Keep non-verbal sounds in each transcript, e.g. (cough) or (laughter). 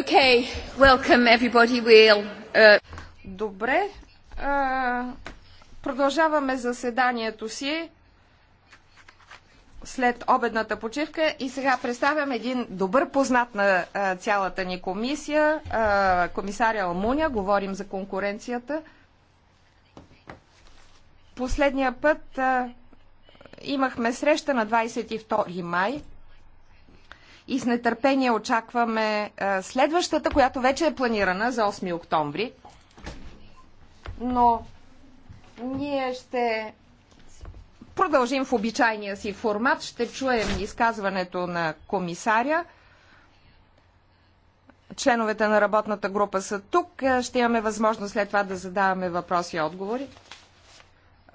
Okay, welcome everybody. We'll, uh... Добре, uh, продължаваме заседанието си след обедната почивка и сега представям един добър познат на uh, цялата ни комисия, uh, комисаря Алмуня, говорим за конкуренцията. Последния път uh, имахме среща на 22 май и с нетърпение очакваме е, следващата, която вече е планирана за 8 октомври. Но ние ще продължим в обичайния си формат. Ще чуем изказването на комисаря. Членовете на работната група са тук. Е, ще имаме възможност след това да задаваме въпроси и отговори.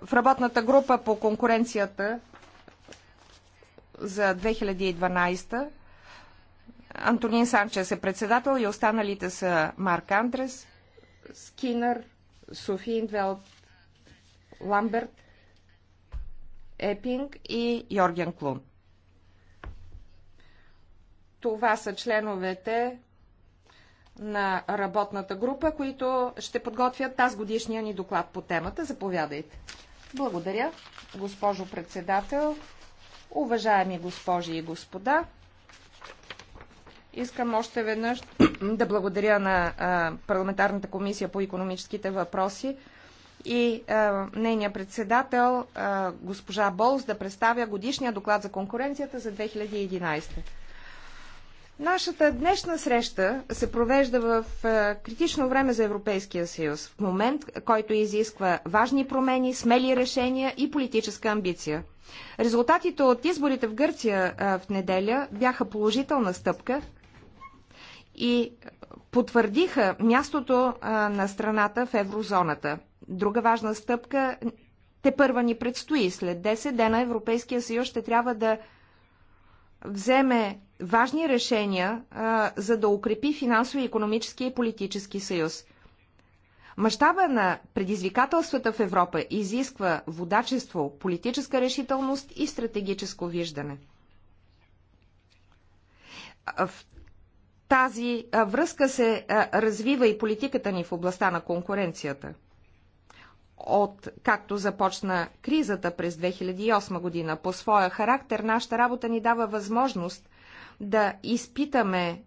В работната група по конкуренцията за 2012 Антонин Санчес е председател и останалите са Марк Андрес, Скинър, Софи Индвелд, Ламберт, Епинг и Йорген Клун. Това са членовете на работната група, които ще подготвят тази годишния ни доклад по темата. Заповядайте. Благодаря, госпожо председател, уважаеми госпожи и господа. Искам още веднъж да благодаря на парламентарната комисия по економическите въпроси и а, нейния председател а, госпожа Болс да представя годишния доклад за конкуренцията за 2011. Нашата днешна среща се провежда в а, критично време за Европейския съюз, в момент, който изисква важни промени, смели решения и политическа амбиция. Резултатите от изборите в Гърция а, в неделя бяха положителна стъпка – и потвърдиха мястото на страната в еврозоната. Друга важна стъпка те първа ни предстои. След 10 дена Европейския съюз ще трябва да вземе важни решения, а, за да укрепи финансово, економически и политически съюз. Мащаба на предизвикателствата в Европа изисква водачество, политическа решителност и стратегическо виждане. В тази връзка се развива и политиката ни в областта на конкуренцията. От както започна кризата през 2008 година, по своя характер нашата работа ни дава възможност да изпитаме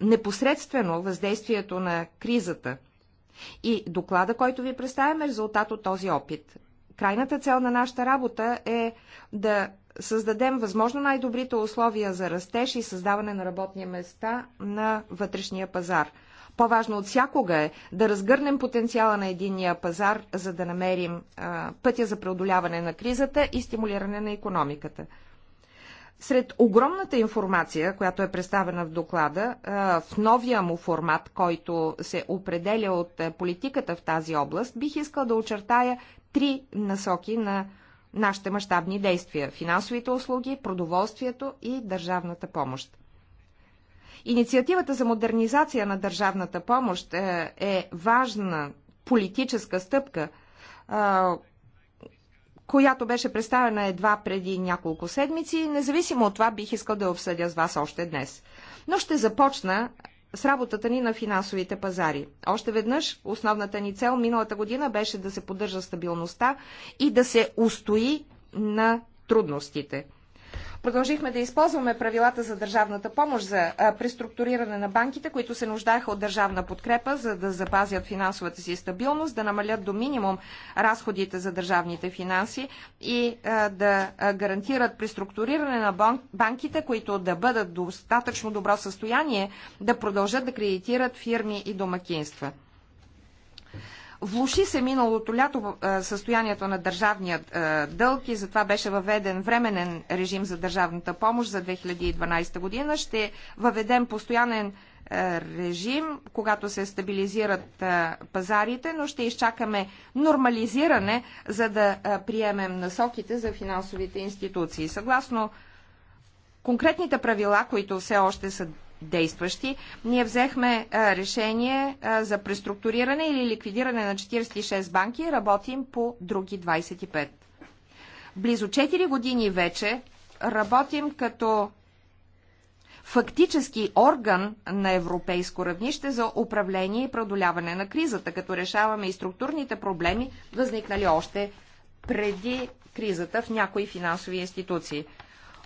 непосредствено въздействието на кризата. И доклада, който ви представяме е резултат от този опит. Крайната цел на нашата работа е да създадем възможно най-добрите условия за растеж и създаване на работни места на вътрешния пазар. По-важно от всякога е да разгърнем потенциала на единния пазар, за да намерим а, пътя за преодоляване на кризата и стимулиране на економиката. Сред огромната информация, която е представена в доклада, в новия му формат, който се определя от политиката в тази област, бих искал да очертая три насоки на нашите мащабни действия – финансовите услуги, продоволствието и държавната помощ. Инициативата за модернизация на държавната помощ е, е важна политическа стъпка, която беше представена едва преди няколко седмици. Независимо от това, бих искал да обсъдя с вас още днес. Но ще започна с работата ни на финансовите пазари. Още веднъж, основната ни цел миналата година беше да се поддържа стабилността и да се устои на трудностите. Продължихме да използваме правилата за държавната помощ за преструктуриране на банките, които се нуждаеха от държавна подкрепа, за да запазят финансовата си стабилност, да намалят до минимум разходите за държавните финанси и да гарантират преструктуриране на банките, които да бъдат достатъчно добро състояние да продължат да кредитират фирми и домакинства. Влуши се миналото лято е, състоянието на държавния е, дълг и затова беше въведен временен режим за държавната помощ за 2012 година. Ще въведем постоянен е, режим, когато се стабилизират пазарите, но ще изчакаме нормализиране, за да приемем насоките за финансовите институции. Съгласно конкретните правила, които все още са действащи, ние взехме решение за преструктуриране или ликвидиране на 46 банки и работим по други 25. Близо 4 години вече работим като фактически орган на европейско равнище за управление и продоляване на кризата, като решаваме и структурните проблеми, възникнали още преди кризата в някои финансови институции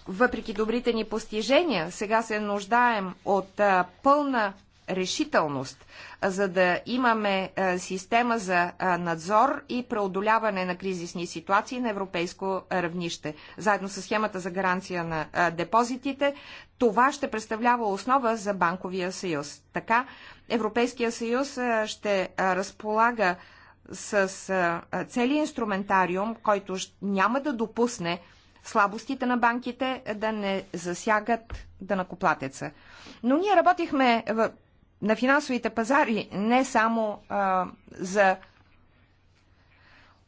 въпреки добрите ни постижения, сега се нуждаем от а, пълна решителност, за да имаме а, система за а, надзор и преодоляване на кризисни ситуации на европейско равнище. Заедно с схемата за гаранция на а, депозитите, това ще представлява основа за банковия съюз. Така Европейския съюз ще разполага с целият инструментариум, който няма да допусне слабостите на банките да не засягат дънакоплатеца. Но ние работихме в, на финансовите пазари не само а, за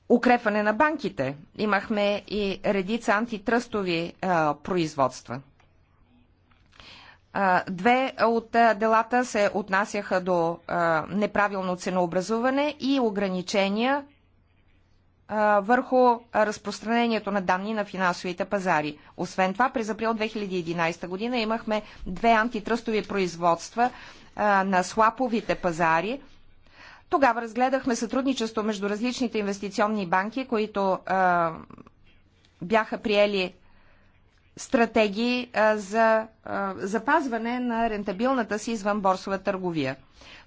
укрепване на банките. Имахме и редица антитръстови а, производства. Две от делата се отнасяха до неправилно ценообразуване и ограничения върху разпространението на данни на финансовите пазари. Освен това, през април 2011 година имахме две антитръстови производства на слаповите пазари. Тогава разгледахме сътрудничество между различните инвестиционни банки, които бяха приели стратегии за запазване на рентабилната си извънборсова търговия.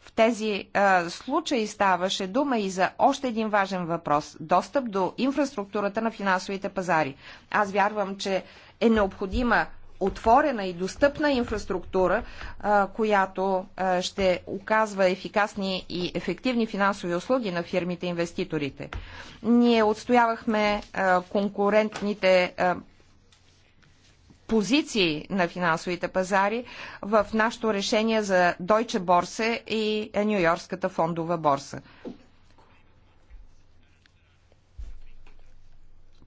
В тези а, случаи ставаше дума и за още един важен въпрос – достъп до инфраструктурата на финансовите пазари. Аз вярвам, че е необходима отворена и достъпна инфраструктура, а, която а, ще оказва ефикасни и ефективни финансови услуги на фирмите инвеститорите. Ние отстоявахме а, конкурентните а, позиции на финансовите пазари в нашето решение за Deutsche Börse и Нью-Йоркската фондова борса.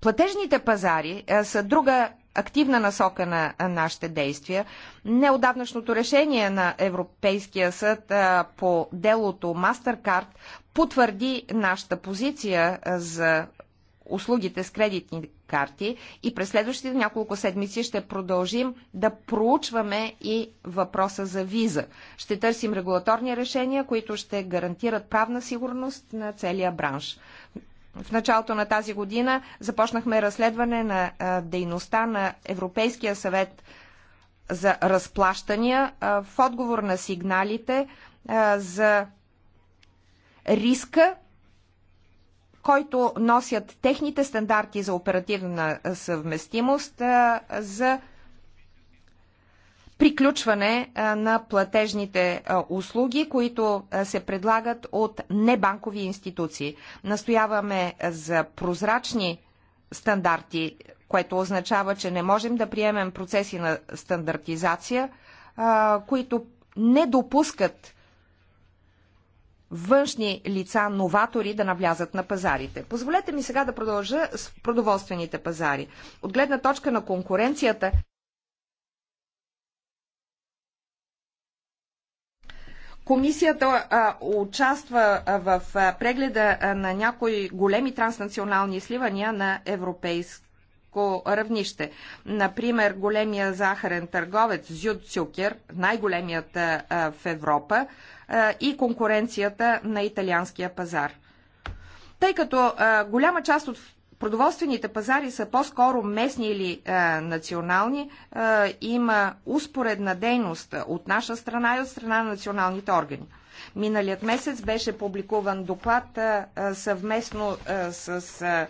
Платежните пазари е, са друга активна насока на е, нашите действия. Неодавнашното решение на Европейския съд е, по делото Mastercard потвърди нашата позиция за услугите с кредитни карти и през следващите няколко седмици ще продължим да проучваме и въпроса за виза. Ще търсим регулаторни решения, които ще гарантират правна сигурност на целия бранш. В началото на тази година започнахме разследване на дейността на Европейския съвет за разплащания в отговор на сигналите за риска който носят техните стандарти за оперативна съвместимост за приключване на платежните услуги, които се предлагат от небанкови институции. Настояваме за прозрачни стандарти, което означава, че не можем да приемем процеси на стандартизация, които не допускат външни лица, новатори да навлязат на пазарите. Позволете ми сега да продължа с продоволствените пазари. От гледна точка на конкуренцията, Комисията а, участва а, в а, прегледа а, на някои големи транснационални сливания на европейски всяко равнище. Например, големия захарен търговец Зюд Цюкер, най-големият в Европа, и конкуренцията на италианския пазар. Тъй като голяма част от продоволствените пазари са по-скоро местни или а, национални, а, има успоредна дейност от наша страна и от страна на националните органи. Миналият месец беше публикуван доклад а, съвместно а, с а,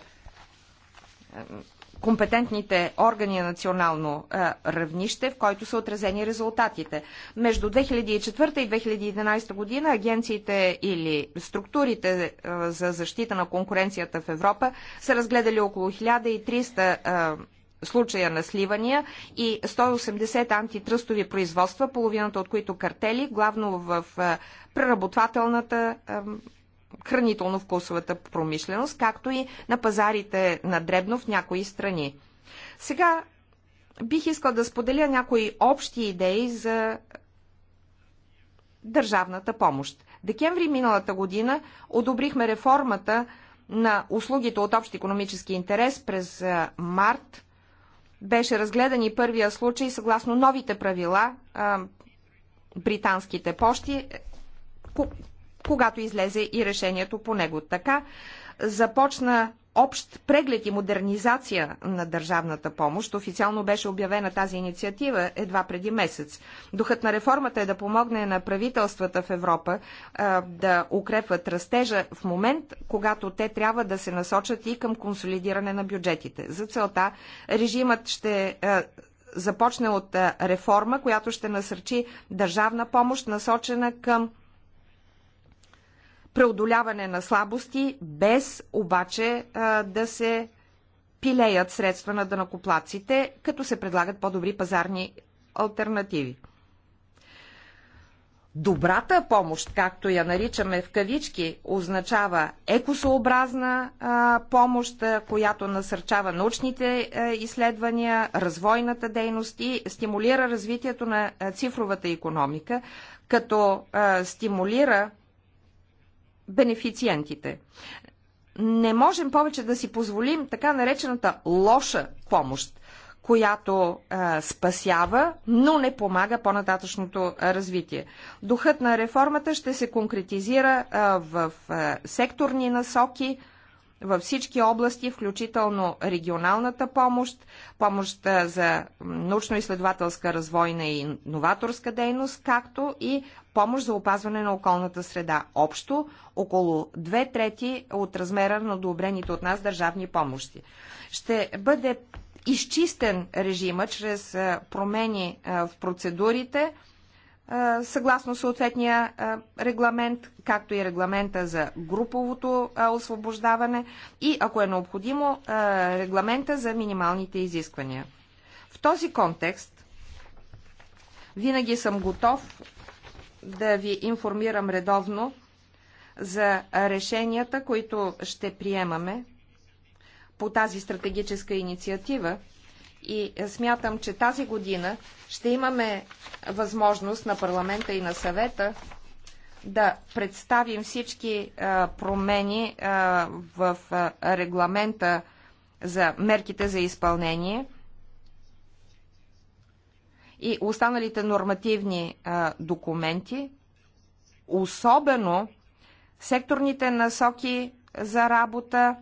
компетентните органи на национално а, равнище, в който са отразени резултатите. Между 2004 и 2011 година агенциите или структурите а, за защита на конкуренцията в Европа са разгледали около 1300 а, случая на сливания и 180 антитръстови производства, половината от които картели, главно в преработвателната хранително-вкусовата промишленост, както и на пазарите на дребно в някои страни. Сега бих искал да споделя някои общи идеи за държавната помощ. Декември миналата година одобрихме реформата на услугите от общ економически интерес през март. Беше разгледан и първия случай съгласно новите правила британските пощи, е, когато излезе и решението по него. Така започна общ преглед и модернизация на държавната помощ. Официално беше обявена тази инициатива едва преди месец. Духът на реформата е да помогне на правителствата в Европа а, да укрепват растежа в момент, когато те трябва да се насочат и към консолидиране на бюджетите. За целта режимът ще а, започне от реформа, която ще насърчи държавна помощ, насочена към преодоляване на слабости, без обаче да се пилеят средства на дънакоплаците, като се предлагат по-добри пазарни альтернативи. Добрата помощ, както я наричаме в кавички, означава екосообразна а, помощ, а, която насърчава научните а, изследвания, развойната дейност и стимулира развитието на а, цифровата економика, като а, стимулира бенефициентите. Не можем повече да си позволим така наречената лоша помощ, която а, е, спасява, но не помага по-нататъчното развитие. Духът на реформата ще се конкретизира а, е, в а, е, секторни насоки, във всички области, включително регионалната помощ, помощ за научно-изследователска, развойна и новаторска дейност, както и помощ за опазване на околната среда. Общо около две трети от размера на одобрените от нас държавни помощи. Ще бъде изчистен режима чрез промени в процедурите – съгласно съответния регламент, както и регламента за груповото освобождаване и, ако е необходимо, регламента за минималните изисквания. В този контекст винаги съм готов да ви информирам редовно за решенията, които ще приемаме по тази стратегическа инициатива – и е, смятам, че тази година ще имаме възможност на парламента и на съвета да представим всички е, промени е, в регламента за мерките за изпълнение и останалите нормативни документи, особено секторните насоки за работа,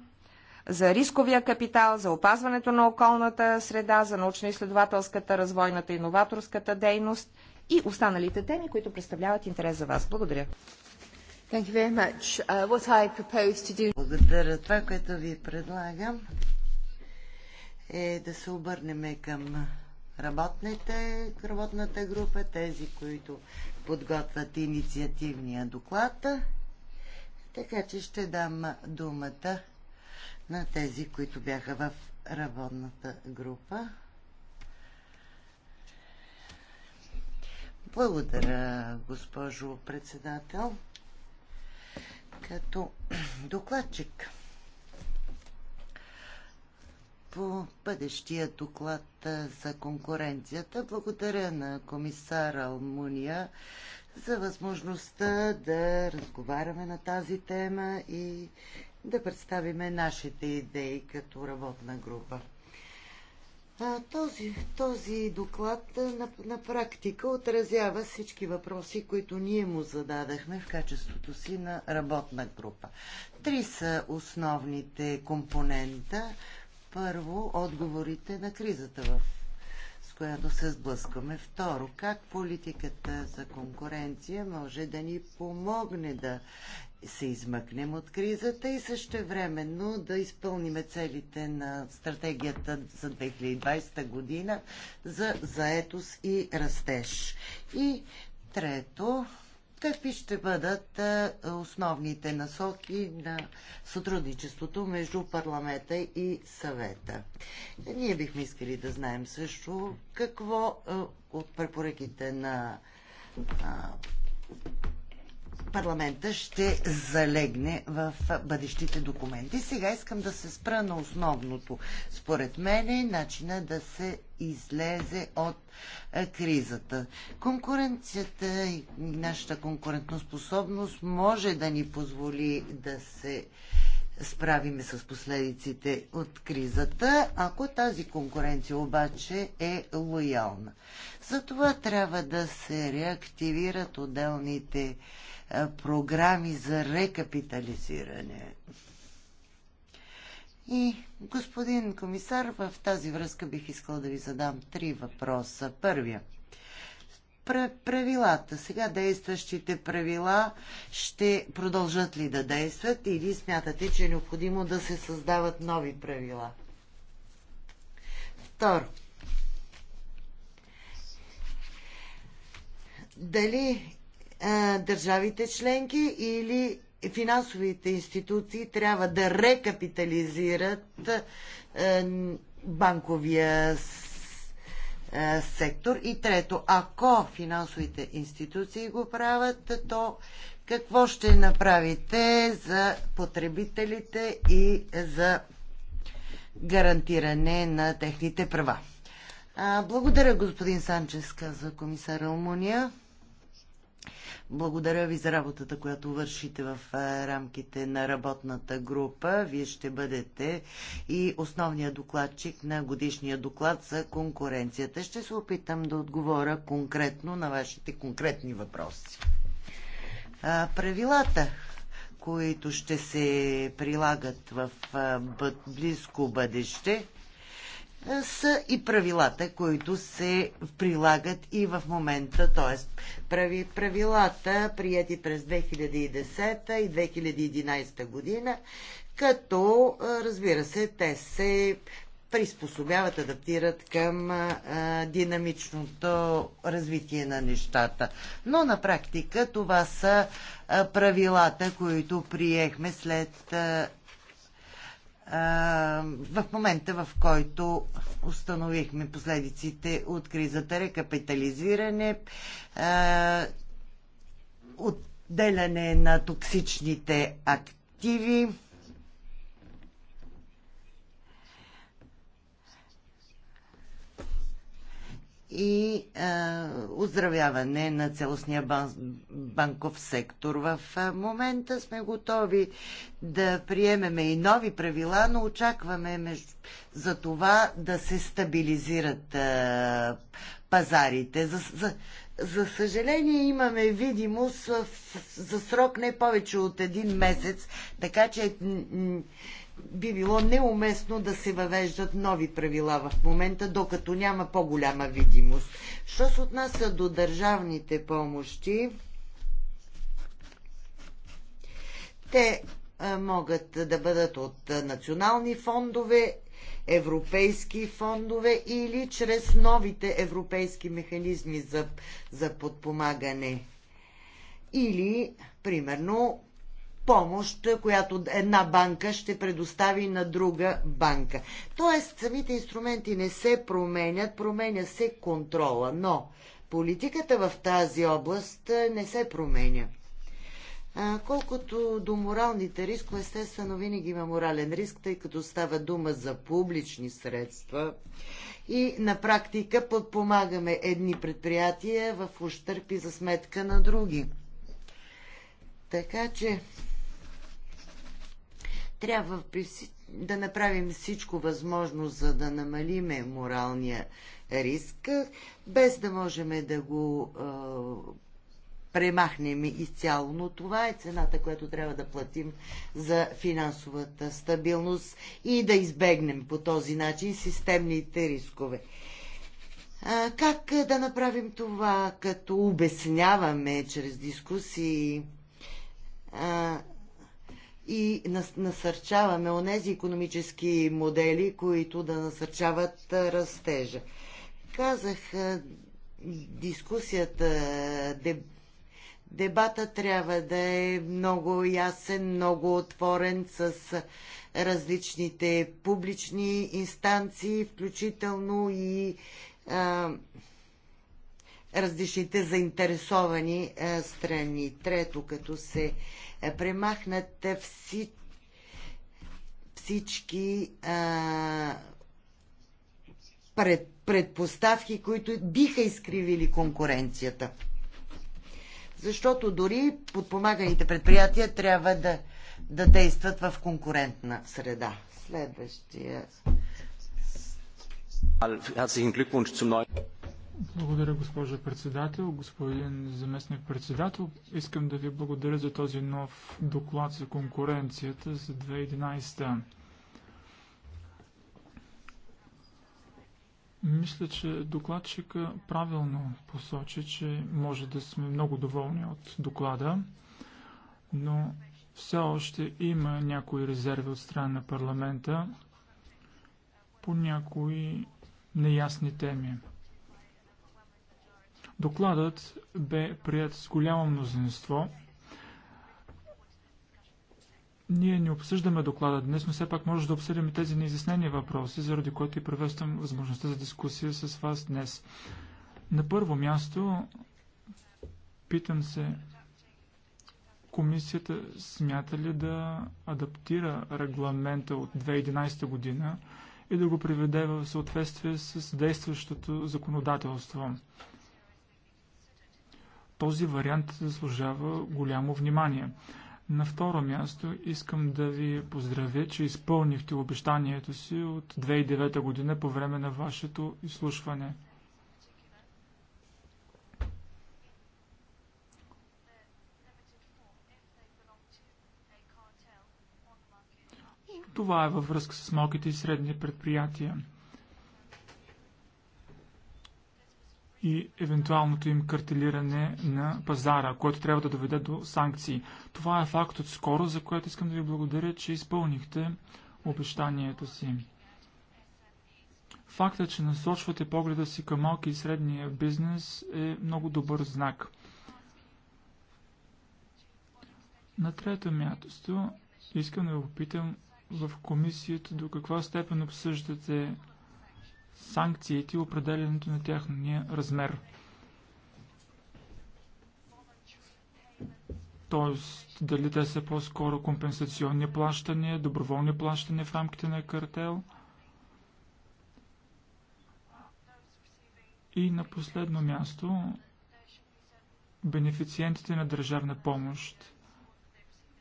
за рисковия капитал, за опазването на околната среда, за научно-изследователската, развойната и новаторската дейност и останалите теми, които представляват интерес за вас. Благодаря. Uh, do... Благодаря. Това, което ви предлагам е да се обърнем към работните, работната група, тези, които подготвят инициативния доклад. Така че ще дам думата на тези, които бяха в работната група. Благодаря, госпожо председател. Като докладчик по бъдещия доклад за конкуренцията, благодаря на комисара Алмуния за възможността да разговаряме на тази тема и да представиме нашите идеи като работна група. А, този, този доклад на, на практика отразява всички въпроси, които ние му зададахме в качеството си на работна група. Три са основните компонента. Първо, отговорите на кризата, в, с която се сблъскваме. Второ, как политиката за конкуренция може да ни помогне да се измъкнем от кризата и същевременно да изпълним целите на стратегията за 2020 година за заетост и растеж. И трето, какви ще бъдат основните насоки на сътрудничеството между парламента и съвета. Ние бихме искали да знаем също какво от препоръките на парламента ще залегне в бъдещите документи. Сега искам да се спра на основното. Според мен е начина да се излезе от кризата. Конкуренцията и нашата конкурентоспособност може да ни позволи да се справиме с последиците от кризата, ако тази конкуренция обаче е лоялна. Затова трябва да се реактивират отделните програми за рекапитализиране. И, господин комисар, в тази връзка бих искал да ви задам три въпроса. Първия. Правилата, сега действащите правила, ще продължат ли да действат или смятате, че е необходимо да се създават нови правила? Второ. Дали държавите членки или финансовите институции трябва да рекапитализират банковия сектор. И трето, ако финансовите институции го правят, то какво ще направите за потребителите и за гарантиране на техните права? Благодаря, господин Санчес, каза комисар Алмуния. Благодаря ви за работата, която вършите в рамките на работната група. Вие ще бъдете и основния докладчик на годишния доклад за конкуренцията. Ще се опитам да отговоря конкретно на вашите конкретни въпроси. Правилата, които ще се прилагат в близко бъдеще, са и правилата, които се прилагат и в момента, т.е. правилата, прияти през 2010 и 2011 година, като, разбира се, те се приспособяват, адаптират към а, динамичното развитие на нещата. Но на практика това са а, правилата, които приехме след а, в момента, в който установихме последиците от кризата, рекапитализиране, отделяне на токсичните активи, и а, оздравяване на целостния бан, банков сектор. В момента сме готови да приемеме и нови правила, но очакваме между... за това да се стабилизират а, пазарите. За, за, за съжаление имаме видимост в, за срок не повече от един месец, така че би било неуместно да се въвеждат нови правила в момента, докато няма по-голяма видимост. Що се отнася до държавните помощи, те а, могат да бъдат от национални фондове, европейски фондове или чрез новите европейски механизми за, за подпомагане. Или, примерно, помощ, която една банка ще предостави на друга банка. Тоест, самите инструменти не се променят, променя се контрола, но политиката в тази област не се променя. колкото до моралните рискове, естествено винаги има морален риск, тъй като става дума за публични средства и на практика подпомагаме едни предприятия в ущърпи за сметка на други. Така че трябва да направим всичко възможно, за да намалиме моралния риск, без да можем да го премахнем изцяло. Но това е цената, която трябва да платим за финансовата стабилност и да избегнем по този начин системните рискове. как да направим това, като обясняваме чрез дискусии и насърчаваме онези економически модели, които да насърчават растежа. Казах, дискусията, дебата трябва да е много ясен, много отворен с различните публични инстанции, включително и а, различните заинтересовани а, страни. Трето, като се а, е, премахнат вси, всички а, пред, предпоставки, които биха изкривили конкуренцията. Защото дори подпомаганите предприятия трябва да, да действат в конкурентна среда. Следващия. Herzlichen Glückwunsch zum neuen. Благодаря, госпожо председател. Господин заместник председател, искам да ви благодаря за този нов доклад за конкуренцията за 2011. Мисля, че докладчика правилно посочи, че може да сме много доволни от доклада, но все още има някои резерви от страна на парламента по някои неясни теми. Докладът бе прият с голямо мнозинство. Ние не обсъждаме доклада днес, но все пак може да обсъдим тези неизяснени въпроси, заради които и приветствам възможността за дискусия с вас днес. На първо място, питам се, комисията смята ли да адаптира регламента от 2011 година и да го приведе в съответствие с действащото законодателство? Този вариант заслужава голямо внимание. На второ място искам да ви поздравя, че изпълнихте обещанието си от 2009 година по време на вашето изслушване. Това е във връзка с малките и средни предприятия. и евентуалното им картелиране на пазара, което трябва да доведе до санкции. Това е факт от скоро, за което искам да ви благодаря, че изпълнихте обещанието си. Факта, че насочвате погледа си към малки и средния бизнес е много добър знак. На трето място искам да ви попитам в комисията до каква степен обсъждате санкциите и определенето на тяхния размер. т.е. дали те са по-скоро компенсационни плащания, доброволни плащания в рамките на картел. И на последно място, бенефициентите на държавна помощ.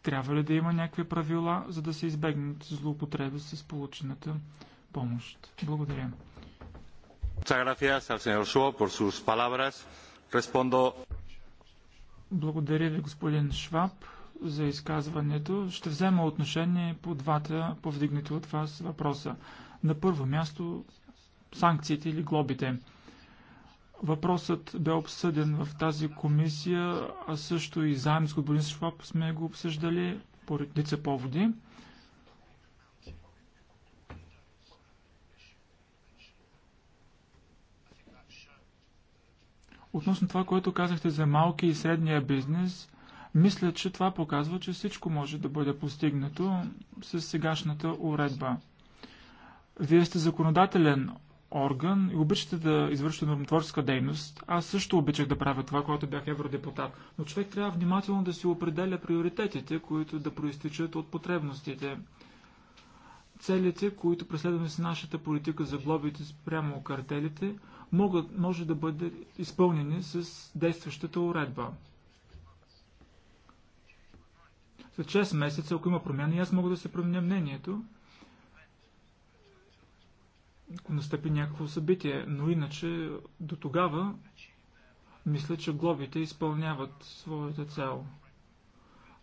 Трябва ли да има някакви правила, за да се избегнат злоупотреби с получената помощ? Благодаря. Благодаря ви, господин Шваб, за изказването. Ще взема отношение по двата повдигнати от вас въпроса. На първо място санкциите или глобите. Въпросът бе обсъден в тази комисия, а също и заедно с господин Шваб сме го обсъждали по редица поводи. Относно това, което казахте за малки и средния бизнес, мисля, че това показва, че всичко може да бъде постигнато с сегашната уредба. Вие сте законодателен орган и обичате да извършите нормотворческа дейност. Аз също обичах да правя това, когато бях евродепутат. Но човек трябва внимателно да си определя приоритетите, които да проистичат от потребностите. Целите, които преследваме с нашата политика за глобите спрямо картелите – могат, може да бъде изпълнени с действащата уредба. За 6 месеца, ако има промяна, и аз мога да се променя мнението, ако настъпи някакво събитие, но иначе до тогава мисля, че глобите изпълняват своята цел.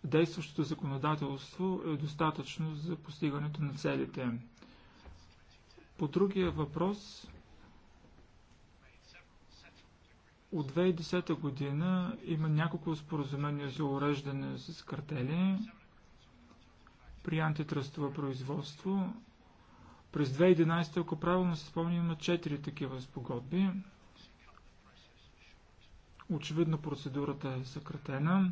Действащото законодателство е достатъчно за постигането на целите. По другия въпрос, От 2010 година има няколко споразумения за уреждане с картели при антитръстово производство. През 2011, ако правилно се спомня, има 4 такива спогодби. Очевидно процедурата е съкратена.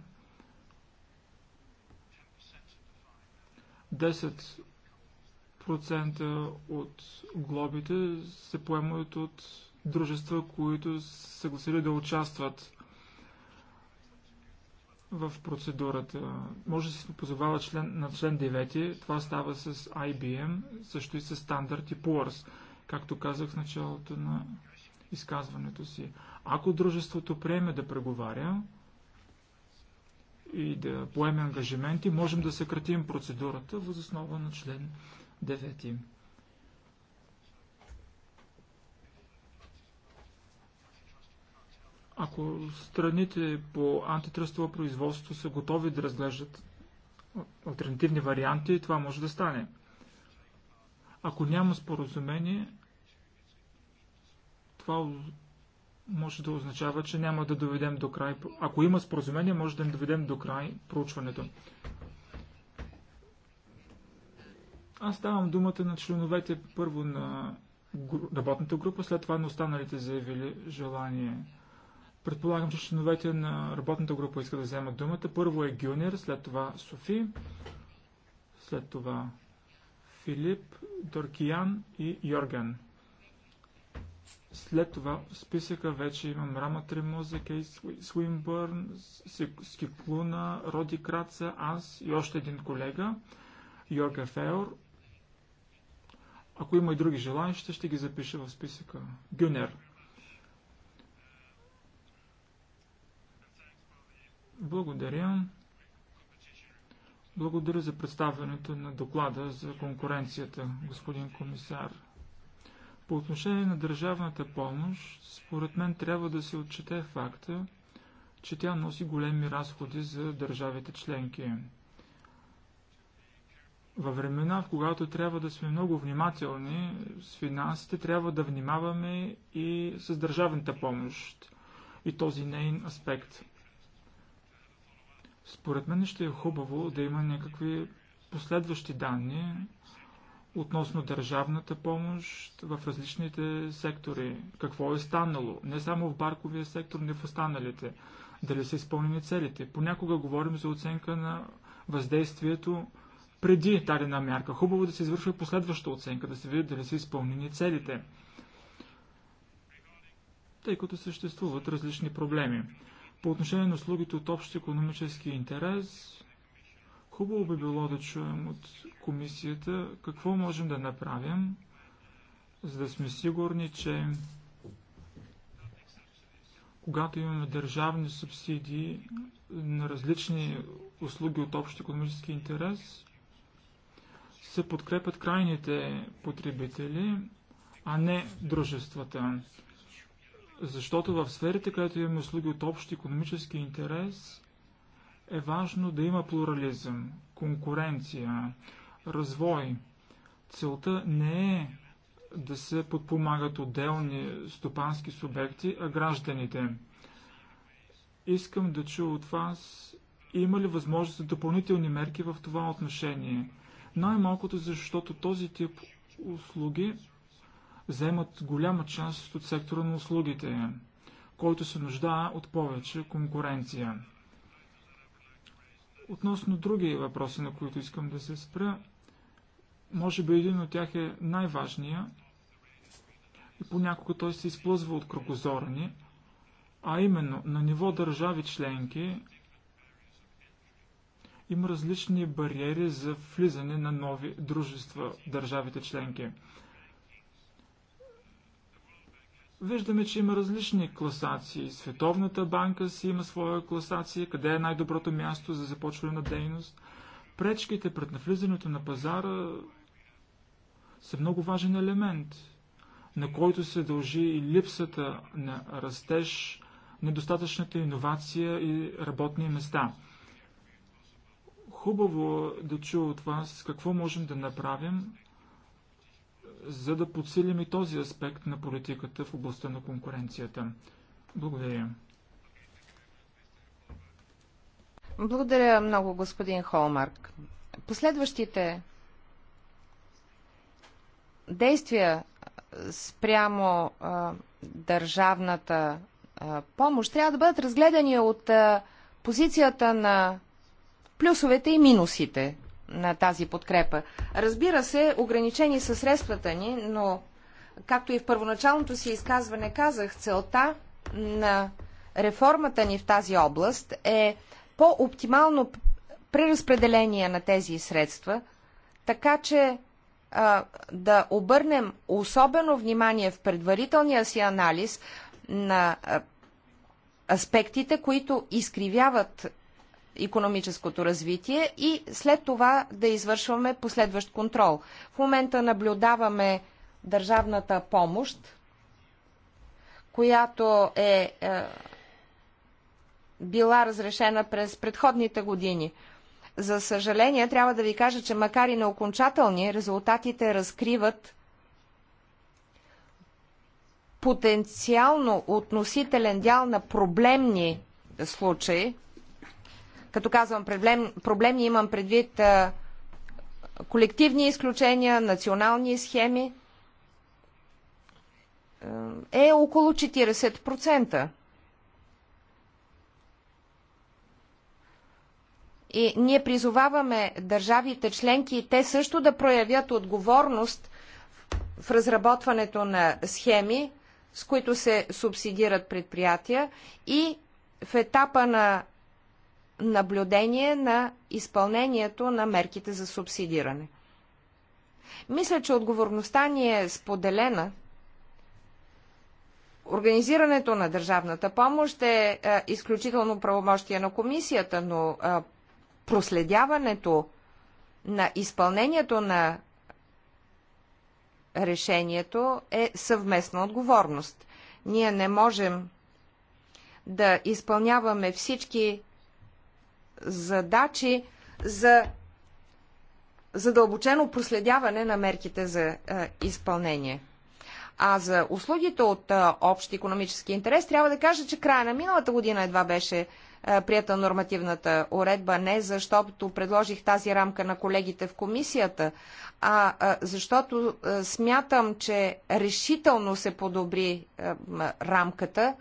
10% от глобите се поемат от дружества, които са съгласили да участват в процедурата. Може да се позовава член, на член 9. Това става с IBM, също и с Standard и Poor's, както казах в началото на изказването си. Ако дружеството приеме да преговаря и да поеме ангажименти, можем да съкратим процедурата въз основа на член 9. Ако страните по антитръстово производство са готови да разглеждат альтернативни варианти, това може да стане. Ако няма споразумение, това може да означава, че няма да доведем до край. Ако има споразумение, може да не доведем до край проучването. Аз давам думата на членовете първо на работната група, след това на останалите заявили желание. Предполагам, че членовете на работната група искат да вземат думата. Първо е Гюнер, след това Софи, след това Филип, Доркиян и Йорген. След това в списъка вече имам Рама Тремоза, Кейс Суинбърн, Скиклуна, Роди Краца, аз и още един колега, Йорга Феор. Ако има и други желаящи, ще ги запиша в списъка. Гюнер. Благодаря. Благодаря за представянето на доклада за конкуренцията, господин комисар. По отношение на държавната помощ, според мен трябва да се отчете факта, че тя носи големи разходи за държавите членки. Във времена, в когато трябва да сме много внимателни с финансите, трябва да внимаваме и с държавната помощ и този нейн аспект. Според мен ще е хубаво да има някакви последващи данни относно държавната помощ в различните сектори. Какво е станало? Не само в барковия сектор, не в останалите. Дали са изпълнени целите? Понякога говорим за оценка на въздействието преди дадена мярка. Хубаво да се извършва последваща оценка, да се види дали са изпълнени целите, тъй като съществуват различни проблеми. По отношение на услугите от общ економически интерес, хубаво би било да чуем от комисията какво можем да направим, за да сме сигурни, че когато имаме държавни субсидии на различни услуги от общ економически интерес, се подкрепят крайните потребители, а не дружествата. Защото в сферите, където имаме услуги от общ економически интерес, е важно да има плурализъм, конкуренция, развой. Целта не е да се подпомагат отделни стопански субекти, а гражданите. Искам да чуя от вас, има ли възможност за допълнителни мерки в това отношение. Най-малкото, защото този тип услуги Вземат голяма част от сектора на услугите, който се нуждае от повече конкуренция. Относно други въпроси, на които искам да се спра, може би един от тях е най-важния и понякога той се изплъзва от кръгозора ни, а именно на ниво държави членки има различни бариери за влизане на нови дружества в държавите членки. Виждаме, че има различни класации. Световната банка си има своя класация, къде е най-доброто място за започване на дейност. Пречките пред навлизането на пазара са много важен елемент, на който се дължи и липсата на растеж, недостатъчната иновация и работни места. Хубаво е да чуя от вас какво можем да направим, за да подсилим и този аспект на политиката в областта на конкуренцията. Благодаря. Благодаря много, господин Холмарк. Последващите действия спрямо а, държавната а, помощ трябва да бъдат разгледани от а, позицията на плюсовете и минусите на тази подкрепа. Разбира се, ограничени са средствата ни, но както и в първоначалното си изказване казах, целта на реформата ни в тази област е по-оптимално преразпределение на тези средства, така че а, да обърнем особено внимание в предварителния си анализ на а, аспектите, които изкривяват економическото развитие и след това да извършваме последващ контрол. В момента наблюдаваме държавната помощ, която е, е била разрешена през предходните години. За съжаление, трябва да ви кажа, че макар и на окончателни, резултатите разкриват потенциално относителен дял на проблемни случаи, като казвам проблем, проблемни, имам предвид а, колективни изключения, национални схеми, е около 40%. И ние призоваваме държавите членки и те също да проявят отговорност в разработването на схеми, с които се субсидират предприятия и в етапа на наблюдение на изпълнението на мерките за субсидиране. Мисля, че отговорността ни е споделена. Организирането на държавната помощ е, е изключително правомощие на комисията, но е, проследяването на изпълнението на решението е съвместна отговорност. Ние не можем да изпълняваме всички задачи за задълбочено проследяване на мерките за е, изпълнение. А за услугите от е, общ економически интерес трябва да кажа, че края на миналата година едва беше е, прията нормативната уредба, не защото предложих тази рамка на колегите в комисията, а защото смятам, че решително се подобри рамката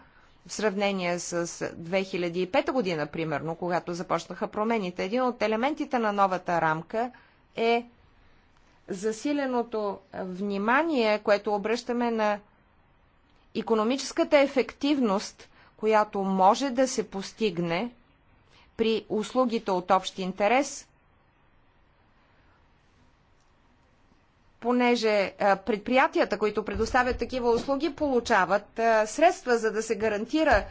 в сравнение с 2005 година, примерно, когато започнаха промените. Един от елементите на новата рамка е засиленото внимание, което обръщаме на економическата ефективност, която може да се постигне при услугите от общ интерес понеже е, предприятията, които предоставят такива услуги, получават е, средства, за да се гарантира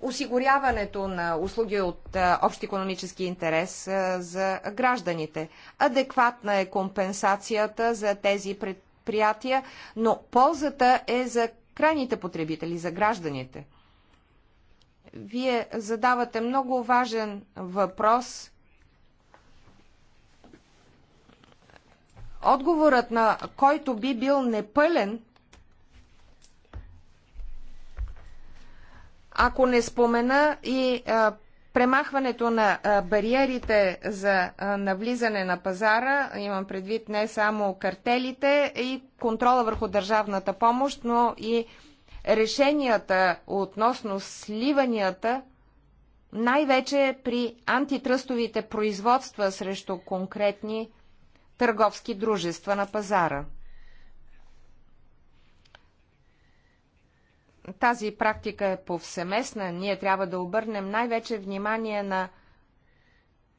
осигуряването на услуги от е, общ економически интерес за гражданите. Адекватна е компенсацията за тези предприятия, но ползата е за крайните потребители, за гражданите. Вие задавате много важен въпрос отговорът на който би бил непълен, ако не спомена и а, премахването на а, бариерите за а, навлизане на пазара, имам предвид не само картелите и контрола върху държавната помощ, но и решенията относно сливанията, най-вече при антитръстовите производства срещу конкретни търговски дружества на пазара. Тази практика е повсеместна. Ние трябва да обърнем най-вече внимание на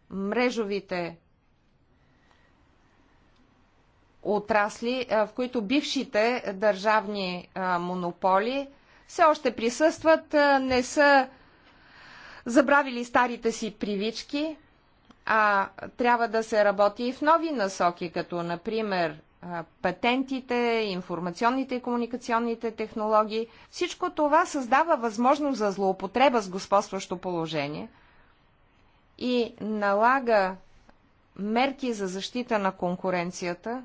мрежовите отрасли, в които бившите държавни монополи все още присъстват, не са забравили старите си привички а трябва да се работи и в нови насоки, като например патентите, информационните и комуникационните технологии. Всичко това създава възможност за злоупотреба с господстващо положение и налага мерки за защита на конкуренцията,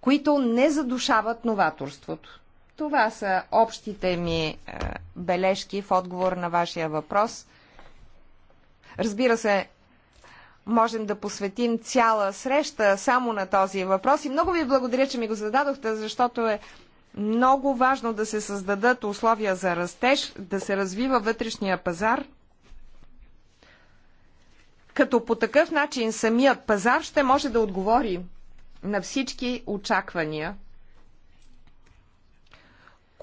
които не задушават новаторството. Това са общите ми бележки в отговор на вашия въпрос – Разбира се, можем да посветим цяла среща само на този въпрос и много ви благодаря, че ми го зададохте, защото е много важно да се създадат условия за растеж, да се развива вътрешния пазар, като по такъв начин самият пазар ще може да отговори на всички очаквания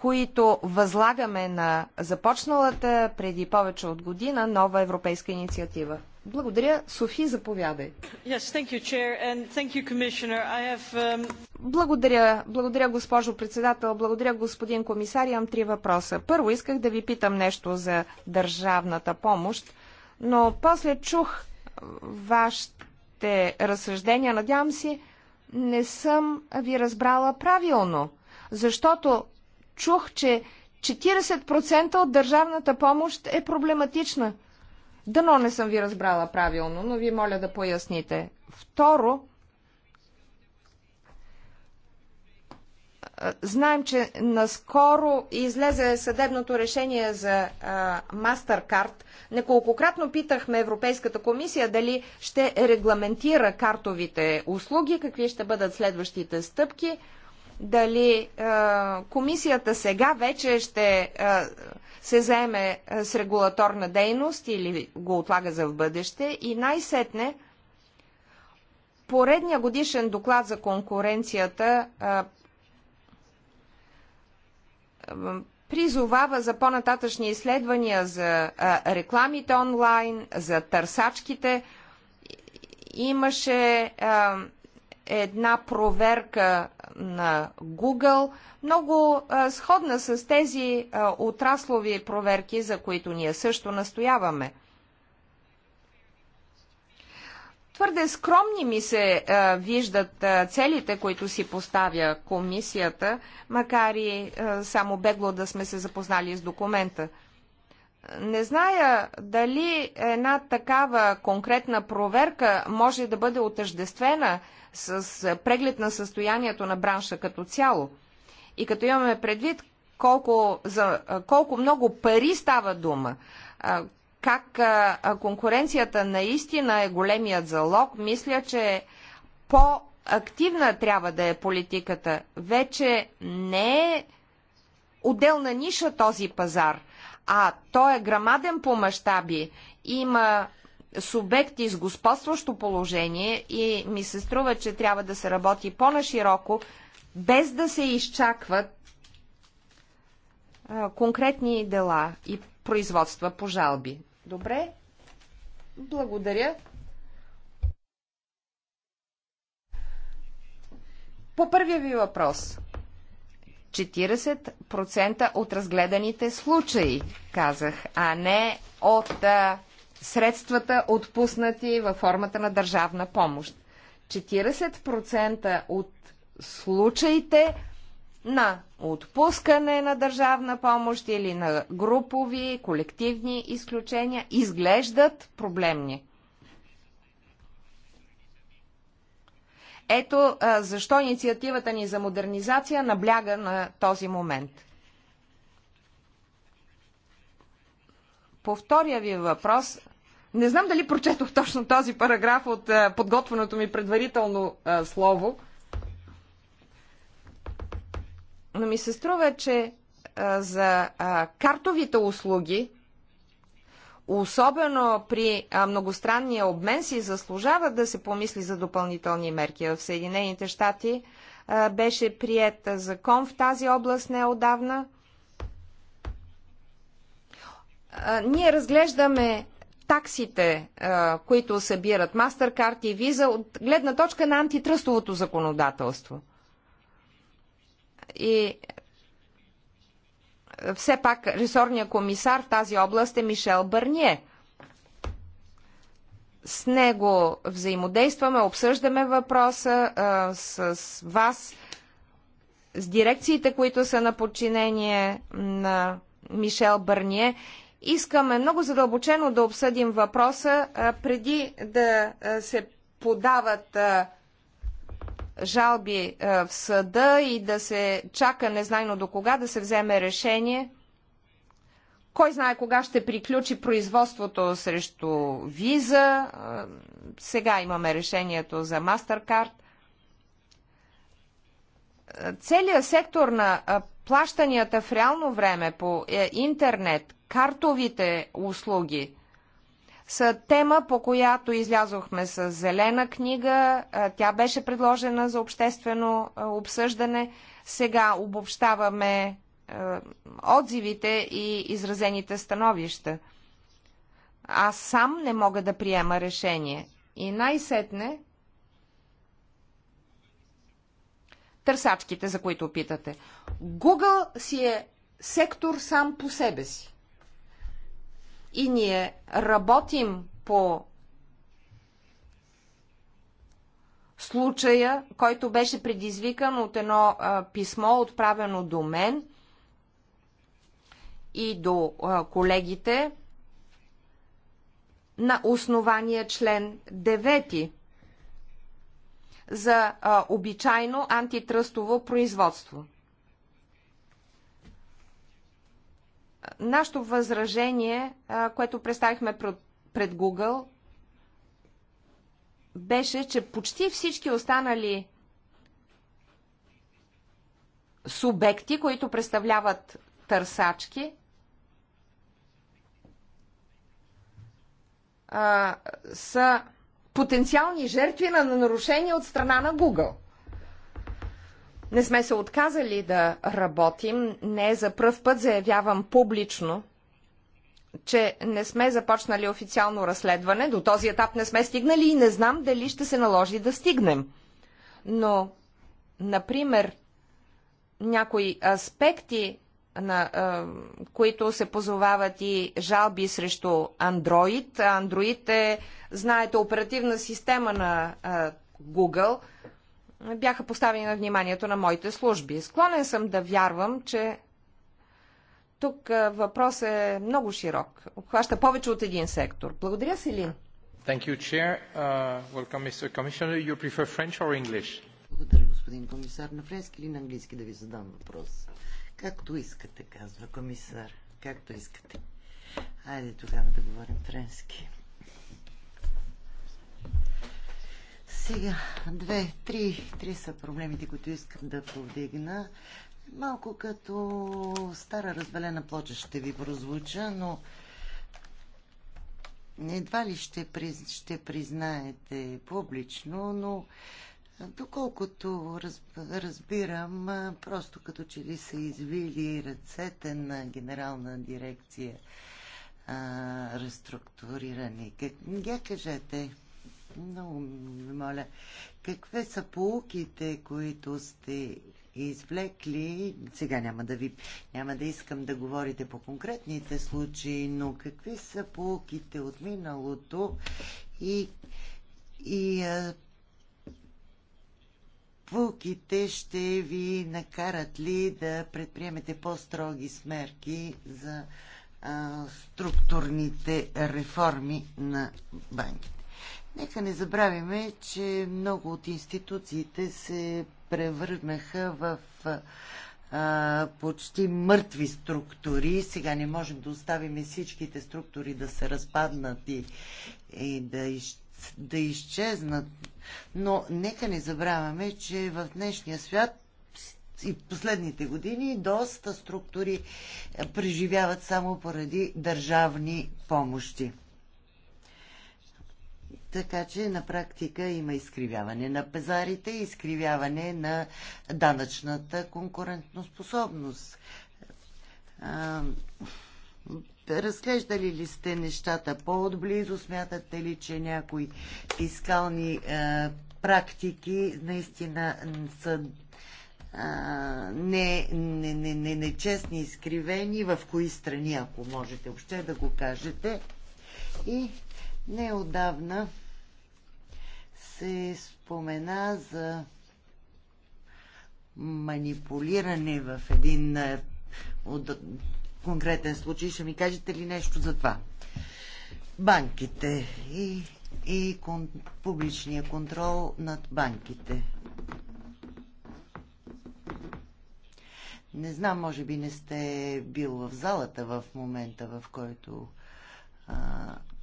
които възлагаме на започналата преди повече от година нова европейска инициатива. Благодаря. Софи, заповядай. Yes, thank you, Chair, and thank you, Commissioner. I have, um... Благодаря, благодаря, госпожо председател, благодаря, господин комисар. Имам три въпроса. Първо, исках да ви питам нещо за държавната помощ, но после чух вашите разсъждения. Надявам се, не съм ви разбрала правилно, защото чух, че 40% от държавната помощ е проблематична. Дано не съм ви разбрала правилно, но ви моля да поясните. Второ, знаем, че наскоро излезе съдебното решение за MasterCard. Неколкократно питахме Европейската комисия дали ще регламентира картовите услуги, какви ще бъдат следващите стъпки дали а, комисията сега вече ще а, се заеме с регулаторна дейност или го отлага за в бъдеще. И най-сетне, поредния годишен доклад за конкуренцията а, призовава за по-нататъчни изследвания за а, рекламите онлайн, за търсачките. Имаше а, една проверка на Google, много а, сходна с тези а, отраслови проверки, за които ние също настояваме. Твърде скромни ми се а, виждат а, целите, които си поставя комисията, макар и а, само бегло да сме се запознали с документа. Не зная дали една такава конкретна проверка може да бъде отъждествена с преглед на състоянието на бранша като цяло и като имаме предвид колко, за колко много пари става дума, как конкуренцията наистина е големият залог, мисля, че по-активна трябва да е политиката. Вече не е отделна ниша този пазар, а той е грамаден по мащаби. Има субекти с господстващо положение и ми се струва, че трябва да се работи по-нашироко, без да се изчакват а, конкретни дела и производства по жалби. Добре? Благодаря. По първия ви въпрос. 40% от разгледаните случаи, казах, а не от а, средствата отпуснати във формата на държавна помощ. 40% от случаите на отпускане на държавна помощ или на групови, колективни изключения изглеждат проблемни. Ето защо инициативата ни за модернизация набляга на този момент. По втория ви въпрос, не знам дали прочетох точно този параграф от е, подготвеното ми предварително е, слово, но ми се струва, че е, за картовите услуги, особено при многостранния обмен, си заслужава да се помисли за допълнителни мерки. В Съединените щати беше прият закон в тази област неодавна. Ние разглеждаме таксите, е, които събират MasterCard и Visa от гледна точка на антитръстовото законодателство. И е, все пак ресорният комисар в тази област е Мишел Бърние. С него взаимодействаме, обсъждаме въпроса а, е, с, с вас, с дирекциите, които са на подчинение на Мишел Бърние Искаме много задълбочено да обсъдим въпроса преди да се подават жалби в съда и да се чака незнайно до кога да се вземе решение. Кой знае кога ще приключи производството срещу виза. Сега имаме решението за MasterCard. Целият сектор на плащанията в реално време по е, интернет, картовите услуги са тема, по която излязохме с зелена книга. Тя беше предложена за обществено обсъждане. Сега обобщаваме отзивите и изразените становища. Аз сам не мога да приема решение. И най-сетне търсачките, за които питате. Google си е сектор сам по себе си и ние работим по случая, който беше предизвикан от едно а, писмо, отправено до мен и до а, колегите на основание член 9 за а, обичайно антитръстово производство. Нашето възражение, което представихме пред Google, беше, че почти всички останали субекти, които представляват търсачки, са потенциални жертви на нарушения от страна на Google. Не сме се отказали да работим. Не за пръв път заявявам публично, че не сме започнали официално разследване. До този етап не сме стигнали и не знам дали ще се наложи да стигнем. Но, например, някои аспекти, на, е, които се позовават и жалби срещу Android. Android е, знаете, оперативна система на е, Google – бяха поставени на вниманието на моите служби. Склонен съм да вярвам, че тук въпрос е много широк. Обхваща повече от един сектор. Благодаря, Селин. Thank you, Chair. Uh, welcome, Mr. Commissioner. You prefer French or English? Благодаря, господин комисар. На френски или на английски да ви задам въпрос? Както искате, казва комисар. Както искате. Хайде тогава да говорим френски. Сега, две, три, три са проблемите, които искам да повдигна. Малко като стара развалена плоча ще ви прозвуча, но едва ли ще, приз, ще признаете публично, но доколкото раз, разбирам, просто като че ли са извили ръцете на генерална дирекция а, реструктуриране. Как, я кажете, много ми моля, какви са полуките, които сте извлекли, сега няма да ви, няма да искам да говорите по конкретните случаи, но какви са полуките от миналото и, и а, ще ви накарат ли да предприемете по-строги смерки за а, структурните реформи на банките? Нека не забравяме, че много от институциите се превърнаха в а, почти мъртви структури. Сега не можем да оставим всичките структури да се разпаднат и, и да, из, да изчезнат. Но нека не забравяме, че в днешния свят и последните години доста структури преживяват само поради държавни помощи. Така че на практика има изкривяване на пазарите, изкривяване на данъчната конкурентоспособност. Разглеждали ли сте нещата по-отблизо? Смятате ли, че някои фискални а, практики наистина са нечестни, не, не, не, не, нечестни, изкривени? В кои страни, ако можете въобще да го кажете? И неодавна се спомена за манипулиране в един е, конкретен случай. Ще ми кажете ли нещо за това? Банките и, и кон, публичния контрол над банките. Не знам, може би не сте бил в залата в момента, в който а,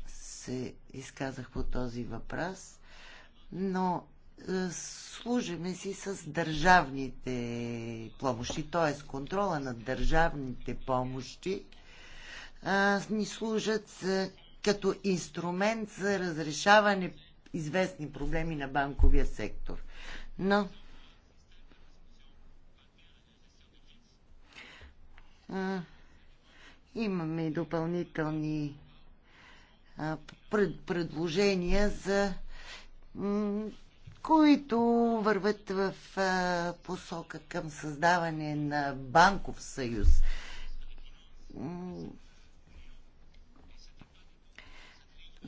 се изказах по този въпрос но е, служиме си с държавните помощи, т.е. контрола на държавните помощи а, е, ни служат е, като инструмент за разрешаване известни проблеми на банковия сектор. Но а, имаме и допълнителни а, пред, предложения за които върват в посока към създаване на банков съюз.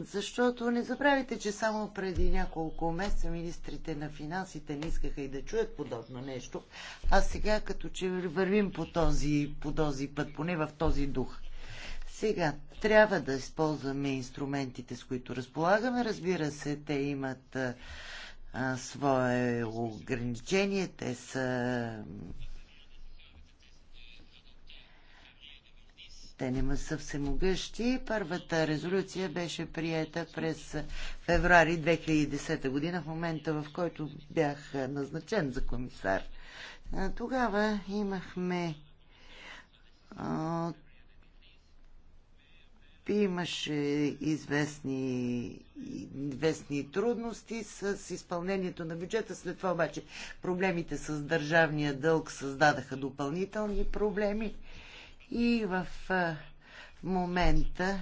Защото не забравяйте, че само преди няколко месеца министрите на финансите не искаха и да чуят подобно нещо, а сега като че вървим по този, по този път, поне в този дух. Сега, трябва да използваме инструментите, с които разполагаме. Разбира се, те имат а, свое ограничение, те са. Те не ма са всемогъщи. Първата резолюция беше приета през феврари 2010 година, в момента в който бях назначен за комисар. Тогава имахме имаше известни, известни трудности с изпълнението на бюджета. След това обаче проблемите с държавния дълг създадаха допълнителни проблеми и в момента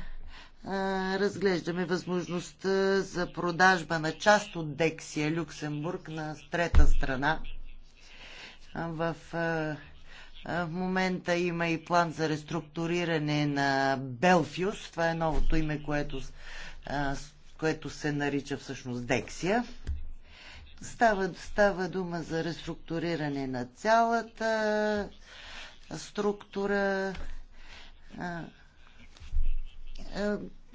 разглеждаме възможността за продажба на част от Дексия Люксембург на трета страна в в момента има и план за реструктуриране на Белфиус. Това е новото име, което, което се нарича всъщност Дексия. Става, става дума за реструктуриране на цялата структура.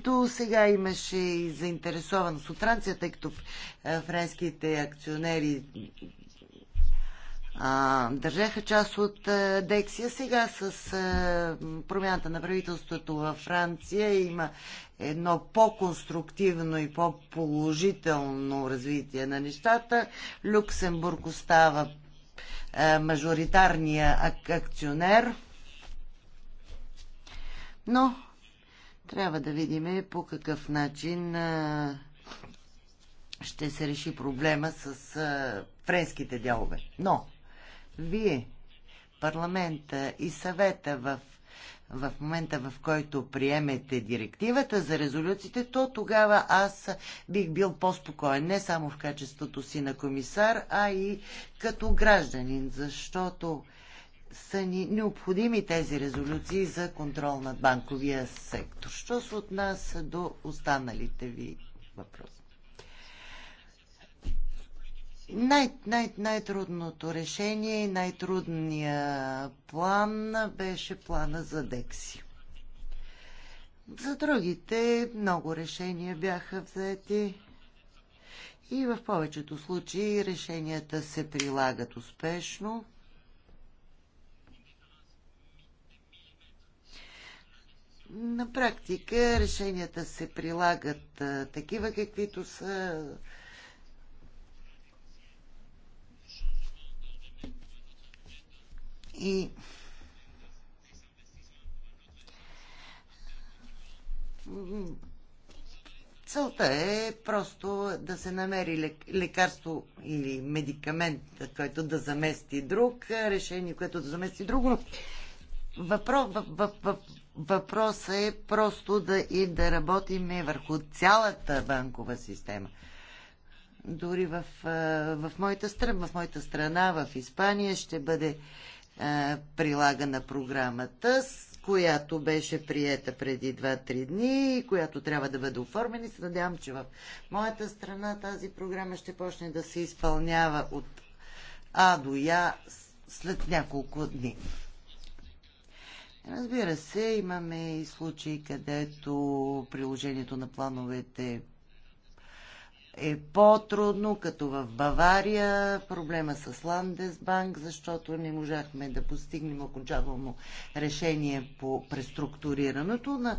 До сега имаше и заинтересованост от Франция, тъй като френските акционери а, държаха част от а, Дексия. Сега с а, промяната на правителството във Франция има едно по-конструктивно и по-положително развитие на нещата. Люксембург остава а, мажоритарния ак- акционер. Но трябва да видим по какъв начин а, ще се реши проблема с а, френските дялове. Но вие, парламента и съвета в в момента, в който приемете директивата за резолюциите, то тогава аз бих бил по-спокоен, не само в качеството си на комисар, а и като гражданин, защото са ни необходими тези резолюции за контрол над банковия сектор. Що се отнася до останалите ви въпроси? Най- най- най-трудното решение и най-трудният план беше плана за Декси. За другите много решения бяха взети и в повечето случаи решенията се прилагат успешно. На практика решенията се прилагат а, такива, каквито са И Целта е просто да се намери лекарство или медикамент, който да замести друг, решение, което да замести друго. Въпрос, въпросът е просто да и да работиме върху цялата банкова система. Дори в, в, моята в моята страна, в Испания, ще бъде е, прилага на програмата, която беше приета преди 2-3 дни и която трябва да бъде оформена. И се надявам, че в моята страна тази програма ще почне да се изпълнява от А до Я след няколко дни. Разбира се, имаме и случаи, където приложението на плановете е по-трудно, като в Бавария, проблема с Ландесбанк, защото не можахме да постигнем окончателно решение по преструктурирането на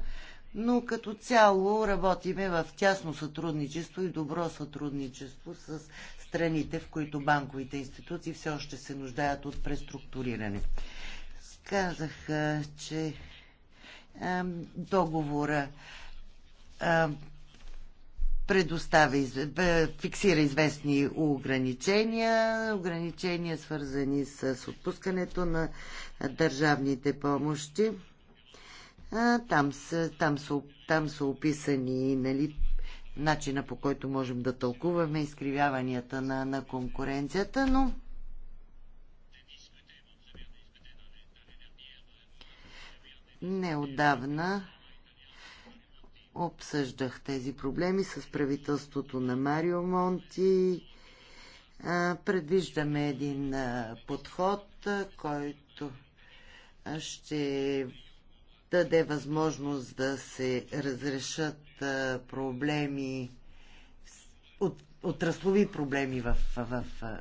но като цяло работиме в тясно сътрудничество и добро сътрудничество с страните, в които банковите институции все още се нуждаят от преструктуриране. Казах, че договора предоставя, фиксира известни ограничения, ограничения свързани с отпускането на държавните помощи. Там са, там са, там са описани нали, начина по който можем да тълкуваме изкривяванията на, на конкуренцията, но неодавна обсъждах тези проблеми с правителството на Марио Монти. Предвиждаме един подход, който ще даде възможност да се разрешат проблеми, отраслови проблеми в, в, в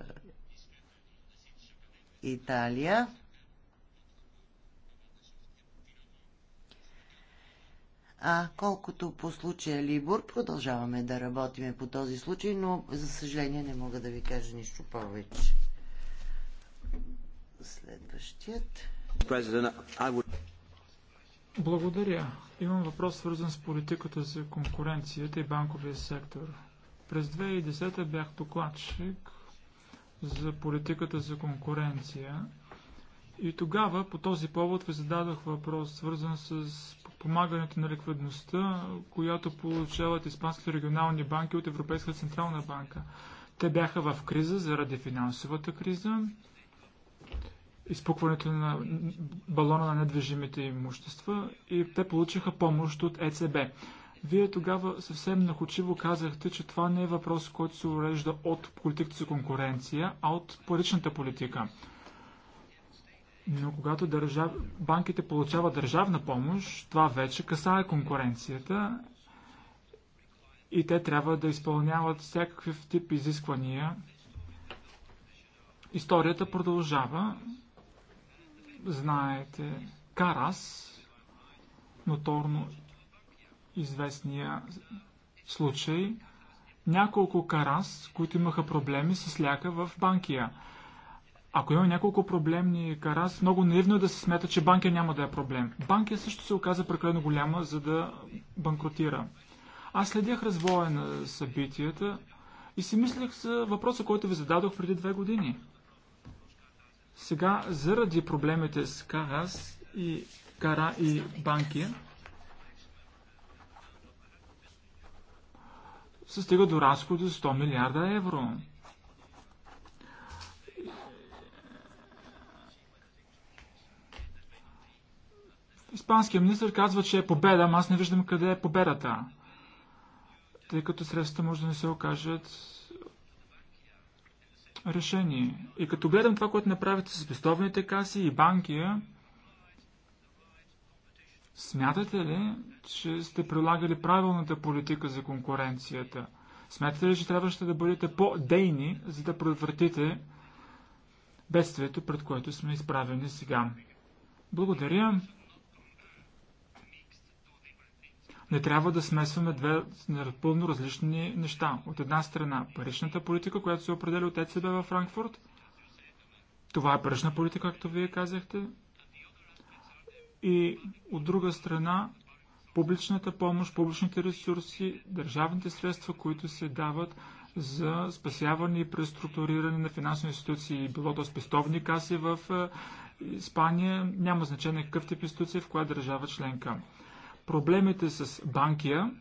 Италия. А колкото по случая Либор, продължаваме да работиме по този случай, но за съжаление не мога да ви кажа нищо повече. Следващият. Благодаря. Имам въпрос свързан с политиката за конкуренцията и банковия сектор. През 2010 бях докладчик за политиката за конкуренция и тогава по този повод ви зададох въпрос, свързан с помагането на ликвидността, която получават испанските регионални банки от Европейска централна банка. Те бяха в криза заради финансовата криза, изпукването на балона на недвижимите имущества и те получиха помощ от ЕЦБ. Вие тогава съвсем нахочиво казахте, че това не е въпрос, който се урежда от политиката за конкуренция, а от паричната политика. Но когато държав... банките получават държавна помощ, това вече касае конкуренцията и те трябва да изпълняват всякакви тип изисквания. Историята продължава. Знаете, Карас, ноторно известния случай, няколко Карас, които имаха проблеми с ляка в Банкия – ако имаме няколко проблемни карас, много наивно е да се смята, че банкия няма да е проблем. Банкия също се оказа прекалено голяма, за да банкротира. Аз следях развоя на събитията и си мислех за въпроса, който ви зададох преди две години. Сега, заради проблемите с Карас и Кара и Банкия, се стига до разходи за 100 милиарда евро. Испанският министр казва, че е победа, ама аз не виждам къде е победата. Тъй като средствата може да не се окажат решение. И като гледам това, което направите с пестовните каси и банки, смятате ли, че сте прилагали правилната политика за конкуренцията? Смятате ли, че трябваше да бъдете по-дейни, за да предотвратите бедствието, пред което сме изправени сега? Благодаря. Не трябва да смесваме две напълно различни неща. От една страна паричната политика, която се определя от ЕЦБ във Франкфурт. Това е парична политика, както вие казахте. И от друга страна публичната помощ, публичните ресурси, държавните средства, които се дават за спасяване и преструктуриране на финансови институции, било то спестовни каси в е, Испания, няма значение какъв тип институция, в коя държава членка проблемите с Банкия.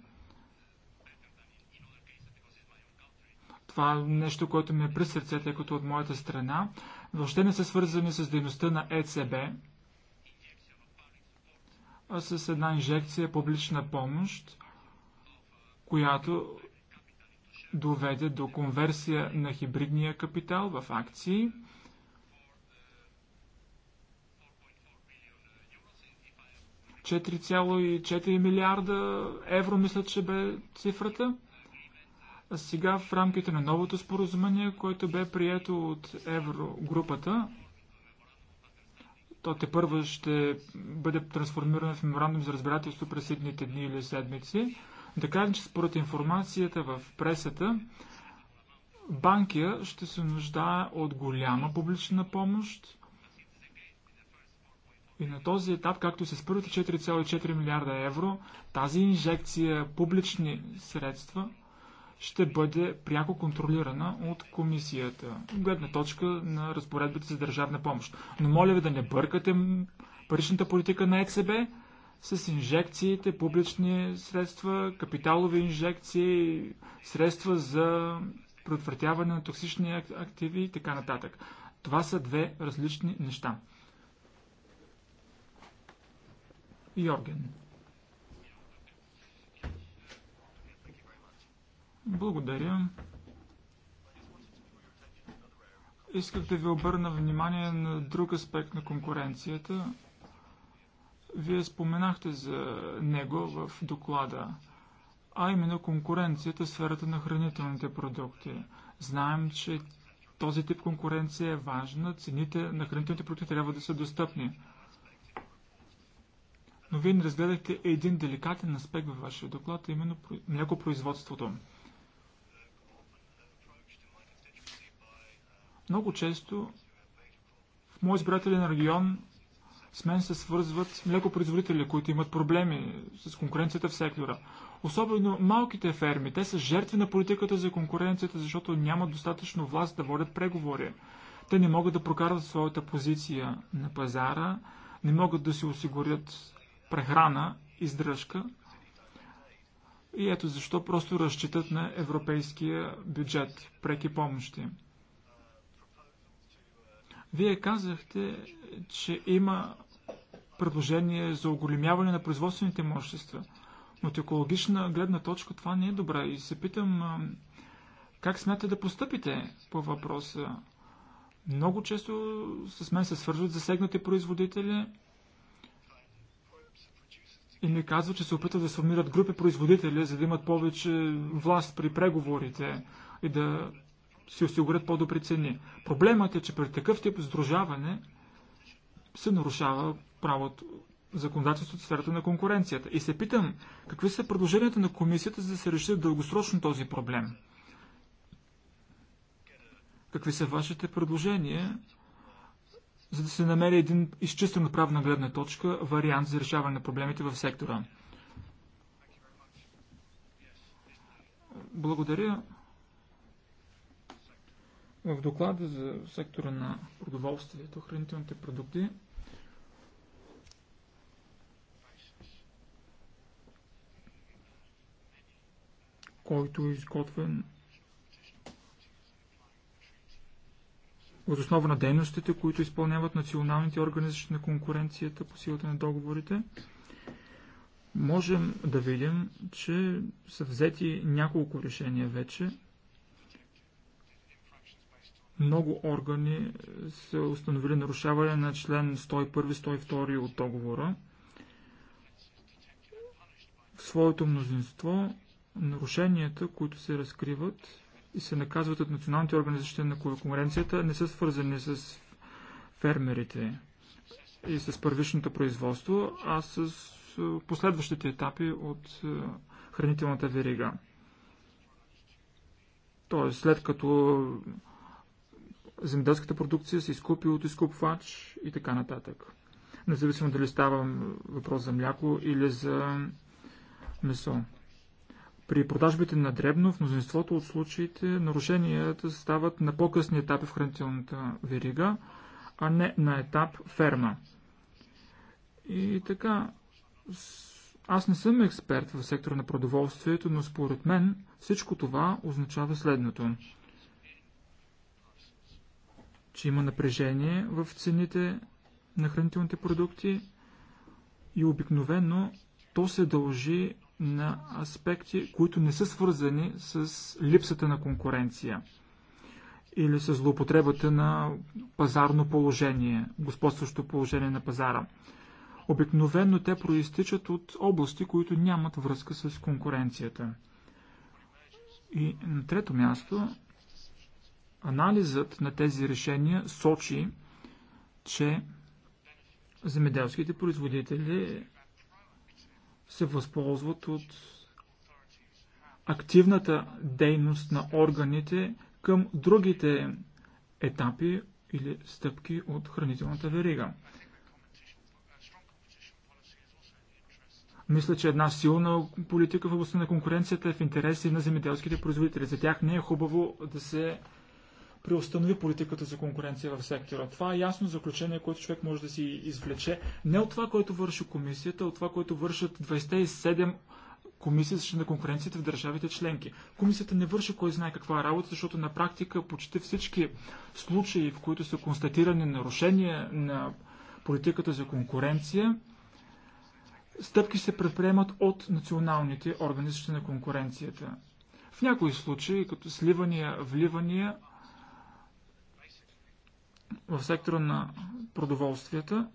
Това е нещо, което ми е при сърце, тъй е като от моята страна въобще не са свързани с дейността на ЕЦБ, а с една инжекция публична помощ, която доведе до конверсия на хибридния капитал в акции – 4,4 милиарда евро, мисля, че бе цифрата. А сега в рамките на новото споразумение, което бе прието от еврогрупата, то те първо ще бъде трансформирано в меморандум за разбирателство през следните дни или седмици. Да кажем, че според информацията в пресата, Банкия ще се нуждае от голяма публична помощ, и на този етап, както с първите 4,4 милиарда евро, тази инжекция публични средства ще бъде пряко контролирана от комисията, гледна точка на разпоредбите за държавна помощ. Но моля ви да не бъркате паричната политика на ЕЦБ с инжекциите, публични средства, капиталови инжекции, средства за предотвратяване на токсични активи и така нататък. Това са две различни неща. Йорген. Благодаря. Исках да ви обърна внимание на друг аспект на конкуренцията. Вие споменахте за него в доклада, а именно конкуренцията в сферата на хранителните продукти. Знаем, че този тип конкуренция е важна, цените на хранителните продукти трябва да са достъпни но вие не разгледахте един деликатен аспект във вашия доклад, а именно млекопроизводството. Много често в мой избирателен регион с мен се свързват млекопроизводители, които имат проблеми с конкуренцията в сектора. Особено малките ферми, те са жертви на политиката за конкуренцията, защото нямат достатъчно власт да водят преговори. Те не могат да прокарват своята позиция на пазара, не могат да си осигурят прехрана, издръжка. И ето защо просто разчитат на европейския бюджет, преки помощи. Вие казахте, че има предложение за оголемяване на производствените мощества. Но от екологична гледна точка това не е добре. И се питам, как смятате да постъпите по въпроса? Много често с мен се свързват засегнати производители – и ми казва, че се опитват да сформират групи производители, за да имат повече власт при преговорите и да си осигурят по-добри цени. Проблемът е, че при такъв тип сдружаване се нарушава правото, законодателството в сферата на конкуренцията. И се питам, какви са предложенията на комисията, за да се реши дългосрочно този проблем? Какви са вашите предложения за да се намери един изчистен от правна гледна точка вариант за решаване на проблемите в сектора. Благодаря. В доклада за сектора на продоволствието, хранителните продукти, който е изготвен от основа на дейностите, които изпълняват националните органи защита на конкуренцията по силата на договорите, можем да видим, че са взети няколко решения вече. Много органи са установили нарушаване на член 101-102 от договора. В своето мнозинство нарушенията, които се разкриват, и се наказват от националните органи за защита на конкуренцията, не са свързани с фермерите и с първичното производство, а с последващите етапи от хранителната верига. Тоест, след като земеделската продукция се изкупи от изкупвач и така нататък. Независимо дали става въпрос за мляко или за месо. При продажбите на дребно, в мнозинството от случаите, нарушенията стават на по-късни етапи в хранителната верига, а не на етап ферма. И така, аз не съм експерт в сектора на продоволствието, но според мен всичко това означава следното. Че има напрежение в цените на хранителните продукти и обикновено то се дължи на аспекти, които не са свързани с липсата на конкуренция или с злоупотребата на пазарно положение, господстващо положение на пазара. Обикновено те проистичат от области, които нямат връзка с конкуренцията. И на трето място, анализът на тези решения сочи, че земеделските производители се възползват от активната дейност на органите към другите етапи или стъпки от хранителната верига. Мисля, че една силна политика в областта на конкуренцията е в интерес и на земеделските производители. За тях не е хубаво да се преустанови политиката за конкуренция в сектора. Това е ясно заключение, което човек може да си извлече не от това, което върши комисията, а от това, което вършат 27 комисии за на конкуренцията в държавите членки. Комисията не върши кой знае каква работа, защото на практика почти всички случаи, в които са констатирани нарушения на политиката за конкуренция, стъпки се предприемат от националните органи за на конкуренцията. В някои случаи, като сливания, вливания, в сектора на продоволствията.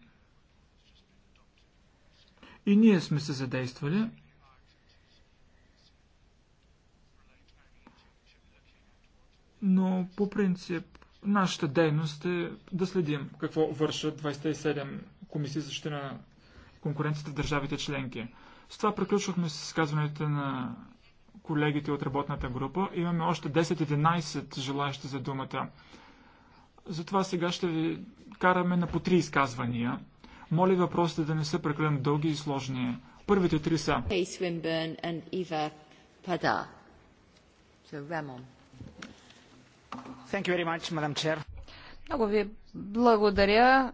И ние сме се задействали. Но по принцип нашата дейност е да следим какво вършат 27 комисии за защита на конкуренцията в държавите членки. С това приключвахме с изказването на колегите от работната група. Имаме още 10-11 желаящи за думата. Затова сега ще ви караме на по три изказвания. Моля въпросите да не са прекалено дълги и сложни. Първите три са. Много ви благодаря,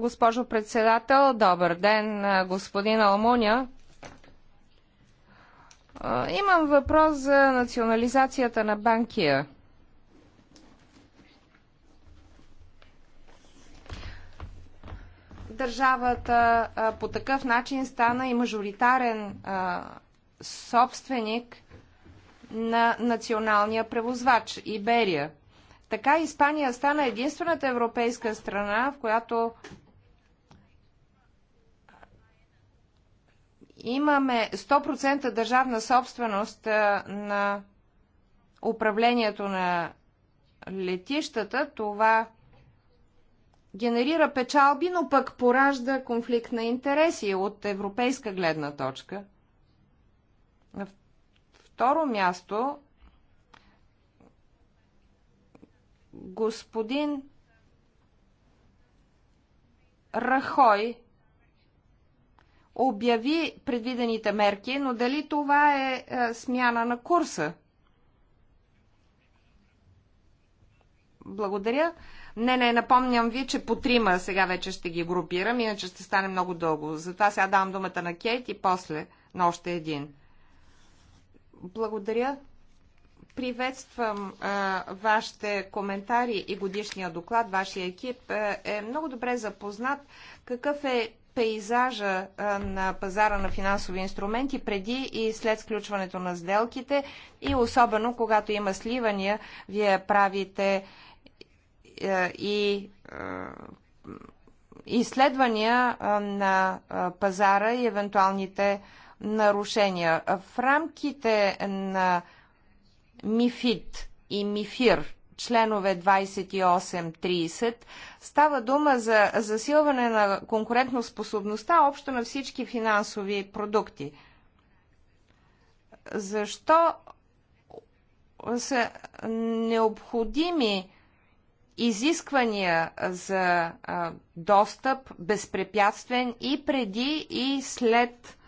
госпожо председател. Добър ден, господин Алмуня. Имам въпрос за национализацията на банкия. държавата по такъв начин стана и мажоритарен собственик на националния превозвач Иберия. Така Испания стана единствената европейска страна, в която имаме 100% държавна собственост на управлението на летищата. Това генерира печалби, но пък поражда конфликт на интереси от европейска гледна точка. На второ място, господин Рахой обяви предвидените мерки, но дали това е, е смяна на курса? Благодаря. Не, не, напомням ви, че по трима сега вече ще ги групирам, иначе ще стане много дълго. Затова сега давам думата на Кейт и после на още един. Благодаря. Приветствам а, вашите коментари и годишния доклад. Вашия екип а, е много добре запознат какъв е пейзажа а, на пазара на финансови инструменти преди и след сключването на сделките и особено когато има сливания, вие правите е, и е, изследвания е, на пазара и евентуалните нарушения. В рамките на МИФИТ и МИФИР, членове 28-30, става дума за засилване на конкурентоспособността общо на всички финансови продукти. Защо са необходими изисквания за достъп, безпрепятствен и преди и след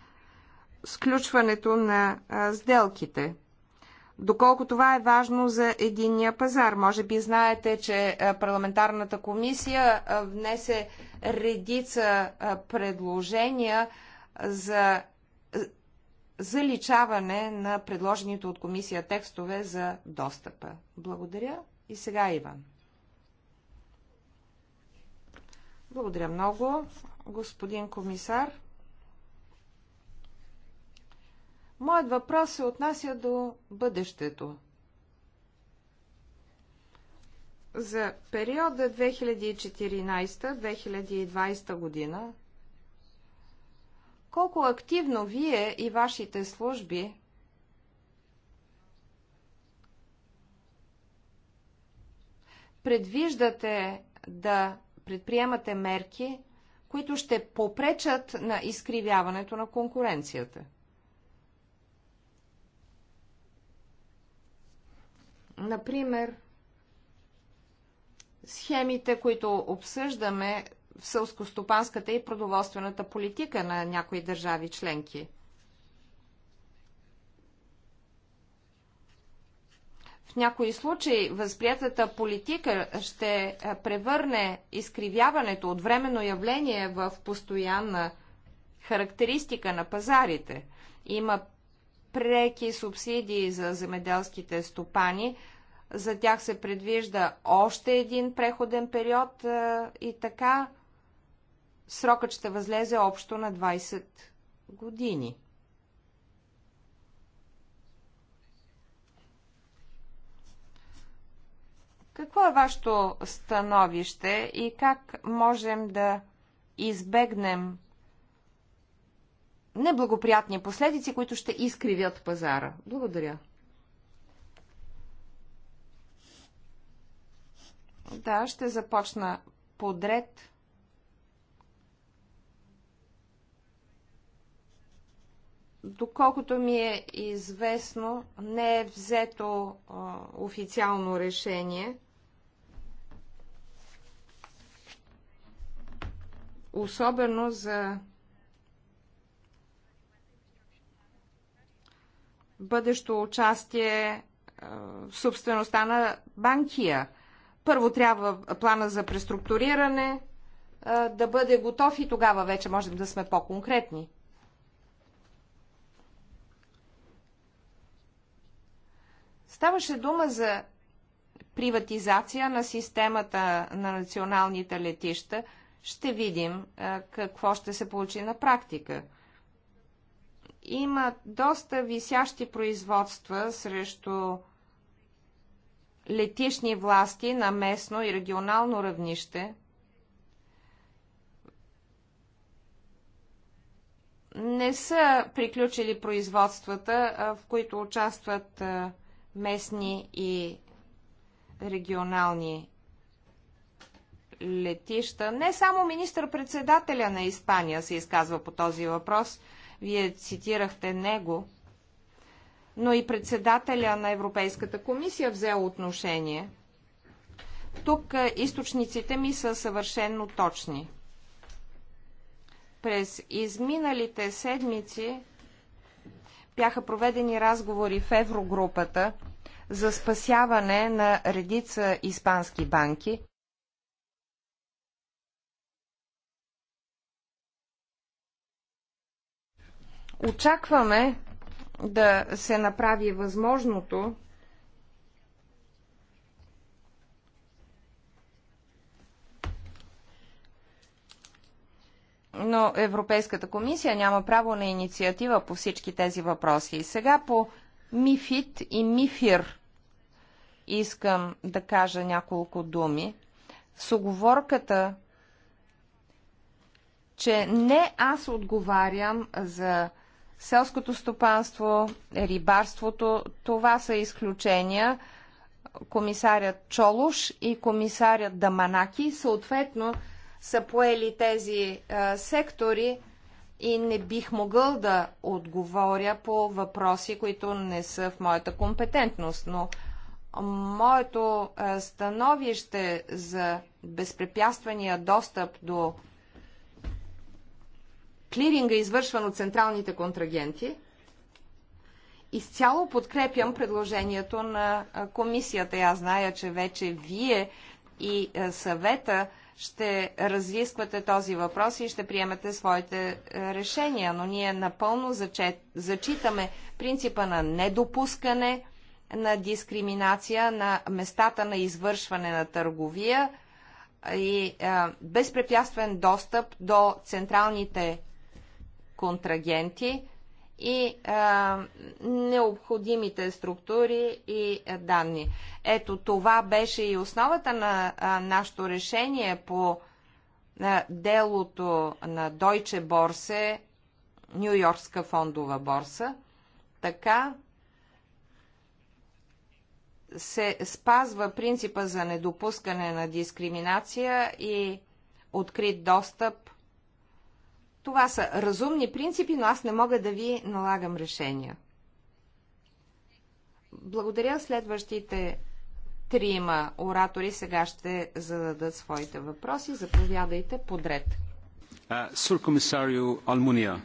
сключването на сделките. Доколко това е важно за единния пазар? Може би знаете, че парламентарната комисия внесе редица предложения за заличаване на предложените от комисия текстове за достъпа. Благодаря. И сега Иван. Благодаря много, господин комисар. Моят въпрос се отнася до бъдещето. За периода 2014-2020 година, колко активно вие и вашите служби предвиждате да предприемате мерки, които ще попречат на изкривяването на конкуренцията. Например, схемите, които обсъждаме в сълскостопанската и продоволствената политика на някои държави членки – В някои случаи възприятата политика ще превърне изкривяването от временно явление в постоянна характеристика на пазарите. Има преки субсидии за земеделските стопани. За тях се предвижда още един преходен период и така срокът ще възлезе общо на 20 години. Какво е вашето становище и как можем да избегнем неблагоприятни последици, които ще изкривят пазара? Благодаря. Да, ще започна подред. Доколкото ми е известно, не е взето официално решение – особено за бъдещо участие в собствеността на банкия. Първо трябва плана за преструктуриране да бъде готов и тогава вече можем да сме по-конкретни. Ставаше дума за приватизация на системата на националните летища – ще видим какво ще се получи на практика. Има доста висящи производства срещу летишни власти на местно и регионално равнище. Не са приключили производствата, в които участват местни и регионални летища. Не само министър-председателя на Испания се изказва по този въпрос. Вие цитирахте него. Но и председателя на Европейската комисия взел отношение. Тук е, източниците ми са съвършенно точни. През изминалите седмици бяха проведени разговори в Еврогрупата за спасяване на редица испански банки – Очакваме да се направи възможното но Европейската комисия няма право на инициатива по всички тези въпроси. И сега по МИФИТ и МИФИР искам да кажа няколко думи. С оговорката, че не аз отговарям за Селското стопанство, рибарството, това са изключения. Комисарят Чолуш и комисарят Даманаки съответно са поели тези а, е, сектори и не бих могъл да отговоря по въпроси, които не са в моята компетентност, но моето е, становище за безпрепятствения достъп до клиринга, извършван от централните контрагенти. Изцяло подкрепям предложението на комисията. Аз зная, че вече вие и съвета ще разисквате този въпрос и ще приемете своите решения, но ние напълно зачет, зачитаме принципа на недопускане на дискриминация на местата на извършване на търговия и е, безпрепятствен достъп до централните контрагенти и а, необходимите структури и данни. Ето това беше и основата на а, нашото решение по а, делото на Deutsche Борсе, Нью-Йоркска фондова борса. Така се спазва принципа за недопускане на дискриминация и открит достъп това са разумни принципи, но аз не мога да ви налагам решения. Благодаря следващите трима оратори. Сега ще зададат своите въпроси. Заповядайте подред. Суркомисарио Алмуния.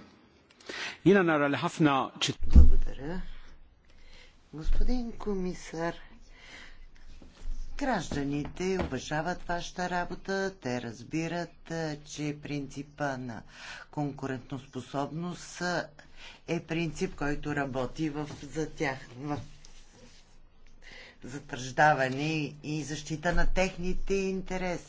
Благодаря. Господин комисар, Гражданите уважават вашата работа, те разбират, че принципа на конкурентоспособност е принцип, който работи в, за тях, в затърждаване и защита на техните интереси.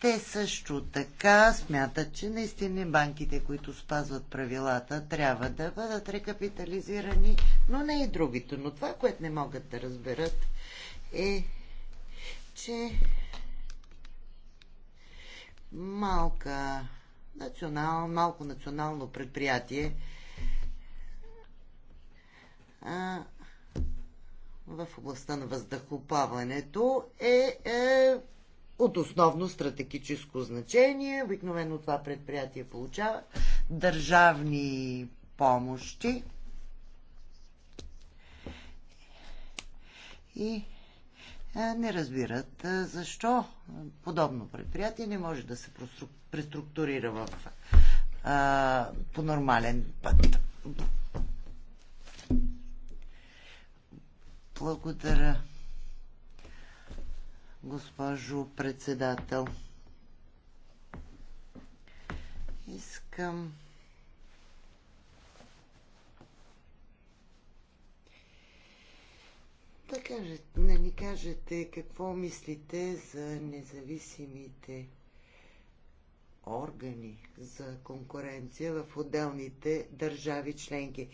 Те също така смятат, че наистина банките, които спазват правилата, трябва да бъдат рекапитализирани, но не и другите. Но това, което не могат да разберат е че малка национал, малко национално предприятие а, в областта на въздухоплаването е, е от основно стратегическо значение. Обикновено това предприятие получава държавни помощи. И не разбират защо подобно предприятие не може да се преструктурира в, а, по нормален път. Благодаря, госпожо председател. Искам да кажете, да ни нали, кажете какво мислите за независимите органи за конкуренция в отделните държави членки.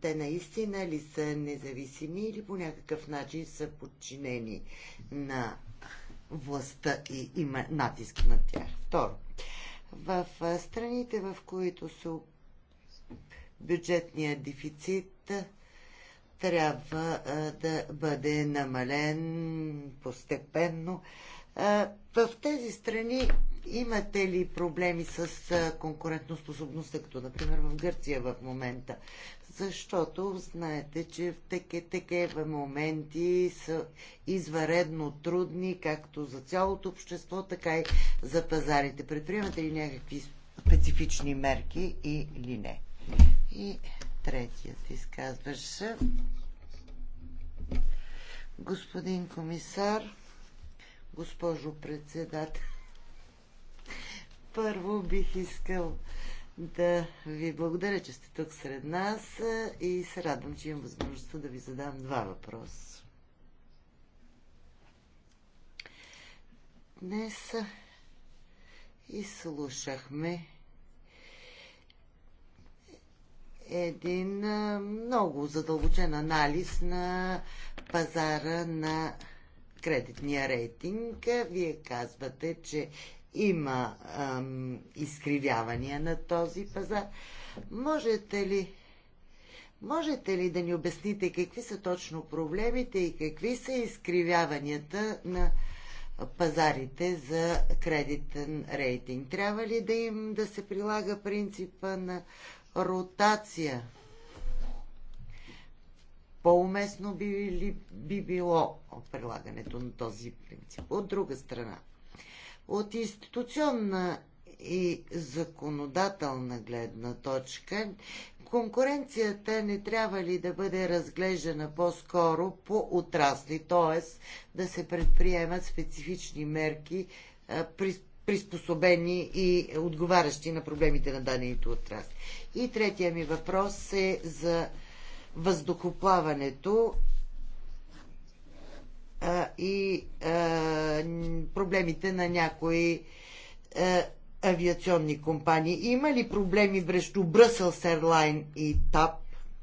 Те наистина ли са независими или по някакъв начин са подчинени на властта и има натиск на тях? Второ, в страните, в които са бюджетния дефицит трябва да бъде намален постепенно. В тези страни имате ли проблеми с конкурентоспособността, като например в Гърция в момента? Защото знаете, че в такива моменти са изваредно трудни, както за цялото общество, така и за пазарите. Предприемате ли някакви специфични мерки или не? И Третият изказваш се. Господин комисар, госпожо председател, първо бих искал да ви благодаря, че сте тук сред нас и се радвам, че имам възможността да ви задам два въпроса. Днес изслушахме един много задълбочен анализ на пазара на кредитния рейтинг. Вие казвате, че има ам, изкривявания на този пазар. Можете ли, можете ли да ни обясните какви са точно проблемите и какви са изкривяванията на пазарите за кредитен рейтинг? Трябва ли да им да се прилага принципа на ротация. По-уместно би, ли, би било прилагането на този принцип. От друга страна, от институционна и законодателна гледна точка, конкуренцията не трябва ли да бъде разглеждана по-скоро по отрасли, т.е. да се предприемат специфични мерки при приспособени и отговарящи на проблемите на дадените отрасли. И третия ми въпрос е за въздухоплаването а, и а, проблемите на някои а, авиационни компании. Има ли проблеми врещу Бръсел Серлайн и ТАП,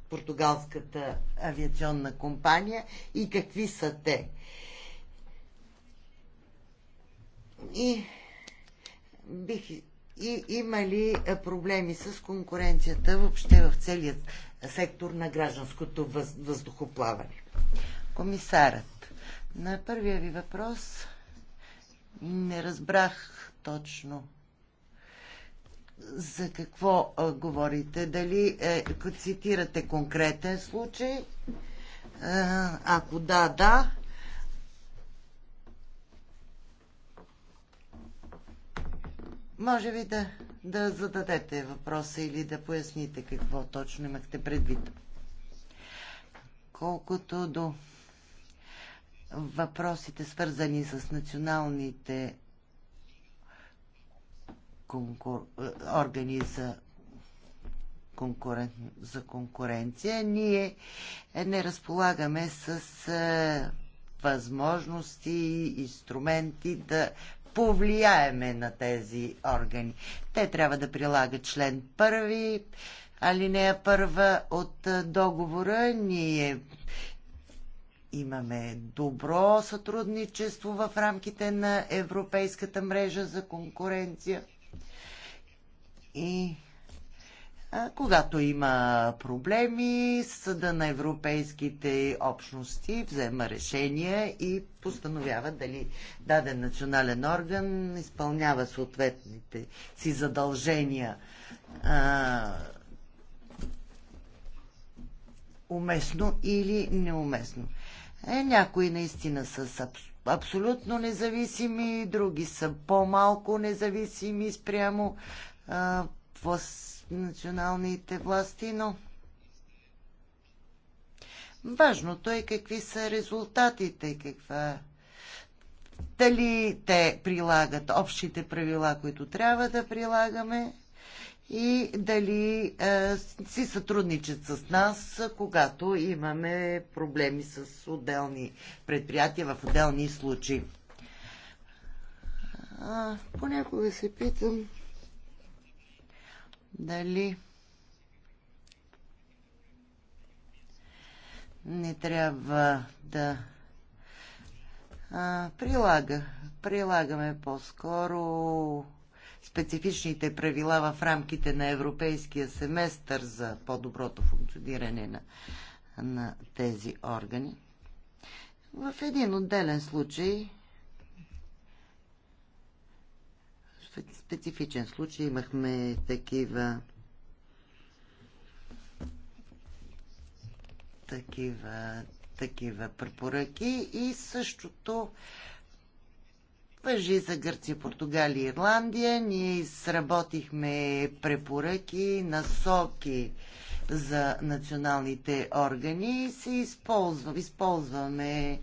португалската авиационна компания, и какви са те? И бих и има ли е, проблеми с конкуренцията въобще в целият сектор на гражданското въз, въздухоплаване? Комисарът, на първия ви въпрос не разбрах точно за какво а, говорите. Дали е, цитирате конкретен случай? А, е, ако да, да. Може ви да, да зададете въпроса или да поясните какво точно имахте предвид. Колкото до въпросите, свързани с националните конкур... органи за, конкурен... за конкуренция, ние не разполагаме с е, възможности и инструменти да повлияеме на тези органи. Те трябва да прилагат член първи, алинея първа от е, договора. Ние имаме добро сътрудничество в рамките на Европейската мрежа за конкуренция. И когато има проблеми, Съда на европейските общности взема решение и постановява дали даден национален орган изпълнява съответните си задължения а, уместно или неуместно. Е, някои наистина са абсолютно независими, други са по-малко независими спрямо а, националните власти, но важното е какви са резултатите, каква дали те прилагат общите правила, които трябва да прилагаме и дали е, си сътрудничат с нас, когато имаме проблеми с отделни предприятия в отделни случаи. А, понякога се питам дали не трябва да а, прилага, прилагаме по-скоро специфичните правила в рамките на европейския семестър за по-доброто функциониране на, на тези органи. В един отделен случай специфичен случай имахме такива такива, такива препоръки и същото въжи за Гърция, Португалия и Ирландия. Ние сработихме препоръки, насоки за националните органи и се използва, използваме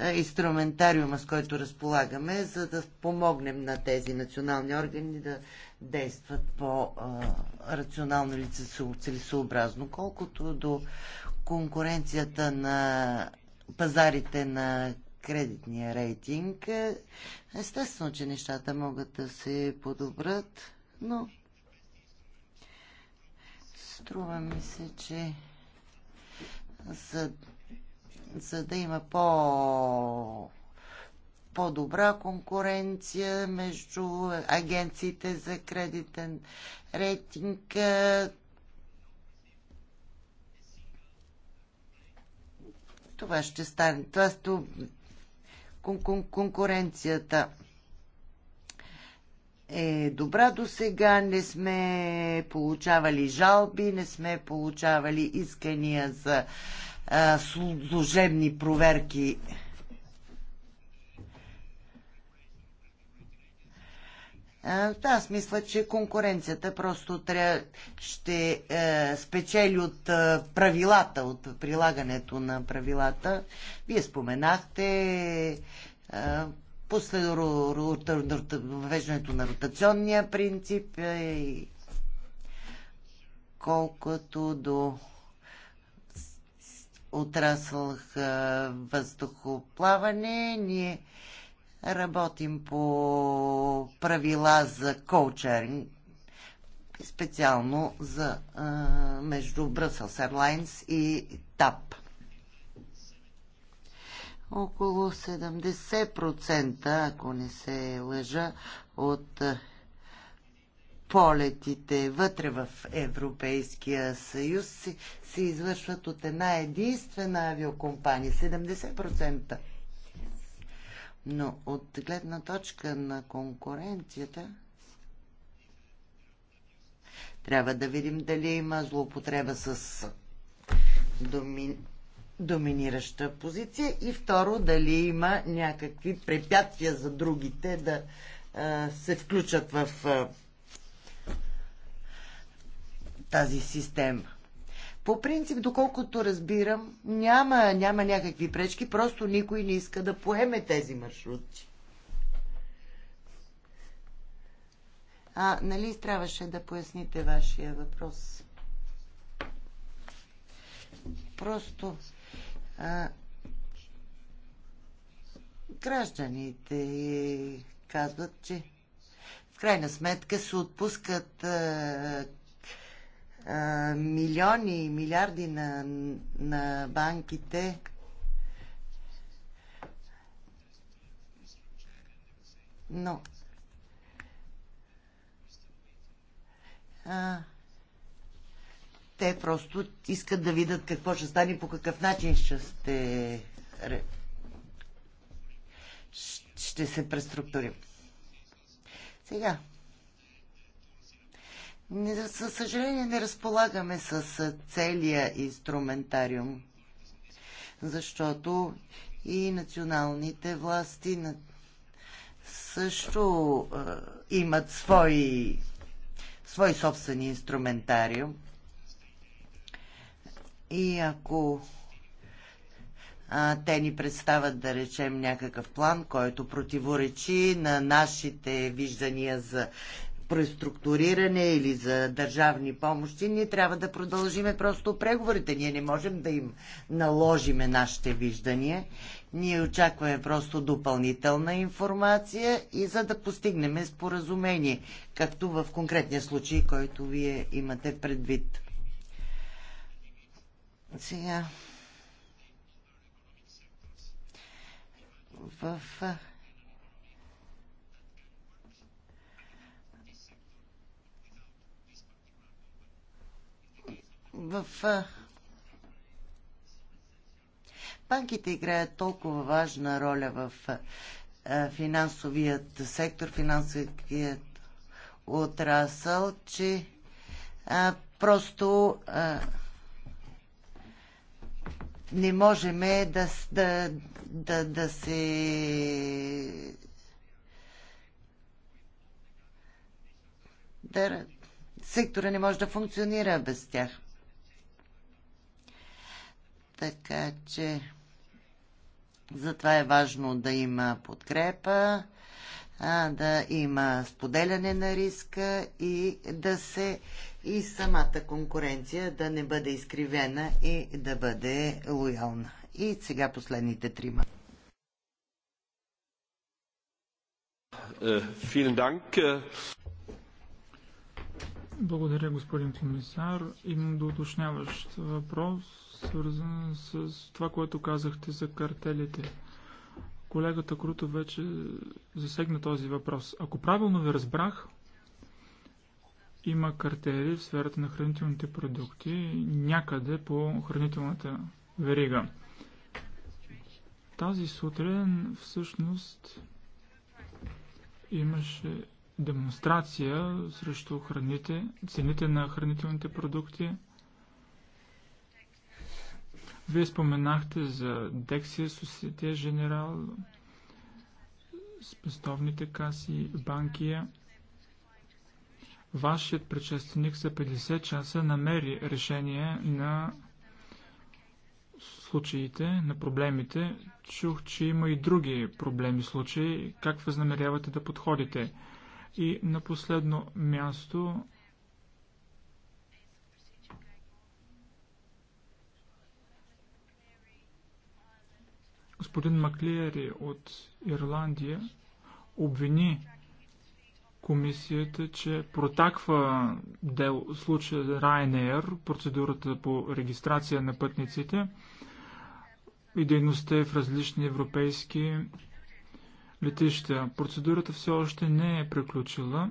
е, инструментариума, с който разполагаме, за да помогнем на тези национални органи да действат по-рационално или целесообразно. Колкото до конкуренцията на пазарите на кредитния рейтинг, е, естествено, че нещата могат да се подобрат, но струва ми се, че за за да има по по-добра конкуренция между агенциите за кредитен рейтинг. Това ще стане. Това сто... кон- кон- конкуренцията е добра до сега. Не сме получавали жалби, не сме получавали искания за служебни проверки. та аз мисля, че конкуренцията просто тря... ще е, спечели от е, правилата, от прилагането на правилата. Вие споменахте е, после въвеждането на ротационния принцип е, и колкото до отрасъл въздухоплаване. Ние работим по правила за коучеринг, специално за, а, между Brussels Airlines и ТАП. Около 70%, ако не се лъжа, от полетите вътре в Европейския съюз се, се извършват от една единствена авиокомпания 70%. Но от гледна точка на конкуренцията трябва да видим дали има злоупотреба с доми... доминираща позиция и второ дали има някакви препятствия за другите да а, се включат в а, тази система. По принцип, доколкото разбирам, няма, няма някакви пречки, просто никой не иска да поеме тези маршрути. А, нали трябваше да поясните вашия въпрос? Просто а, гражданите казват, че в крайна сметка се отпускат а, милиони и милиарди на, на банките но а, те просто искат да видят какво ще стане, по какъв начин ще сте ще се преструктурим. Сега, не, със съжаление не разполагаме с целия инструментариум, защото и националните власти на... също имат свой свой собствен инструментариум. И ако а, те ни представят, да речем, някакъв план, който противоречи на нашите виждания за преструктуриране или за държавни помощи, ние трябва да продължиме просто преговорите. Ние не можем да им наложиме нашите виждания. Ние очакваме просто допълнителна информация и за да постигнем споразумение, както в конкретния случай, който вие имате предвид. Сега. В в банките играят толкова важна роля в финансовият сектор, финансовият отрасъл, че а, просто а, не можем да, да, да, да се да, сектора не може да функционира без тях. Така че затова е важно да има подкрепа, да има споделяне на риска и да се и самата конкуренция да не бъде изкривена и да бъде лоялна. И сега последните трима. Е, е. Благодаря, господин комисар. Имам да уточняващ въпрос свързан с това, което казахте за картелите. Колегата Круто вече засегна този въпрос. Ако правилно ви разбрах, има картели в сферата на хранителните продукти някъде по хранителната верига. Тази сутрин всъщност имаше демонстрация срещу храните, цените на хранителните продукти – вие споменахте за Дексия, Сосетия, Женерал, спестовните каси, банкия. Вашият предшественик за 50 часа намери решение на случаите, на проблемите. Чух, че има и други проблеми случаи. Как възнамерявате да подходите? И на последно място Господин Маклиери от Ирландия обвини комисията, че протаква дел, случая Ryanair, процедурата по регистрация на пътниците и дейността е в различни европейски летища. Процедурата все още не е приключила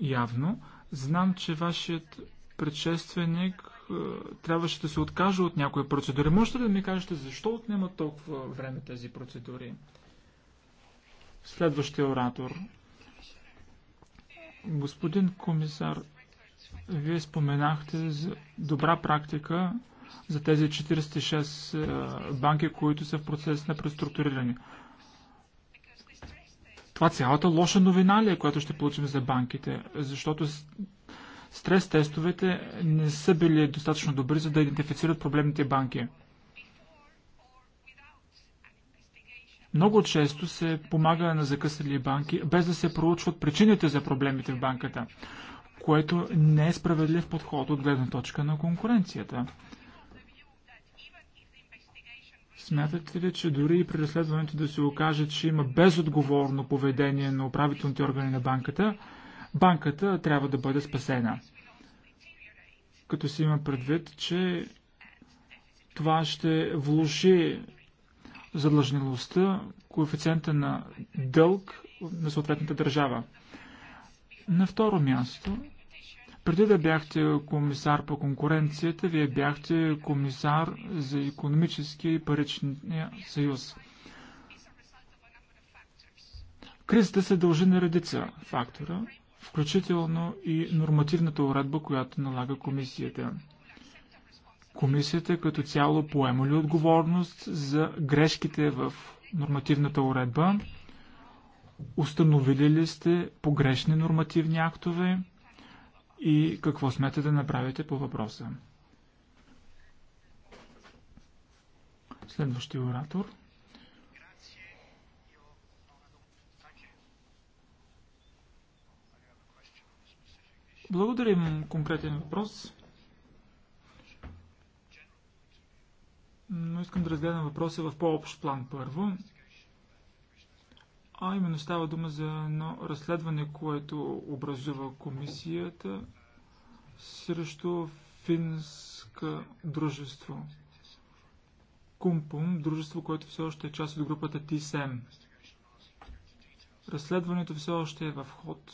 явно. Знам, че вашият предшественик е, трябваше да се откаже от някои процедури. Можете ли да ми кажете защо отнема толкова време тези процедури? Следващия оратор. Господин комисар, вие споменахте за добра практика за тези 46 е, банки, които са в процес на преструктуриране. Това е цялата лоша новина ли е, която ще получим за банките? Защото Стрес тестовете не са били достатъчно добри, за да идентифицират проблемните банки. Много често се помага на закъсали банки, без да се проучват причините за проблемите в банката, което не е справедлив подход от гледна точка на конкуренцията. Смятате ли, че дори и при разследването да се окаже, че има безотговорно поведение на управителните органи на банката, банката трябва да бъде спасена. Като си има предвид, че това ще влуши задлъжнилостта, коефициента на дълг на съответната държава. На второ място, преди да бяхте комисар по конкуренцията, вие бяхте комисар за економически и паричния съюз. Кризата се дължи на редица фактора включително и нормативната уредба, която налага комисията. Комисията като цяло поема ли отговорност за грешките в нормативната уредба? Установили ли сте погрешни нормативни актове и какво смятате да направите по въпроса? Следващия оратор – Благодаря, имам конкретен въпрос. Но искам да разгледам въпроса в по-общ план първо. А именно става дума за едно разследване, което образува комисията срещу финска дружество. Кумпум, дружество, което все още е част от групата ТСМ. Разследването все още е в ход.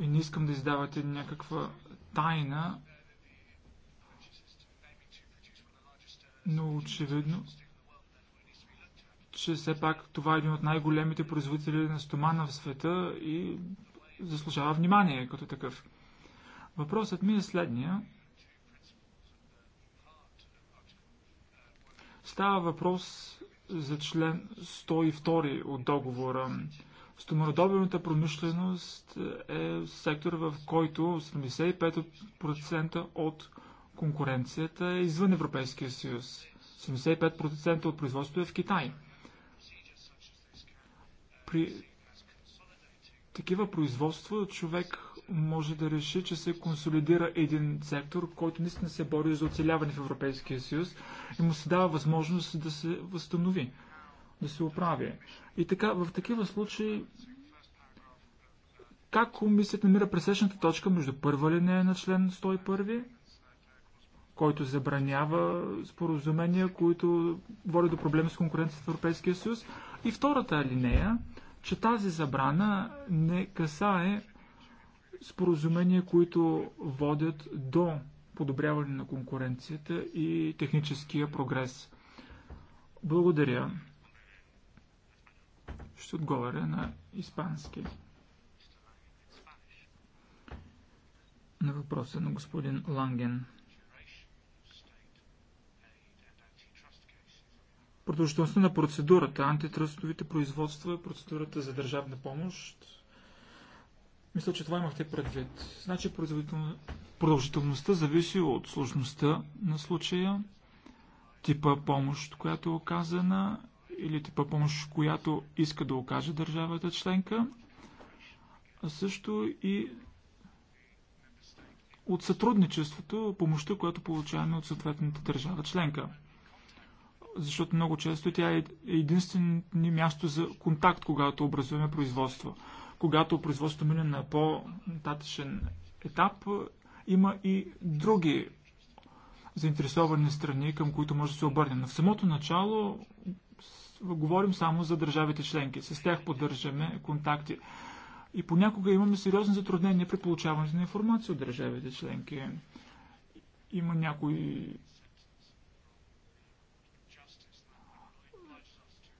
И не искам да издавате някаква тайна, но очевидно, че все пак това е един от най-големите производители на стомана в света и заслужава внимание като такъв. Въпросът ми е следния. Става въпрос за член 102 от договора Стоманодобивната промишленост е сектор, в който 85% от конкуренцията е извън Европейския съюз. 75% от производството е в Китай. При такива производства човек може да реши, че се консолидира един сектор, който наистина се бори за оцеляване в Европейския съюз и му се дава възможност да се възстанови да се оправи. И така, в такива случаи, как комисията намира пресечната точка между първа линия на член 101, който забранява споразумения, които водят до проблеми с конкуренцията в Европейския съюз, и втората линия, че тази забрана не касае споразумения, които водят до подобряване на конкуренцията и техническия прогрес. Благодаря. Ще отговаря на испански. На въпроса на господин Ланген. Продължителността на процедурата, антитръстовите производства, процедурата за държавна помощ. Мисля, че това имахте предвид. Значи продължителността зависи от сложността на случая, типа помощ, която е оказана или типа помощ, която иска да окаже държавата членка, а също и от сътрудничеството, помощта, която получаваме от съответната държава членка. Защото много често тя е единствено място за контакт, когато образуваме производство. Когато производството мине на по-нататъчен етап, има и други заинтересовани страни, към които може да се обърне. Но в самото начало говорим само за държавите членки. С тях поддържаме контакти. И понякога имаме сериозни затруднения при получаването на информация от държавите членки. Има някои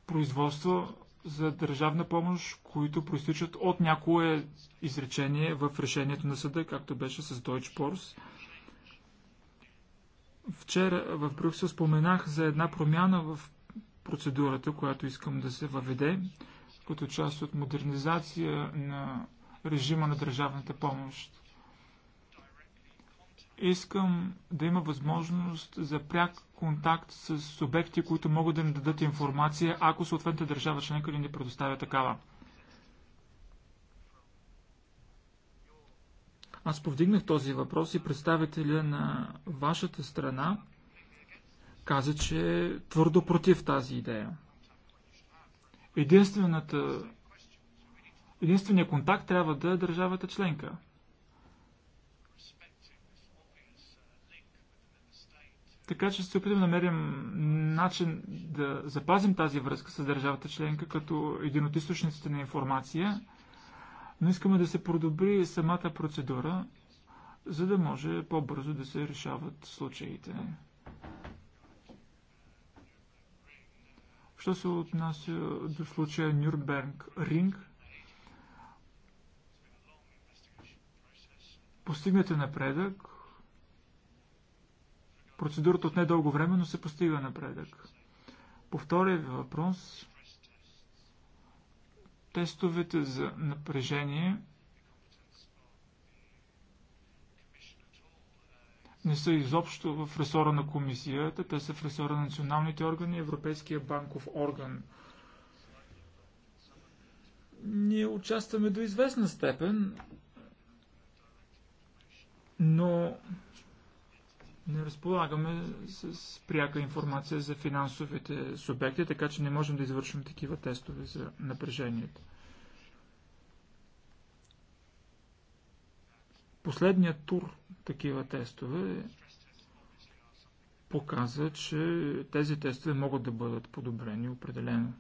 производства за държавна помощ, които проистичат от някое изречение в решението на съда, както беше с Deutsche Post. Вчера в Брюксел споменах за една промяна в процедурата, която искам да се въведе като част от модернизация на режима на държавната помощ. Искам да има възможност за пряк контакт с субекти, които могат да ни дадат информация, ако съответната държава членка ни предоставя такава. Аз повдигнах този въпрос и представителя на вашата страна каза, че е твърдо против тази идея. Единствената, единственият контакт трябва да е държавата членка. Така че се опитам да намерим начин да запазим тази връзка с държавата членка като един от източниците на информация, но искаме да се подобри самата процедура, за да може по-бързо да се решават случаите. Що се отнася до случая Нюрнберг Ринг, постигнете напредък. Процедурата от недълго време, но се постига напредък. По втория въпрос, тестовете за напрежение не са изобщо в ресора на комисията, те са в ресора на националните органи и Европейския банков орган. Ние участваме до известна степен, но не разполагаме с пряка информация за финансовите субекти, така че не можем да извършим такива тестове за напрежението. Последният тур такива тестове показа, че тези тестове могат да бъдат подобрени определено.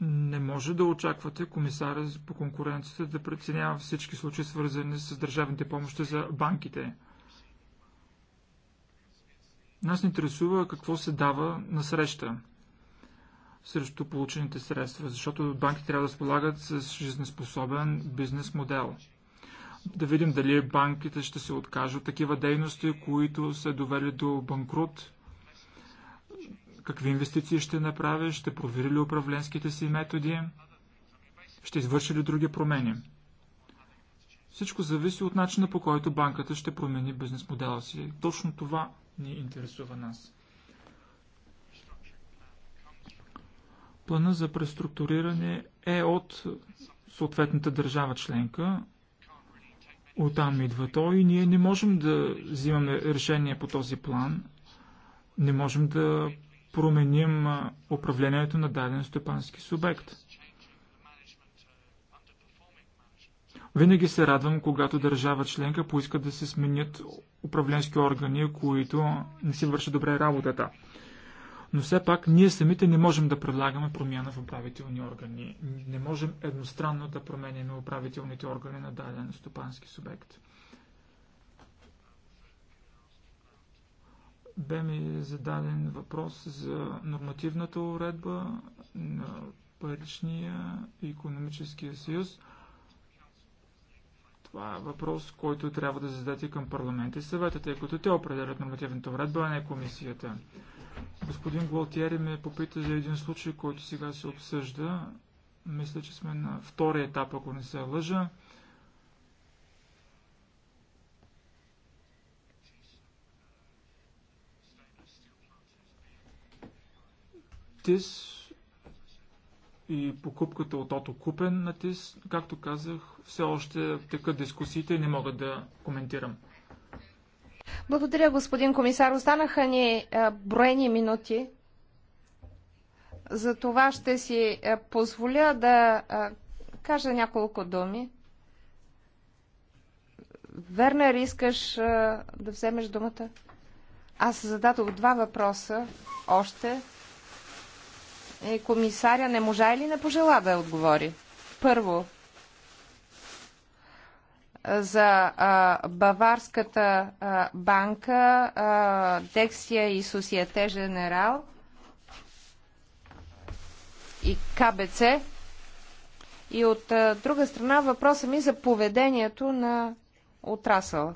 Не може да очаквате комисара по конкуренцията да преценява всички случаи, свързани с държавните помощи за банките. Нас интересува какво се дава на среща срещу получените средства, защото банки трябва да разполагат с жизнеспособен бизнес модел. Да видим дали банките ще се откажат от такива дейности, които са довели до банкрут, какви инвестиции ще направи, ще провери ли управленските си методи, ще извърши ли други промени. Всичко зависи от начина по който банката ще промени бизнес модела си. Точно това ни интересува нас. Плана за преструктуриране е от съответната държава членка. Оттам идва той и ние не можем да взимаме решение по този план. Не можем да променим управлението на даден стопански субект. Винаги се радвам, когато държава членка поиска да се сменят управленски органи, които не си вършат добре работата но все пак ние самите не можем да предлагаме промяна в управителни органи. Не можем едностранно да променяме управителните органи на даден стопански субект. Бе ми зададен въпрос за нормативната уредба на паричния и економическия съюз. Това е въпрос, който трябва да зададете към парламента и съвета, тъй като те определят нормативната уредба, а не комисията. Господин Глотиери ме попита за един случай, който сега се обсъжда. Мисля, че сме на втория етап, ако не се лъжа. ТИС и покупката от Ото Купен на ТИС, както казах, все още текат дискусиите и не мога да коментирам. Благодаря, господин комисар. Останаха ни е, броени минути. За това ще си е, позволя да е, кажа няколко думи. Вернер, искаш да вземеш думата? Аз зададох два въпроса още. И комисаря не можа или не пожела да отговори? Първо, за а, Баварската а, банка, а, Дексия и Сусиете Женерал и КБЦ. И от а, друга страна въпроса ми за поведението на отрасъл.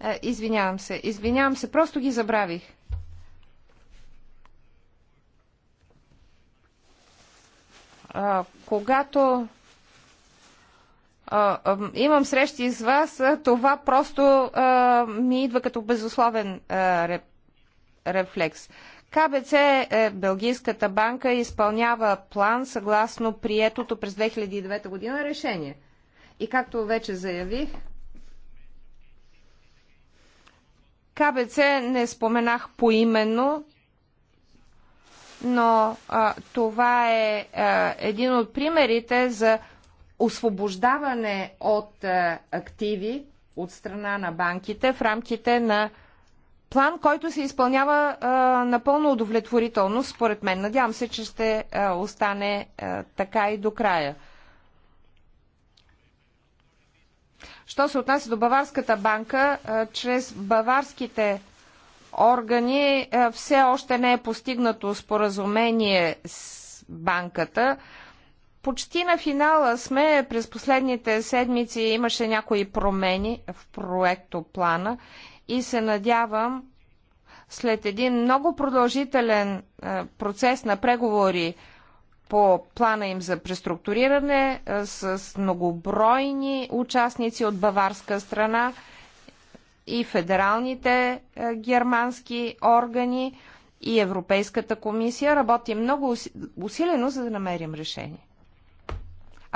А, извинявам се, извинявам се, просто ги забравих. А, когато имам срещи с вас, това просто ми идва като безусловен рефлекс. КБЦ, е Белгийската банка, изпълнява план съгласно приетото през 2009 година решение. И както вече заявих, КБЦ не споменах поименно, но а, това е а, един от примерите за освобождаване от е, активи от страна на банките в рамките на план, който се изпълнява е, напълно удовлетворително, според мен. Надявам се, че ще е, остане така и до края. Що се отнася до Баварската банка, чрез баварските органи все още не е постигнато споразумение с банката. Почти на финала сме. През последните седмици имаше някои промени в проекто плана и се надявам след един много продължителен е, процес на преговори по плана им за преструктуриране е, с многобройни участници от баварска страна и федералните е, германски органи и Европейската комисия работи много усилено, за да намерим решение.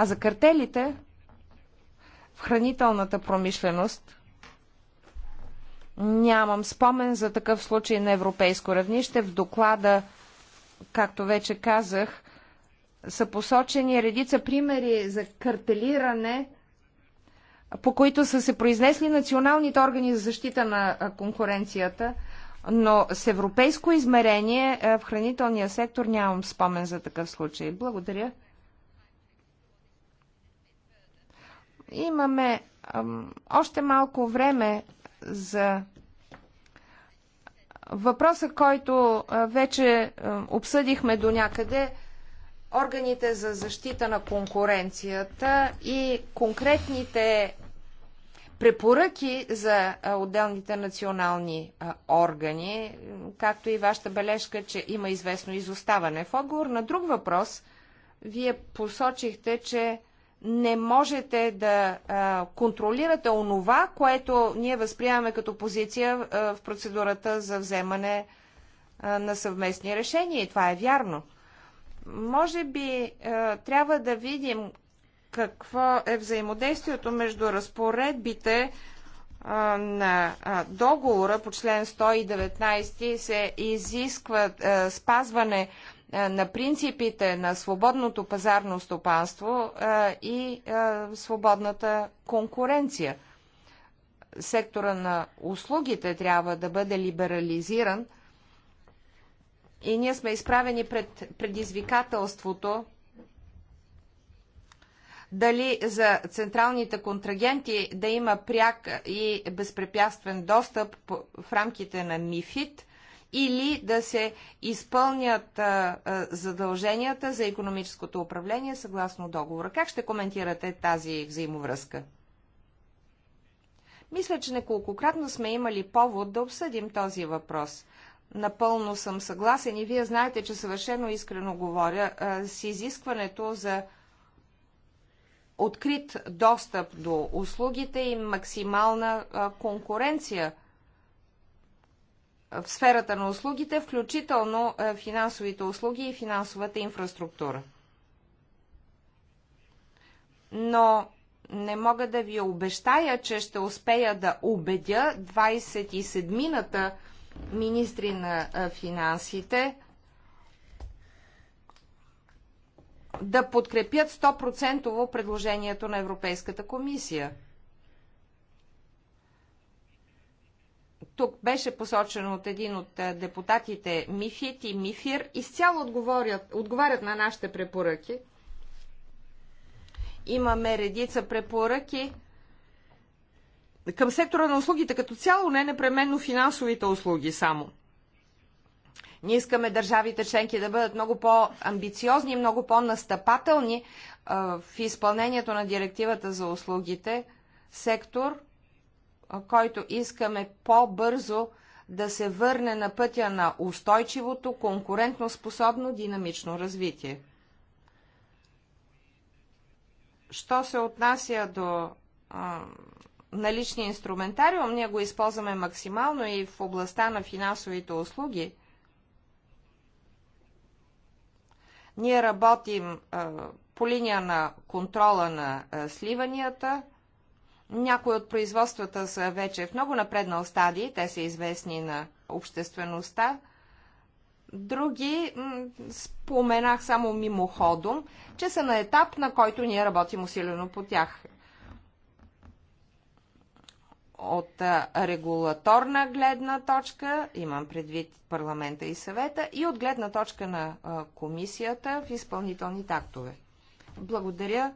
А за картелите в хранителната промишленост нямам спомен за такъв случай на европейско равнище. В доклада, както вече казах, са посочени редица примери за картелиране, по които са се произнесли националните органи за защита на конкуренцията, но с европейско измерение в хранителния сектор нямам спомен за такъв случай. Благодаря. Имаме ам, още малко време за въпроса, който а, вече ам, обсъдихме до някъде органите за защита на конкуренцията и конкретните препоръки за отделните национални органи, както и вашата бележка, че има известно изоставане. В отговор на друг въпрос, вие посочихте, че не можете да а, контролирате онова, което ние възприемаме като позиция а, в процедурата за вземане а, на съвместни решения. И това е вярно. Може би а, трябва да видим какво е взаимодействието между разпоредбите а, на а, договора по член 119 се изисква а, спазване а, е, на принципите на свободното пазарно стопанство е, и е, свободната конкуренция. Сектора на услугите трябва да бъде либерализиран и ние сме изправени пред предизвикателството дали за централните контрагенти да има пряк и безпрепятствен достъп в рамките на МИФИД – или да се изпълнят задълженията за економическото управление съгласно договора. Как ще коментирате тази взаимовръзка? Мисля, че неколкократно сме имали повод да обсъдим този въпрос. Напълно съм съгласен и вие знаете, че съвършено искрено говоря с изискването за открит достъп до услугите и максимална конкуренция – в сферата на услугите, включително е, финансовите услуги и финансовата инфраструктура. Но не мога да ви обещая, че ще успея да убедя 27-ната министри на е, финансите да подкрепят 100% предложението на Европейската комисия. тук беше посочен от един от депутатите Мифит и Мифир, изцяло отговорят, отговарят на нашите препоръки. Имаме редица препоръки към сектора на услугите като цяло, не непременно финансовите услуги само. Ние искаме държавите членки да бъдат много по-амбициозни и много по-настъпателни в изпълнението на директивата за услугите сектор – който искаме по-бързо да се върне на пътя на устойчивото, конкурентноспособно, динамично развитие. Що се отнася до а, наличния инструментариум, ние го използваме максимално и в областта на финансовите услуги. Ние работим а, по линия на контрола на а, сливанията – някои от производствата са вече в много напреднал стадий, те са известни на обществеността. Други споменах само мимоходом, че са на етап, на който ние работим усилено по тях. От регулаторна гледна точка, имам предвид парламента и съвета, и от гледна точка на комисията в изпълнителните актове. Благодаря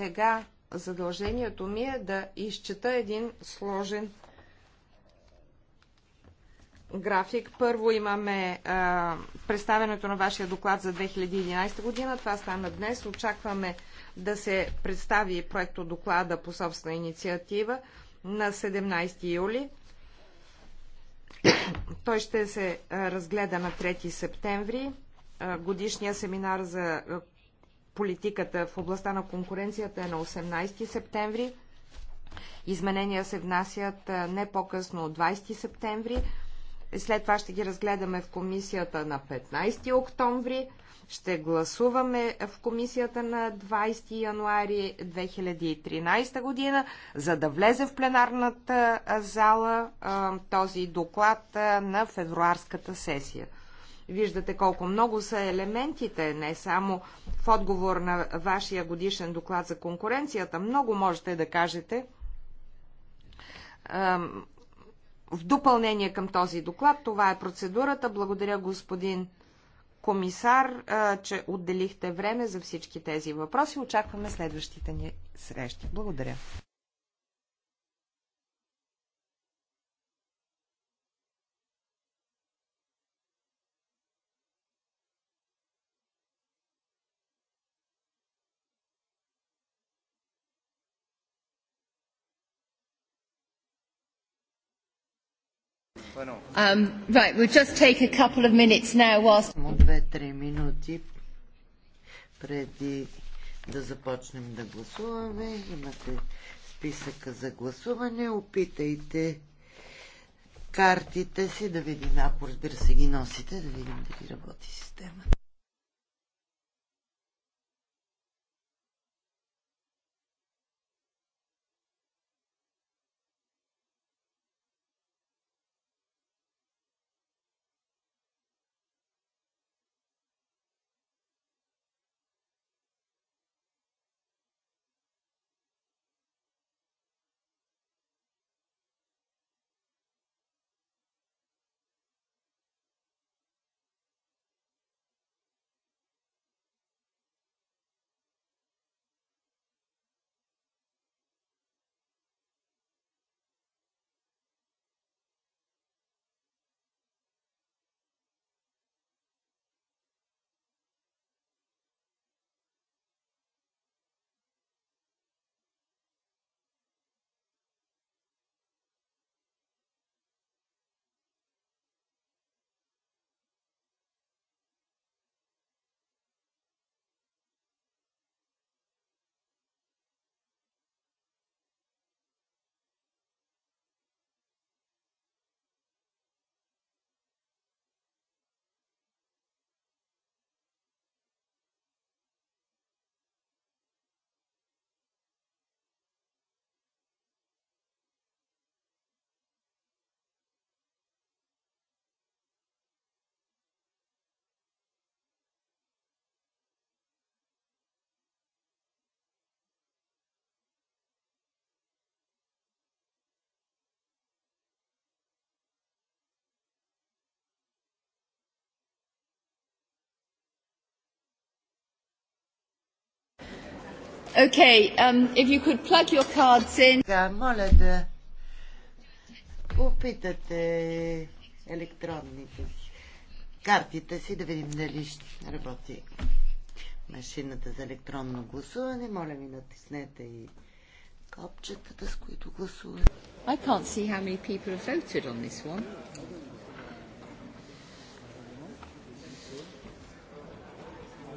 сега задължението ми е да изчета един сложен график. Първо имаме а, представенето на вашия доклад за 2011 година. Това стана днес. Очакваме да се представи проекто доклада по собствена инициатива на 17 юли. Той ще се разгледа на 3 септември. Годишния семинар за политиката в областта на конкуренцията е на 18 септември. Изменения се внасят не по-късно от 20 септември. След това ще ги разгледаме в комисията на 15 октомври. Ще гласуваме в комисията на 20 януари 2013 година, за да влезе в пленарната зала този доклад на февруарската сесия. Виждате колко много са елементите, не само в отговор на вашия годишен доклад за конкуренцията. Много можете да кажете в допълнение към този доклад. Това е процедурата. Благодаря господин комисар, че отделихте време за всички тези въпроси. Очакваме следващите ни срещи. Благодаря. Um, right, we'll just take a couple of minutes now whilst... Само две-три минути преди да започнем да гласуваме. Имате списъка за гласуване. Опитайте картите си да видим, ако разбира се ги носите, да видим дали работи системата. Okay, um, if you could plug your cards in. Да, моля да опитате електронните си картите си, да видим дали ще работи машината за електронно гласуване. Моля ви натиснете и копчетата, с които гласувате. I can't see how many people have voted on this one.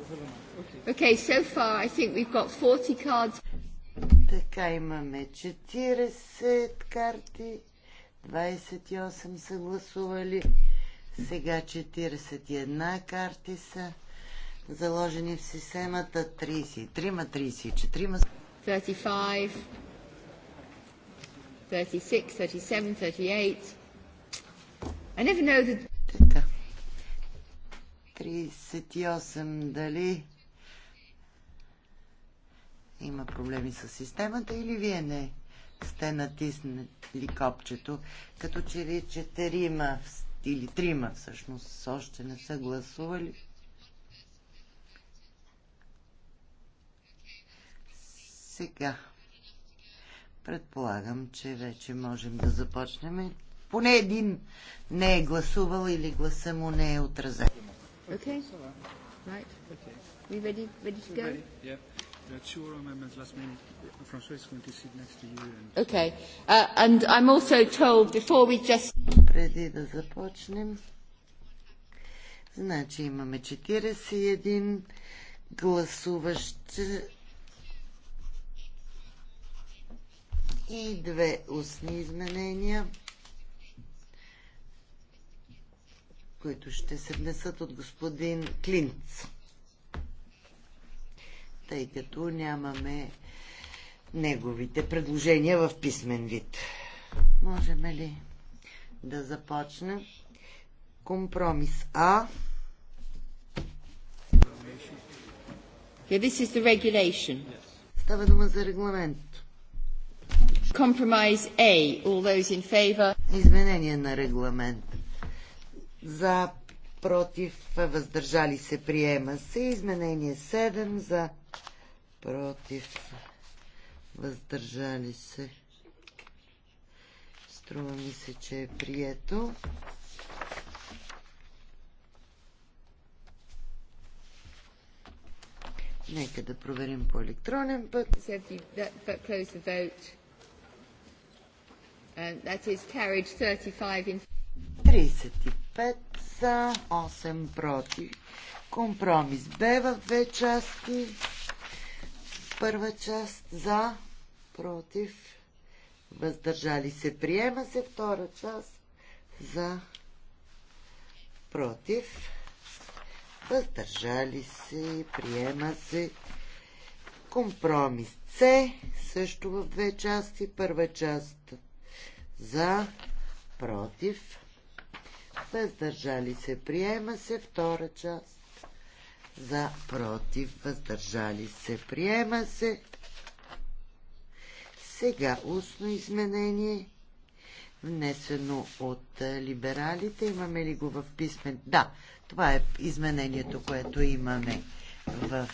Thank you. Okay, so far I think we've got 40 cards. Така имаме 40 карти, 28 са гласували, сега 41 карти са заложени в системата, 33, 34. 35, 36, 37, 38. I never know the... Така. 38 дали има проблеми с системата или вие не сте натиснали копчето, като че ли четирима или трима всъщност още не са гласували. Сега предполагам, че вече можем да започнем. Поне един не е гласувал или гласа му не е отразен. Okay. Right. Okay. We ready, ready to go? Ready? Yeah. That's your amendments last minute. François is going to sit next to you. And... Okay. Uh, and I'm also told before we just... Преди да започнем, значи имаме 41 гласуващи и две устни изменения, които ще се внесат от господин Клинц тъй като нямаме неговите предложения в писмен вид. Можем ли да започнем? Компромис А. Yeah, this is the regulation. Става дума за регламент. Compromise A. All those in favor. Изменение на регламент. За, против, въздържали се, приема се. Изменение 7 за против, въздържали се. Струва ми се, че е прието. Нека да проверим по електронен път. That is carried 35 in... 35 за, 8 против. Компромис Б в две части. Първа част за, против, въздържали се. Приема се втора част за, против, въздържали се. Приема се компромис С, също в две части. Първа част за, против, въздържали се. Приема се втора част за против, въздържали се, приема се. Сега устно изменение, внесено от либералите. Имаме ли го в писмен? Да, това е изменението, което имаме в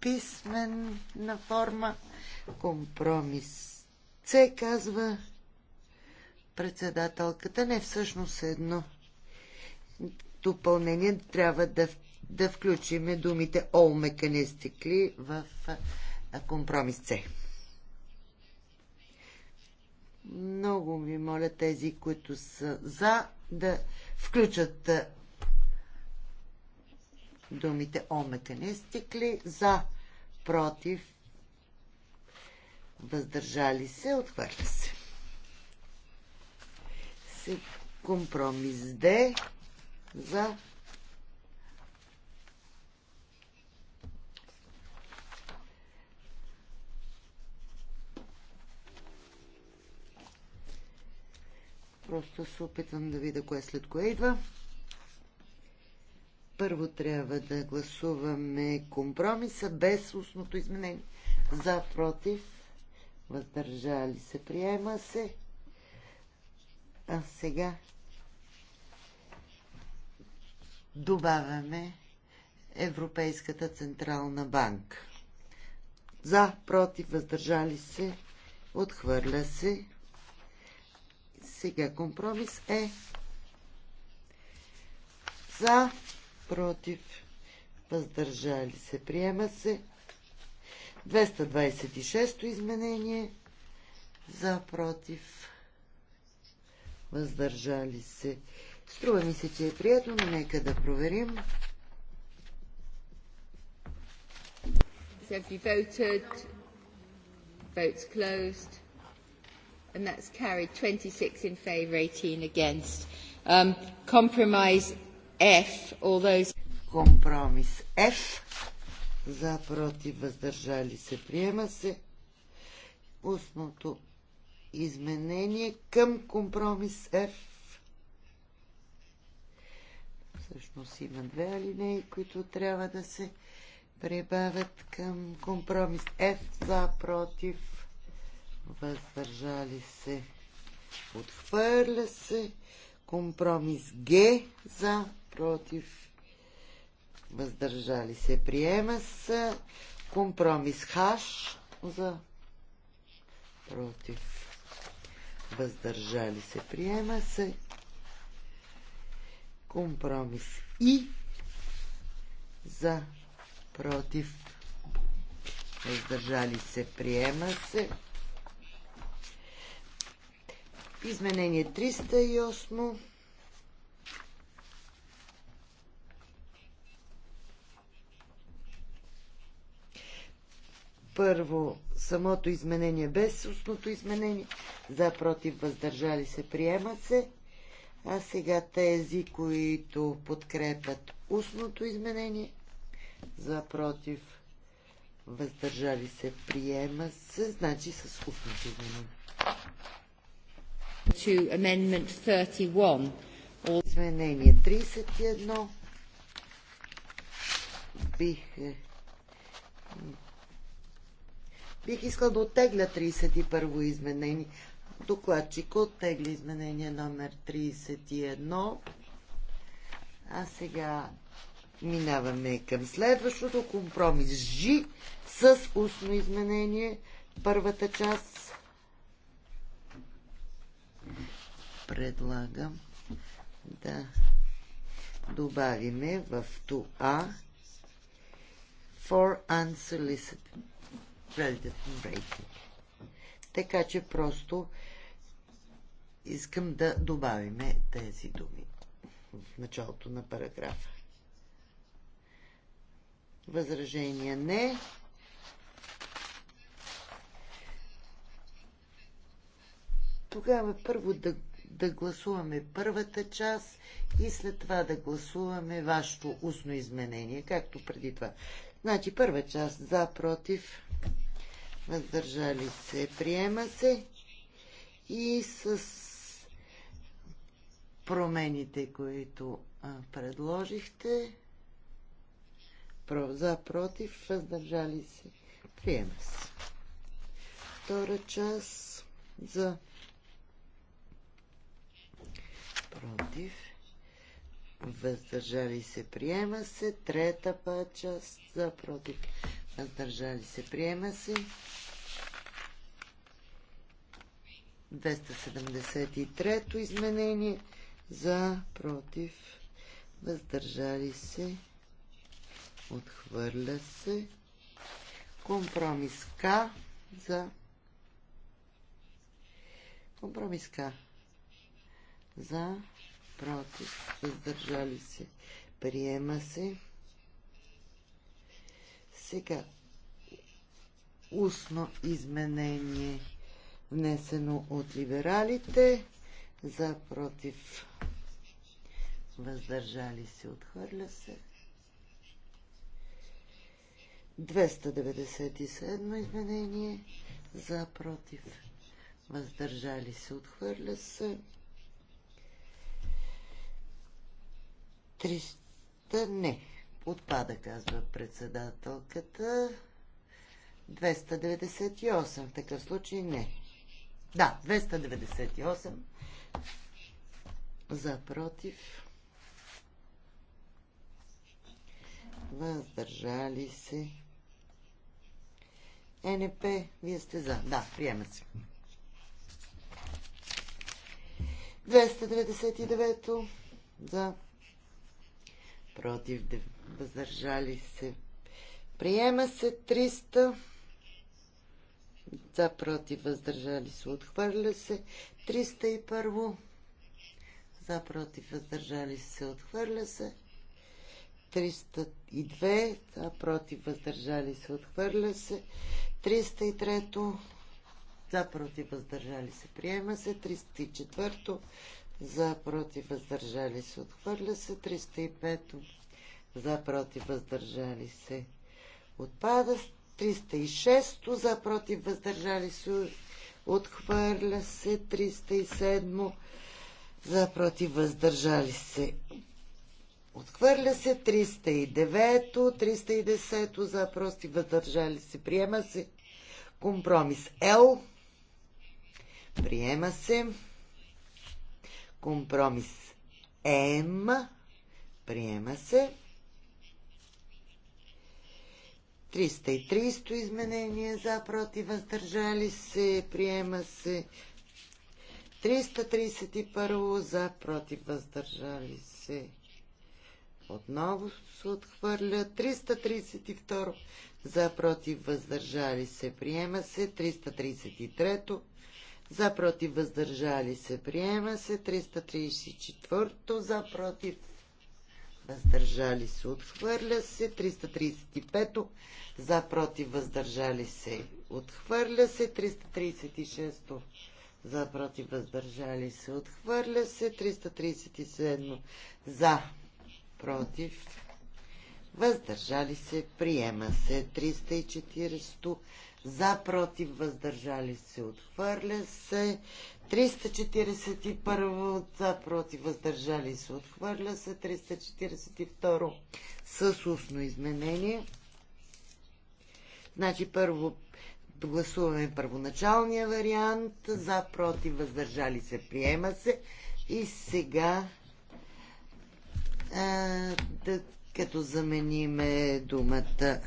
писменна форма. Компромис С казва председателката. Не, всъщност едно допълнение трябва да да включиме думите all mechanistically в компромис С. Много ви моля тези, които са за, да включат думите all mechanistically за, против, въздържали се, отхвърля се. Компромис Д за Просто се опитвам да видя кое след кое идва. Първо трябва да гласуваме компромиса без устното изменение. За, против, въздържали се, приема се. А сега добавяме Европейската Централна банка. За, против, въздържали се, отхвърля се. Сега компромис е за, против, въздържали се, приема се. 226-то изменение за, против, въздържали се. Струва ми се, че е приятно, но нека да проверим. Votes closed and that's carried 26 in favour, 18 against. Um, compromise F, all those... Компромис F, за, против, въздържали се, приема се. Устното изменение към компромис F. Всъщност има две алинеи, които трябва да се прибавят към компромис F за, против, въздържали се, отхвърля се. Компромис Г за, против, въздържали се, приема се. Компромис Х за, против, въздържали се, приема се. Компромис И за, против, въздържали се, приема се. Изменение 308. Първо, самото изменение без устното изменение. За, против, въздържали се, приема се. А сега тези, които подкрепят устното изменение. За, против, въздържали се, приема се. Значи с устното изменение. Изменение 31 бих е, Бих искал да оттегля 31-во изменение. Докладчик оттегли изменение номер 31. А сега минаваме към следващото компромис. Жи с устно изменение. Първата част предлагам да добавиме в това for unsolicited rating. Така че просто искам да добавиме тези думи в началото на параграфа. Възражения не. Тогава първо да да гласуваме първата част и след това да гласуваме вашето устно изменение, както преди това. Значи първа част за, против, въздържали се, приема се и с промените, които а, предложихте, про, за, против, въздържали се, приема се. Втора част за против, въздържали се, приема се. Трета път част за против, въздържали се, приема се. 273-то изменение за против, въздържали се, отхвърля се. Компромис К за компромис К за, против, въздържали се, приема се. Сега, устно изменение, внесено от либералите, за, против, въздържали се, отхвърля се. 297 изменение, за, против, въздържали се, отхвърля се. 300 не. Отпада, казва председателката. 298 в такъв случай не. Да, 298 за против. Въздържали се. Е, НП, вие сте за. Да, приема се. 299 за против, въздържали се. Приема се 300 за против, въздържали се. Отхвърля се 301 за против, въздържали се. Отхвърля се 302 за против, въздържали се. Отхвърля се 303 за против, въздържали се. Приема се 304 за против въздържали се отхвърля се 305 за против въздържали се отпада 306 за против въздържали се отхвърля се 307 за против въздържали се Отхвърля се 309, 310 за против, въздържали се. Приема се компромис Л. Приема се. Компромис М. Приема се. 330 изменение за против въздържали се. Приема се. 331 за против въздържали се. Отново се отхвърля. 332 за против въздържали се. Приема се. 333 за против въздържали се приема се 334 за против въздържали се отхвърля се 335 за против въздържали се отхвърля се 336 за против въздържали се отхвърля се 337 за против въздържали се приема се 340 за, против, въздържали се, отхвърля се. 341 за, против, въздържали се, отхвърля се. 342 с устно изменение. Значи първо гласуваме първоначалния вариант, за, против, въздържали се, приема се. И сега а, да, като замениме думата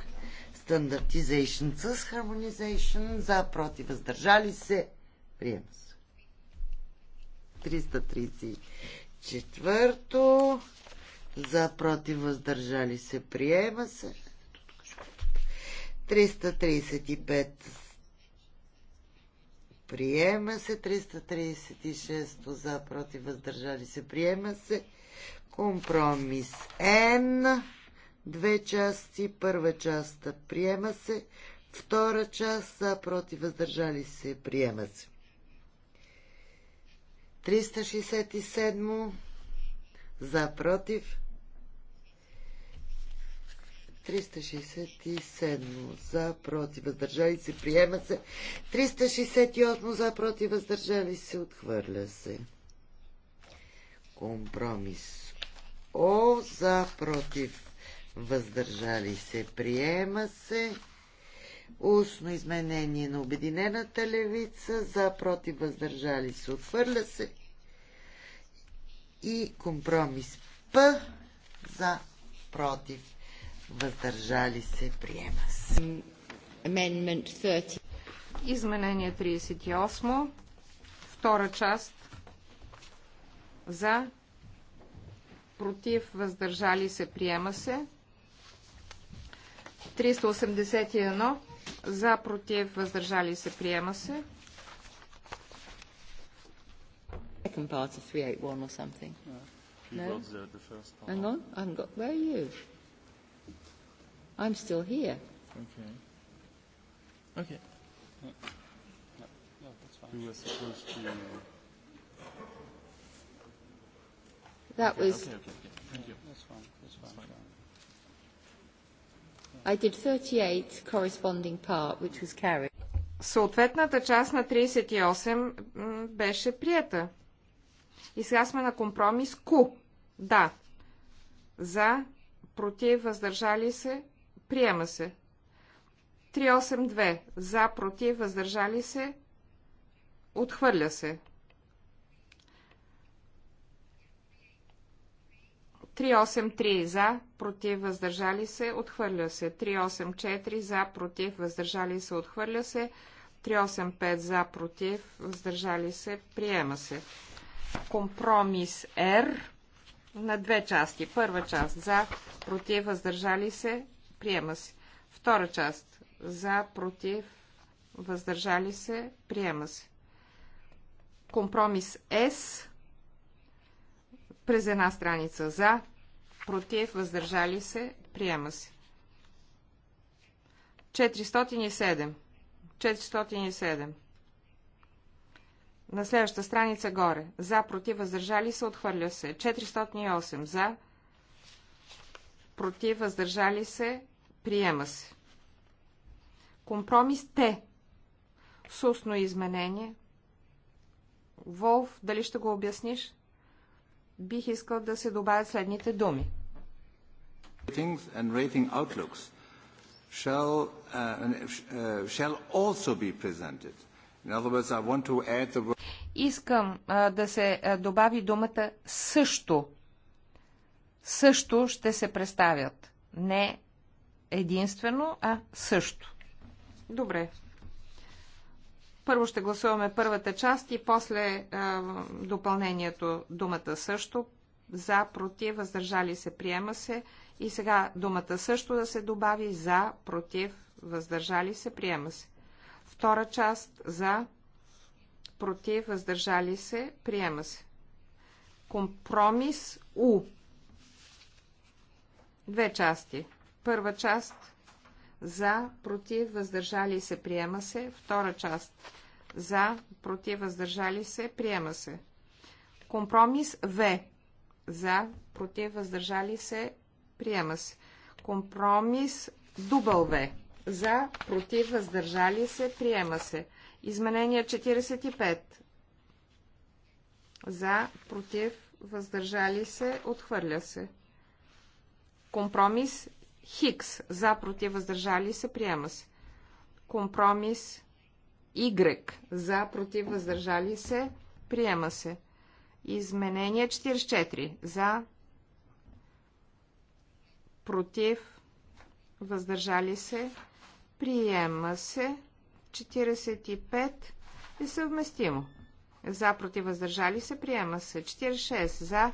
Standardization с Harmonization. За, против, въздържали се. Приема се. 334. За, против, въздържали се. Приема се. 335. Приема се 336 за против въздържали се. Приема се компромис Н. Две части, първа част приема се, втора част са против въздържали се приема се. 367 за против 367 за против въздържали се приема се 368 за против въздържали се отхвърля се компромис О за против въздържали се, приема се. Устно изменение на Обединената левица, за, против, въздържали се, отвърля се. И компромис П, за, против, въздържали се, приема се. Amendment 30. Изменение 38, втора част, за, против, въздържали се, приема се. 381 за, против, въздържали се, приема се. Second part of 381 or something. No? Got the, got, where are you? I'm still here. Okay. Okay. Yeah. No, no, that's fine. We were supposed to... That okay, was... Okay, okay, okay. Thank you. That's fine, that's fine. That's fine. I did 38 corresponding part, which was carried. Съответната част на 38 беше прията. И сега сме на компромис Q. Да. За, против, въздържали се, приема се. 382. За, против, въздържали се, отхвърля се. 383 за, против, въздържали се, отхвърля се. 384 за, против, въздържали се, отхвърля се. 385 за, против, въздържали се, приема се. Компромис Р на две части. Първа част за, против, въздържали се, приема се. Втора част за, против, въздържали се, приема се. Компромис С през една страница за, против, въздържали се, приема се. 407. 407. На следващата страница горе. За, против, въздържали се, отхвърля се. 408. За, против, въздържали се, приема се. Компромис Т. Сусно изменение. Волф, дали ще го обясниш? бих искал да се добавят следните думи. Shall, uh, uh, shall also be presented. In other words, I want to add the word... Искам да се добави думата също. Също ще се представят. Не единствено, а също. Добре, първо ще гласуваме първата част и после а, е, допълнението думата също. За, против, въздържали се, приема се. И сега думата също да се добави за, против, въздържали се, приема се. Втора част за, против, въздържали се, приема се. Компромис У. Две части. Първа част за, против, въздържали се, приема се. Втора част за, против, въздържали се, приема се. Компромис В. За, против, въздържали се, приема се. Компромис В. За, против, въздържали се, приема се. Изменение 45. За, против, въздържали се, отхвърля се. Компромис Хикс за против въздържали се приема се. Компромис Y за против въздържали се приема се. Изменение 44 за против въздържали се приема се 45 и е съвместимо. За против въздържали се приема се 46 за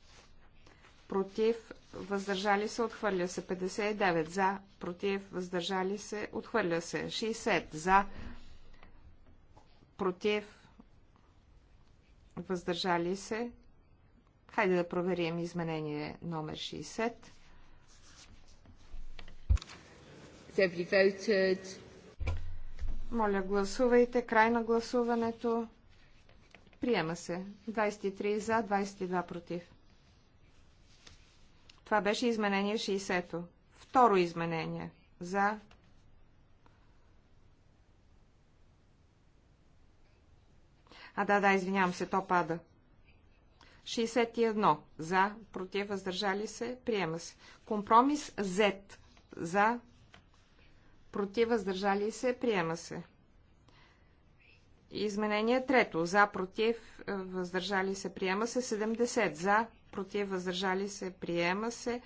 против, въздържали се, отхвърля се. 59 за, против, въздържали се, отхвърля се. 60 за, против, въздържали се. Хайде да проверим изменение номер 60. Моля, гласувайте. Край на гласуването. Приема се. 23 за, 22 против. Това беше изменение 60-то. Второ изменение. За. А да, да, извинявам се, то пада. 61. За. Против. Въздържали се. Приема се. Компромис Z. За. Против. Въздържали се. Приема се. Изменение трето. За, против, въздържали се, приема се 70. За, против, въздържали се, приема се.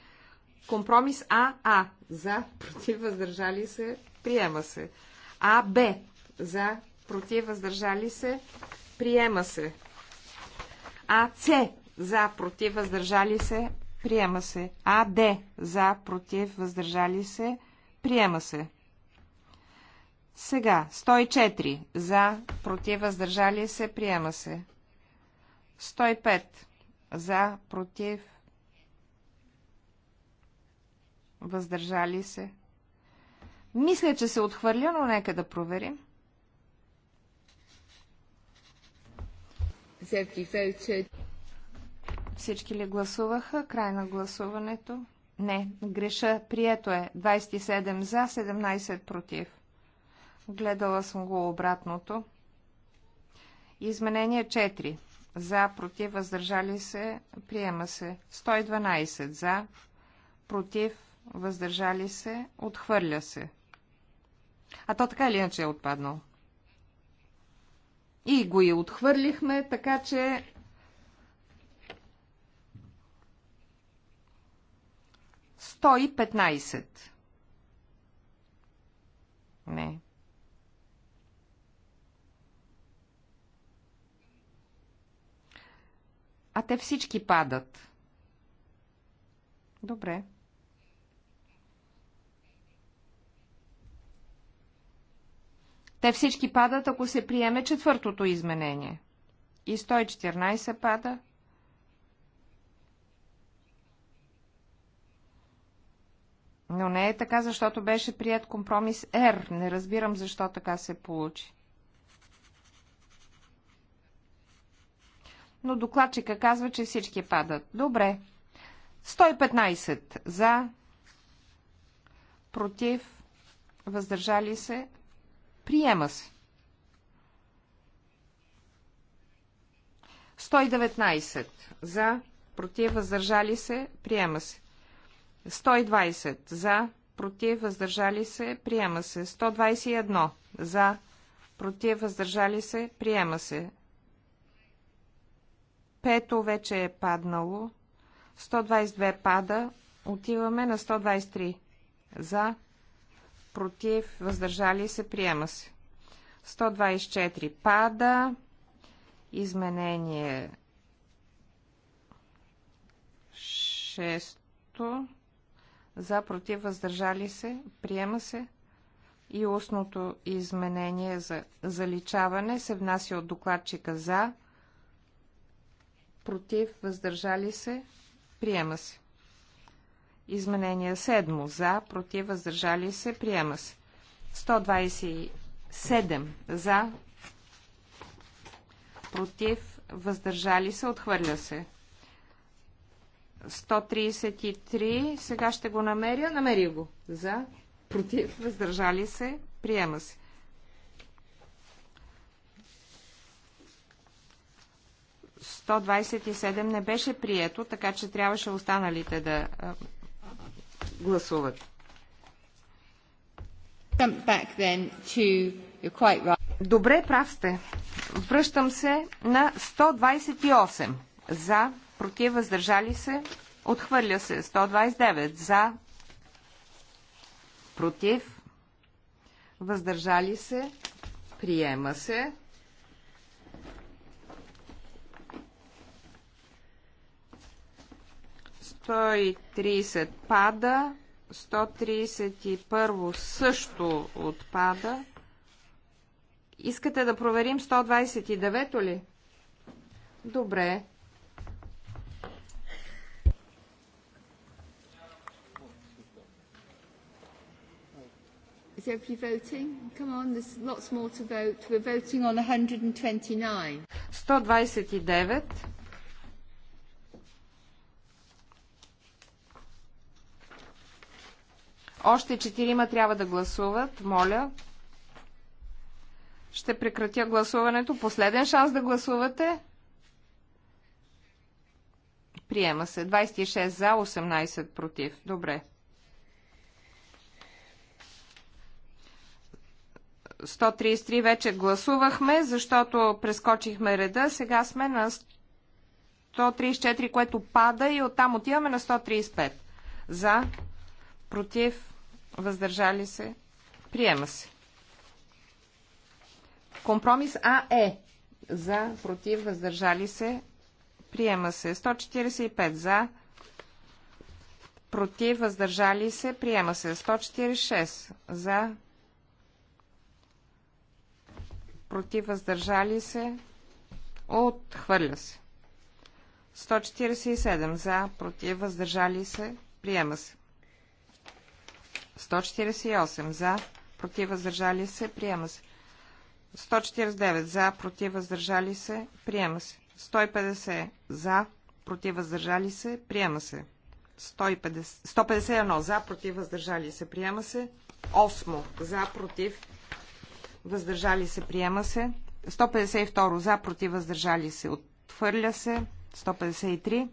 Компромис АА, за, против, въздържали се, приема се. АБ, за, против, въздържали се, приема се. АЦ, за, против, въздържали се, приема се. АД, за, против, въздържали се, приема се. Сега, 104, за, против, въздържали се, приема се. 105, за, против, въздържали се. Мисля, че се отхвърля, но нека да проверим. Всички ли гласуваха? Край на гласуването. Не, греша. Прието е. 27 за, 17 против. Гледала съм го обратното. Изменение 4 за, против, въздържали се, приема се. 112 за, против, въздържали се, отхвърля се. А то така или иначе е отпаднал. И го и отхвърлихме, така че Сто и петнайсет. Не. А те всички падат. Добре. Те всички падат, ако се приеме четвъртото изменение. И 114 пада. Но не е така, защото беше прият компромис R. Не разбирам защо така се получи. но докладчика казва, че всички падат. Добре. 115 за, против, въздържали се, приема се. 119 за, против, въздържали се, приема се. 120 за, против, въздържали се, приема се. 121 за, против, въздържали се, приема се. Пето вече е паднало. 122 пада. Отиваме на 123. За, против, въздържали се, приема се. 124 пада. Изменение 6. За, против, въздържали се, приема се. И устното изменение за заличаване се внася от докладчика за против, въздържали се, приема се. Изменение 7 за, против, въздържали се, приема се. 127 за, против, въздържали се, отхвърля се. 133, сега ще го намеря, намери го. За, против, въздържали се, приема се. 127 не беше прието, така че трябваше останалите да гласуват. Добре, прав сте. Връщам се на 128. За, против, въздържали се, отхвърля се. 129. За, против, въздържали се, приема се. 130 пада, 131 също отпада. Искате да проверим 129 ли? Добре. Is everybody voting? Come on, there's lots more to vote. We're voting on 129. 129. Още четирима трябва да гласуват. Моля. Ще прекратя гласуването. Последен шанс да гласувате. Приема се. 26 за, 18 против. Добре. 133 вече гласувахме, защото прескочихме реда. Сега сме на 134, което пада и оттам отиваме на 135. За, против, въздържали се, приема се. Компромис АЕ за, против, въздържали се, приема се. 145 за, против, въздържали се, приема се. 146 за, против, въздържали се, отхвърля се. 147 за, против, въздържали се, приема се. 148 за, против, въздържали се, приема се. 149 за, против, въздържали се, приема се. 150 за, против, въздържали се, приема се. 150, 151 за, против, въздържали се, приема се. 8 за, против, въздържали се, приема се. 152 за, против, въздържали се, отвърля се. 153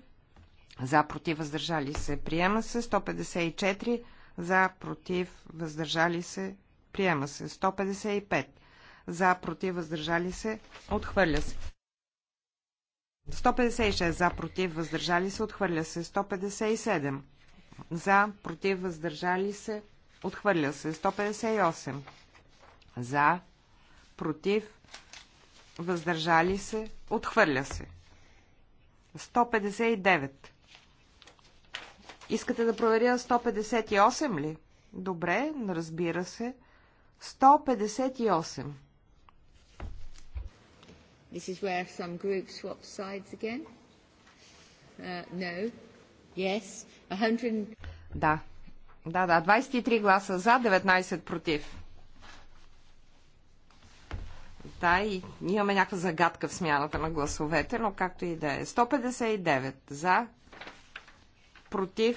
за, против, въздържали се, приема се. 154 за, против, въздържали се, приема се. 155 за, против, въздържали се, отхвърля се. 156 за, против, въздържали се, отхвърля се. 157 за, против, въздържали се, отхвърля се. 158 за, против, въздържали се, отхвърля се. 159 Искате да проверя 158 ли? Добре, разбира се. 158. This is where some group swap sides again. Uh, no. Yes. 100... Да. Да, да. 23 гласа за, 19 против. Да, и имаме някаква загадка в смяната на гласовете, но както и да е. 159 за, против.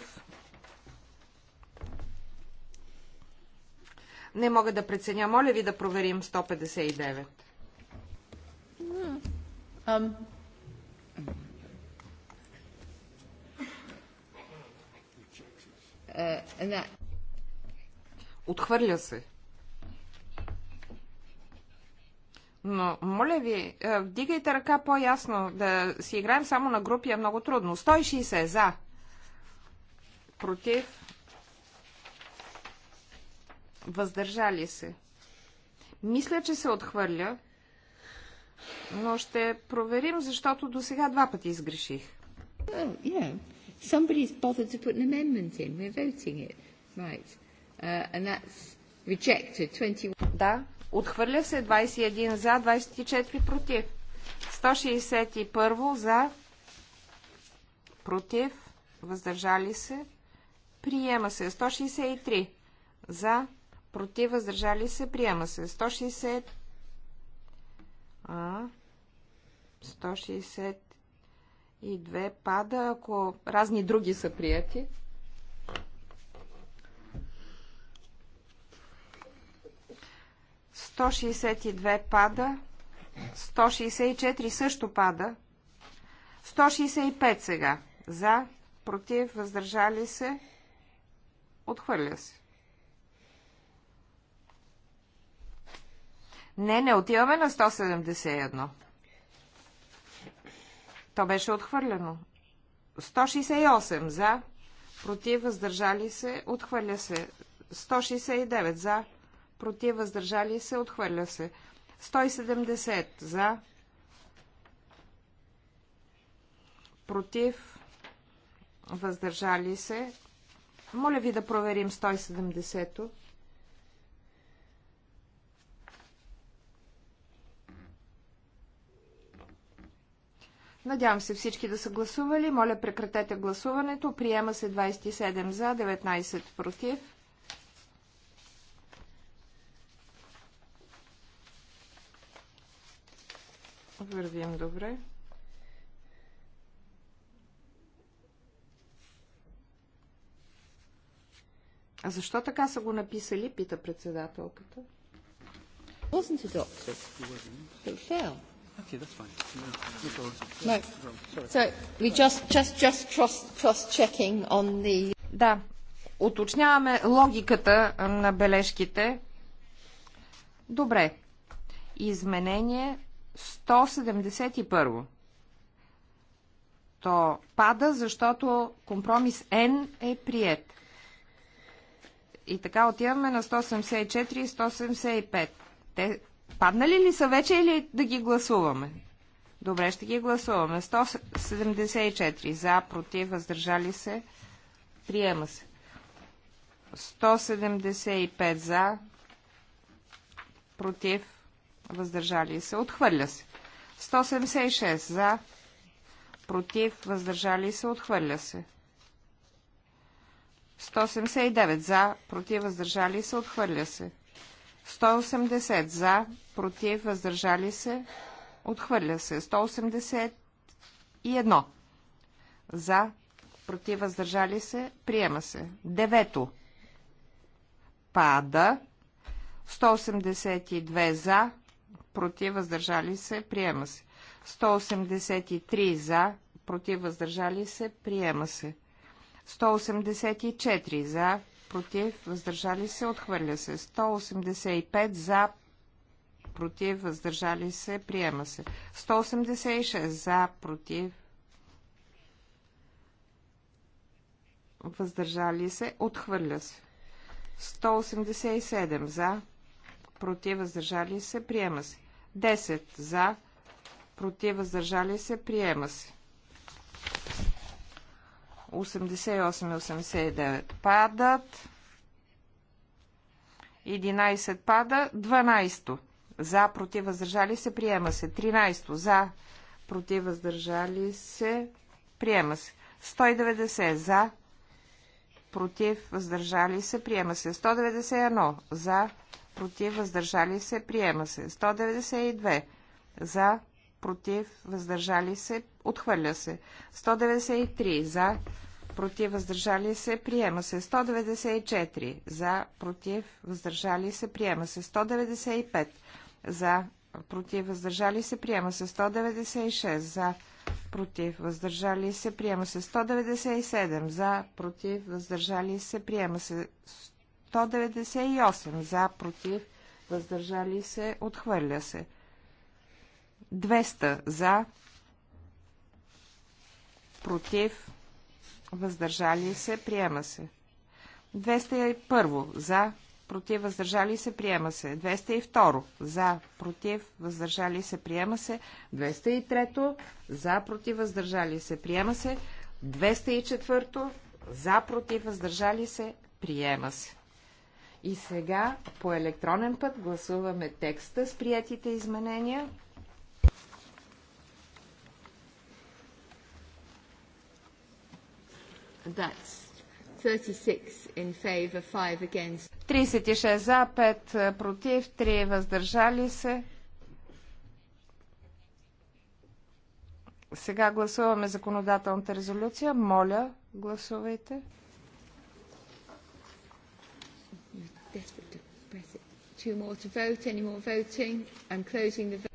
Не мога да преценя. Моля ви да проверим 159. Е, Отхвърля се. Но, моля ви, е, вдигайте ръка по-ясно. Да си играем само на групи е много трудно. 160 за против, въздържали се. Мисля, че се отхвърля, но ще проверим, защото до сега два пъти изгреших. Oh, yeah. Somebody's bothered to put an amendment in. We're voting it. Right. Uh, and that's rejected. 21... Да, отхвърля се 21 за, 24 против. 161 за, против, въздържали се, Приема се 163. За. Против. Въздържали се. Приема се 160. А. 162 пада, ако разни други са прияти. Сто шестдесет и две пада. 164 също пада. 165 сега. За, против, въздържали се. Отхвърля се. Не, не отиваме на 171. То беше отхвърлено. 168 за, против, въздържали се, отхвърля се. 169 за, против, въздържали се, отхвърля се. 170 за, против, въздържали се, моля ви да проверим 170-то. Надявам се всички да са гласували. Моля, прекратете гласуването. Приема се 27 за, 19 против. Вървим добре. А защо така са го написали, пита председателката. Wasn't fell. Okay, that's fine. No. So we just just just cross checking on the. Да. Уточняваме логиката на бележките. Добре. Изменение 171. То пада, защото компромис N е прият. И така отиваме на 174 и 175. Те паднали ли са вече или да ги гласуваме? Добре, ще ги гласуваме. 174 за, против, въздържали се. Приема се. 175 за, против, въздържали се. Отхвърля се. 176 за, против, въздържали се. Отхвърля се. 179 за, против, въздържали се, отхвърля се. 180 за, против, въздържали се, отхвърля се. 181 за, против, въздържали се, приема се. Девето пада. 182 за, против, въздържали се, приема се. 183 за, против, въздържали се, приема се. 184 за, против, въздържали се, отхвърля се. 185 за, против, въздържали се, приема се. 186 за, против, въздържали се, отхвърля се. 187 за, против, въздържали се, приема се. 10 за, против, въздържали се, приема се. 88 и 89 падат. 11 пада. 12 за, против, въздържали се, приема се. 13 за, против, въздържали се, приема се. 190 за, против, въздържали се, приема се. 191 за, против, въздържали се, приема се. 192 за, против, въздържали се, отхвърля се. 193 за, против, въздържали се, приема се. 194 за, против, въздържали се, приема се. 195 за, против, въздържали се, приема се. 196 за, против, въздържали се, приема се. 197 за, против, въздържали се, приема се. 198 за, против, въздържали се, отхвърля се. 200 за, против, въздържали се, приема се. 201 за, против, въздържали се, приема се. 202 за, против, въздържали се, приема се. 203 за, против, въздържали се, приема се. 204 за, против, въздържали се, приема се. И сега по електронен път гласуваме текста с приятите изменения. That's 36 in favor, 5 against. 36 за, 5 е, против, 3 въздържали се. Сега гласуваме законодателната резолюция. Моля, гласувайте.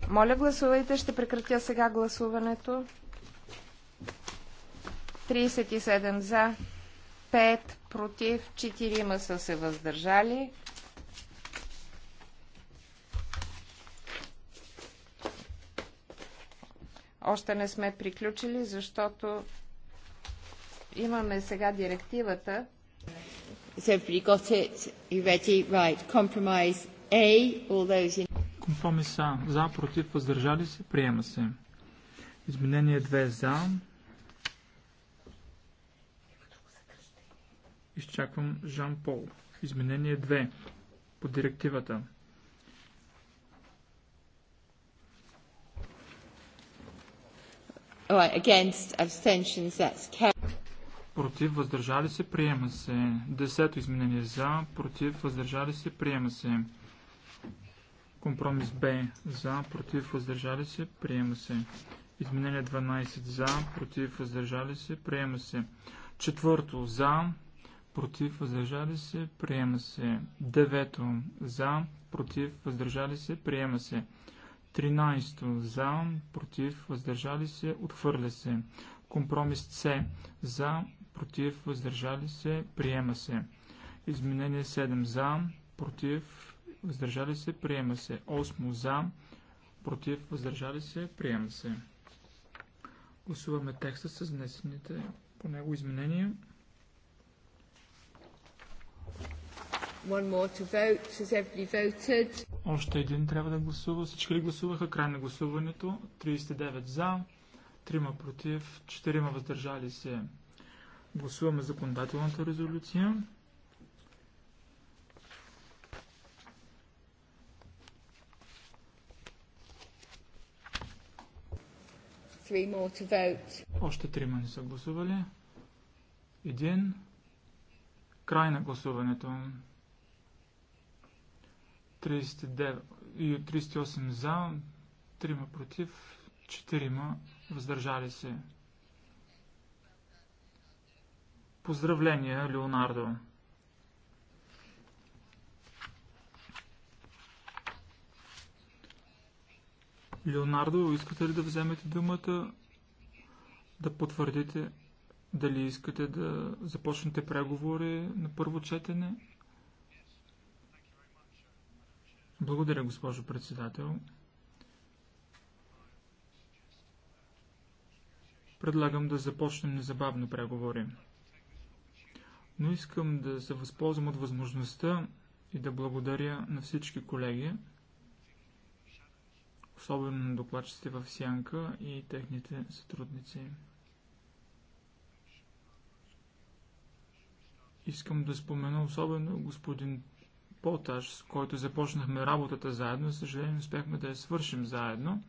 Моля, гласувайте. Ще прекратя сега гласуването. 37 за, 5 против, 4 са се въздържали. Още не сме приключили, защото имаме сега директивата. Компромиса за, против, въздържали се, приема се. Изменение 2 за, Изчаквам Жан Пол. Изменение 2 по директивата. Против, въздържали се, приема се. Десето изменение за, против, въздържали се, приема се. Компромис Б за, против, въздържали се, приема се. Изменение 12 за, против, въздържали се, приема се. Четвърто за, против, въздържали се, приема се. 9. За, против, въздържали се, приема се. 13. За, против, въздържали се, отхвърля се. Компромис С. За, против, въздържали се, приема се. Изменение 7. За, против, въздържали се, приема се. Осмо За, против, въздържали се, приема се. Гласуваме текста с внесените по него изменения. Още един трябва да гласува. Всички ли гласуваха? Край на гласуването. 39 за, 3 против, 4 въздържали се. Гласуваме законодателната резолюция. Още трима не са гласували. Един. Край на гласуването. 39 и 38 за, 3 против, 4 въздържали се. Поздравления, Леонардо! Леонардо, искате ли да вземете думата, да потвърдите дали искате да започнете преговори на първо четене? Благодаря, госпожо председател. Предлагам да започнем незабавно преговори. Но искам да се възползвам от възможността и да благодаря на всички колеги, особено на докладчите в Сянка и техните сътрудници. Искам да спомена особено господин Поташ, с който започнахме работата заедно. За съжаление, не успяхме да я свършим заедно.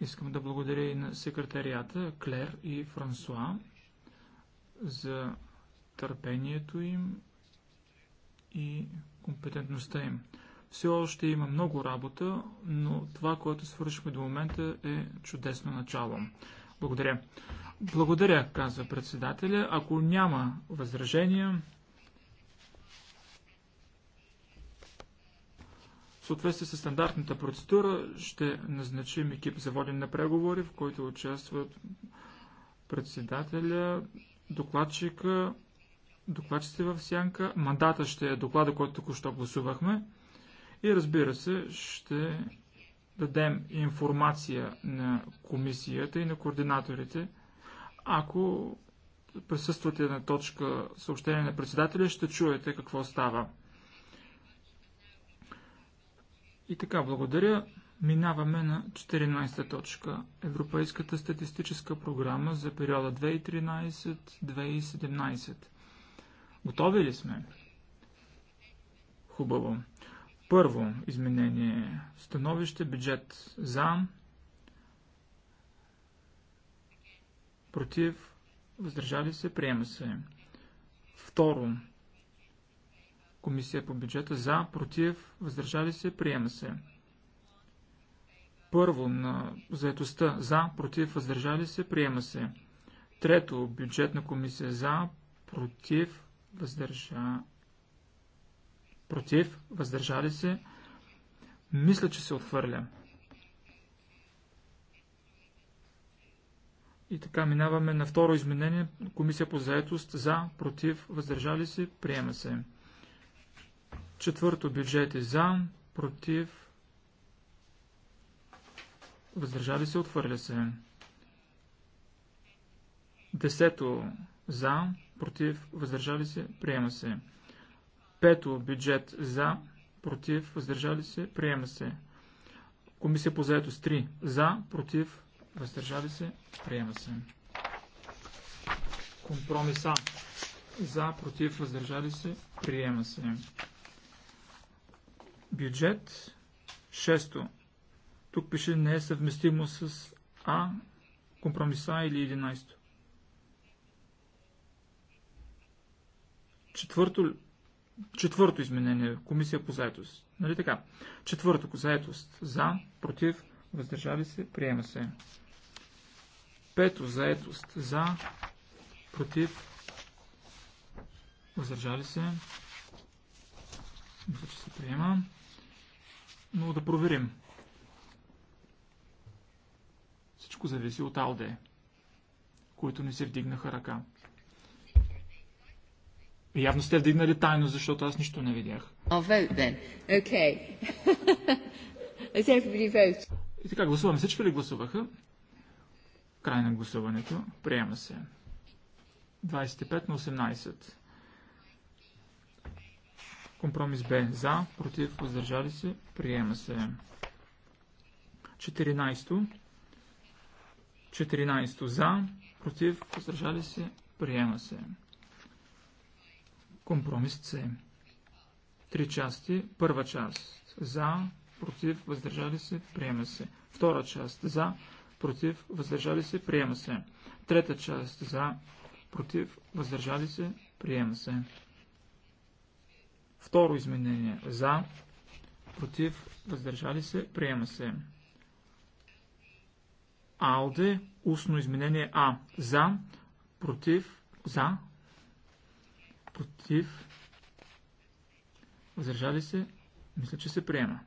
Искам да благодаря и на секретарията Клер и Франсуа за търпението им и компетентността им. Все още има много работа, но това, което свършихме до момента е чудесно начало. Благодаря. Благодаря, казва председателя. Ако няма възражения, В съответствие с стандартната процедура ще назначим екип за воден на преговори, в който участват председателя, докладчика, докладчите в сянка. Мандата ще е доклада, който току-що гласувахме. И разбира се, ще дадем информация на комисията и на координаторите. Ако присъствате на точка съобщение на председателя, ще чуете какво става. И така, благодаря. Минаваме на 14 точка. Европейската статистическа програма за периода 2013-2017. Готови ли сме? Хубаво. Първо изменение. Становище, бюджет за, против, въздържали се, приема се. Второ, Комисия по бюджета за, против, въздържали се, приема се. Първо на заетостта за, против, въздържали се, приема се. Трето, бюджетна комисия за, против, въздържа... против, въздържали се. Мисля, че се отхвърля. И така минаваме на второ изменение. Комисия по заетост за, против, въздържали се, приема се. Четвърто бюджет е за, против, въздържали се, отвърля се. Десето за, против, въздържали се, приема се. Пето бюджет за, против, въздържали се, приема се. Комисия по заедост 3 за, против, въздържали се, приема се. Компромиса за, против, въздържали се, приема се бюджет. Шесто. Тук пише не е съвместимо с А, компромиса или 11. Четвърто, четвърто изменение. Комисия по заетост. Нали така? Четвърто. Заетост. За, против, въздържали се, приема се. Пето. Заетост. За, против, въздържали се. Мисля, че се приема но да проверим. Всичко зависи от Алде, които не се вдигнаха ръка. Явно сте вдигнали тайно, защото аз нищо не видях. (laughs) И така, гласуваме. Всички ли гласуваха? Край на гласуването. Приема се. 25 на 18. Компромис Б. За, против, въздържали се, приема се. 14. 14. За, против, въздържали се, приема се. Компромис С. Три части. Първа част. За, против, въздържали се, приема се. Втора част. За, против, въздържали се, приема се. Трета част. За, против, въздържали се, приема се. Второ изменение. За, против, въздържали се, приема се. АЛДЕ, устно изменение А. За, против, за, против, въздържали се, мисля, че се приема.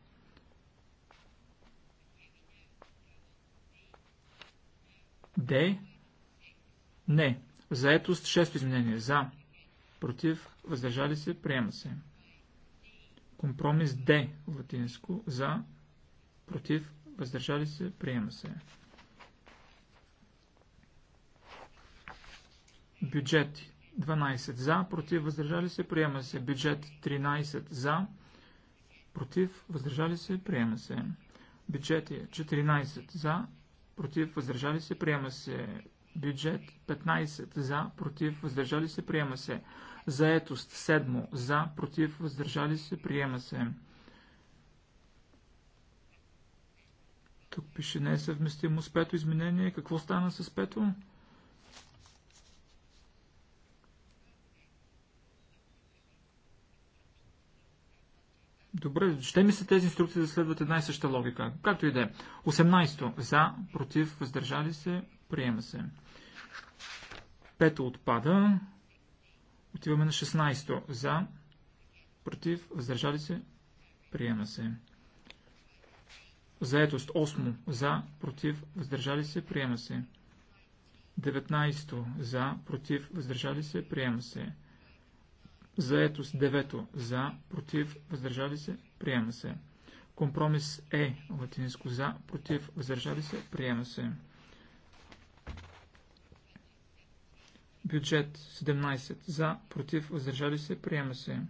Д. Не. Заетост, шесто изменение. За, против, въздържали се, приема се. Компромис Д в латинско за, против, въздържали се, приема се. Бюджет 12 за, против, въздържали се, приема се. Бюджет 13 за, против, въздържали се, приема се. Бюджети 14 за, против, въздържали се, приема се. Бюджет 15 за, против, въздържали се, приема се. Заетост 7. За, против, въздържали се, приема се. Тук пише не е съвместимо с пето изменение. Какво стана с пето? Добре, ще ми се тези инструкции да следват една и съща логика. Както и да е. 18. За, против, въздържали се, приема се. Пето отпада. Отиваме на 16-то. За, против, въздържали се, приема се. Заетост 8. За, против, въздържали се, приема се. 19. За, против, въздържали се, приема се. Заетост 9. За, против, въздържали се, приема се. Компромис Е, латинско за, против, въздържали се, приема се. Бюджет 17 за, против, въздържали се, приема се.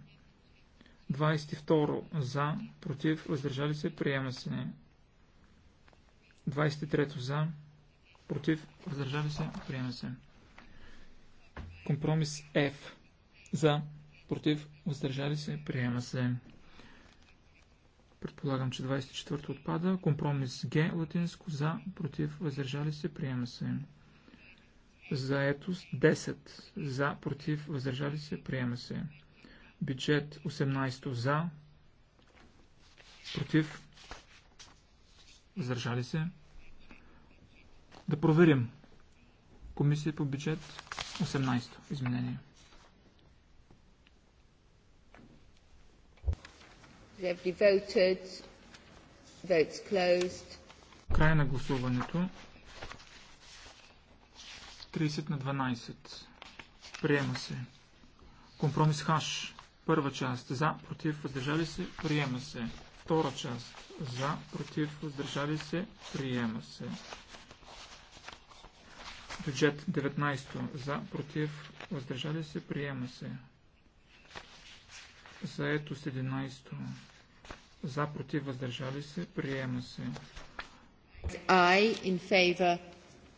22 за, против, въздържали се, приема се. 23 за, против, въздържали се, приема се. Компромис F за, против, въздържали се, приема се. Предполагам, че 24 отпада. Компромис Г латинско за, против, въздържали се, приема се. Заетост 10. За, против, въздържали се, приема се. Бюджет 18. За, против, въздържали се. Да проверим. Комисия по бюджет 18. Изменение. Every voted. Votes closed. Край на гласуването. 30 на 12. Приема се. Компромис Хаш. Първа част. За, против, въздържали се. Приема се. Втора част. За, против, въздържали се. Приема се. Бюджет 19. За, против, въздържали се. Приема се. Заето 17. За, против, въздържали се. Приема се. I in favor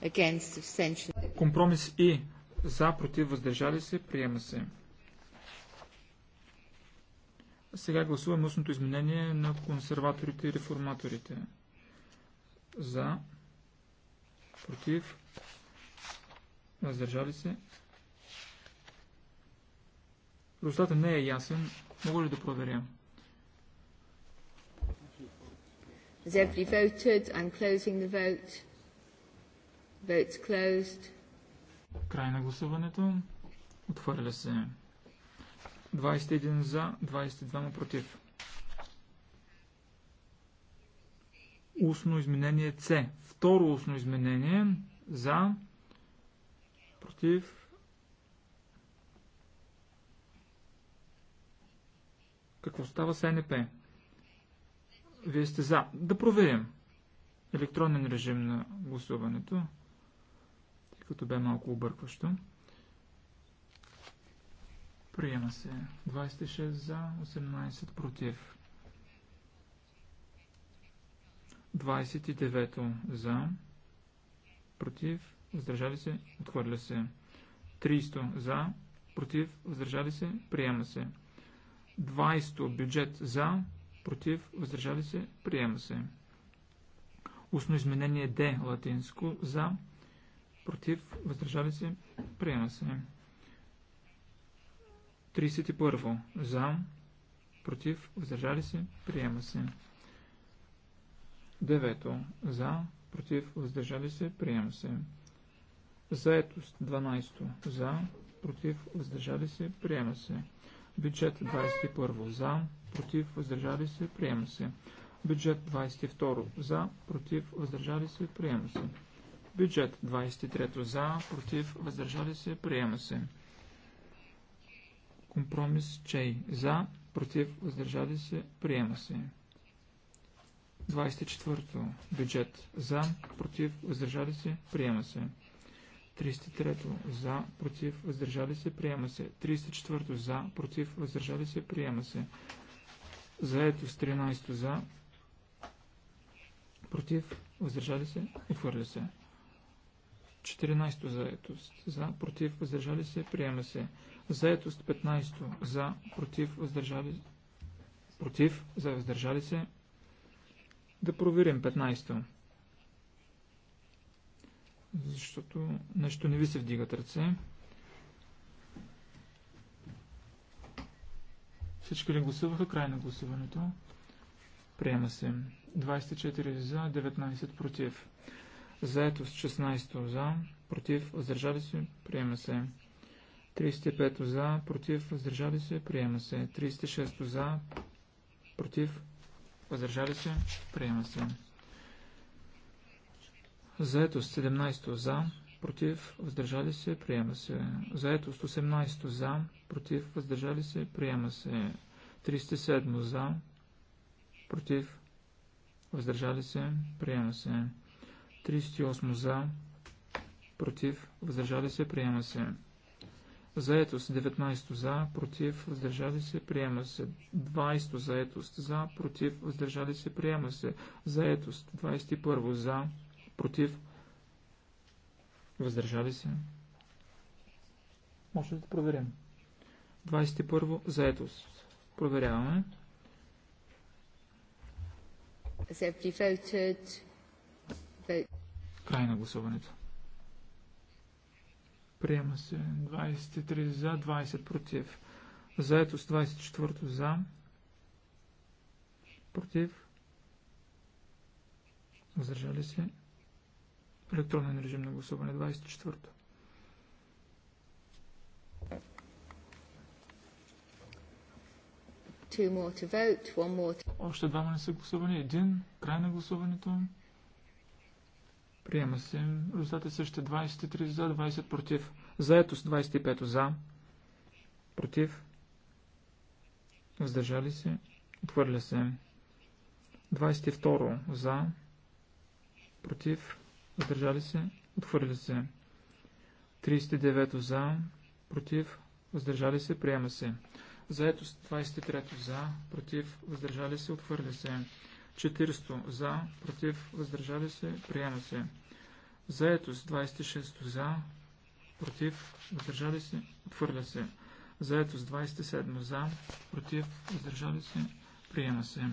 against abstention. Компромис И. За, против, въздържали се, приема се. Сега гласуваме устното изменение на консерваторите и реформаторите. За, против, въздържали се. Резултатът не е ясен. Мога ли да проверя? Has everybody voted? I'm closing the vote. Vote's closed. Край на гласуването. Отхвърля се. 21 за, 22 против. Устно изменение С. Второ устно изменение за, против. Какво става с НП? Вие сте за. Да проверим електронен режим на гласуването като бе малко объркващо. Приема се 26 за, 18 против. 29 за, против, въздържали се, отхвърля се. 300 за, против, въздържали се, приема се. 20 бюджет за, против, въздържали се, приема се. Устно изменение Д латинско за, против, въздържали се, приема се. 31. За, против, въздържали се, приема се. 9. За, против, въздържали се, приема се. Заетост 12. За, против, въздържали се, приема се. Бюджет 21. За, против, въздържали се, приема се. Бюджет 22. За, против, въздържали се, приема се. Бюджет 23 за, против, въздържали се, приема се. Компромис Чей за, против, въздържали се, приема се. 24. Бюджет за, против, въздържали се, приема се. 33. За, против, въздържали се, приема се. 34. За, против, въздържали се, приема се. Заето с 13. За, против, въздържали се, отхвърля се. 14 заетост. За, против, въздържали се, приема се. Заетост 15. За, против, въздържали Против, за въздържали се. Да проверим 15. Защото нещо не ви се вдигат ръце. Всички ли гласуваха? Край на гласуването. Приема се. 24 за, 19 против. Заето с 16 за, против, въздържали се, приема се. 35 за, против, въздържали се, приема се. 36 за, против, въздържали се, приема се. с 17 за, против, въздържали се, приема се. с 18 за, против, въздържали се, приема се. 37 за, против, въздържали се, приема се. 38 за, против, въздържали се, приема се. Заетост 19 за, против, въздържали се, приема се. 20 заетост за, против, въздържали се, приема се. Заетост 21 за, против, въздържали се. Може да проверим. 21 заетост. Проверяваме. voted? Край на гласуването. Приема се 23 за, 20 против. Заето с 24 за, против. Въздържали се. Електронен режим на гласуване 24. Vote, Още двама не са гласувани. Един. Край на гласуването. Приема се. Резултатът е също 23 за, 20 против. Заетост 25 за. Против. Въздържали се. Отхвърля се. 22 за. Против. Въздържали се. Отхвърля се. 39 за. Против. Въздържали се. Приема се. Заетост 23 за. Против. Въздържали се. Отхвърля се. 40 за, против, въздържали се, приема се. Заетост 26 за, против, въздържали се, отвърля се. Заетост 27 за, против, въздържали се, приема се.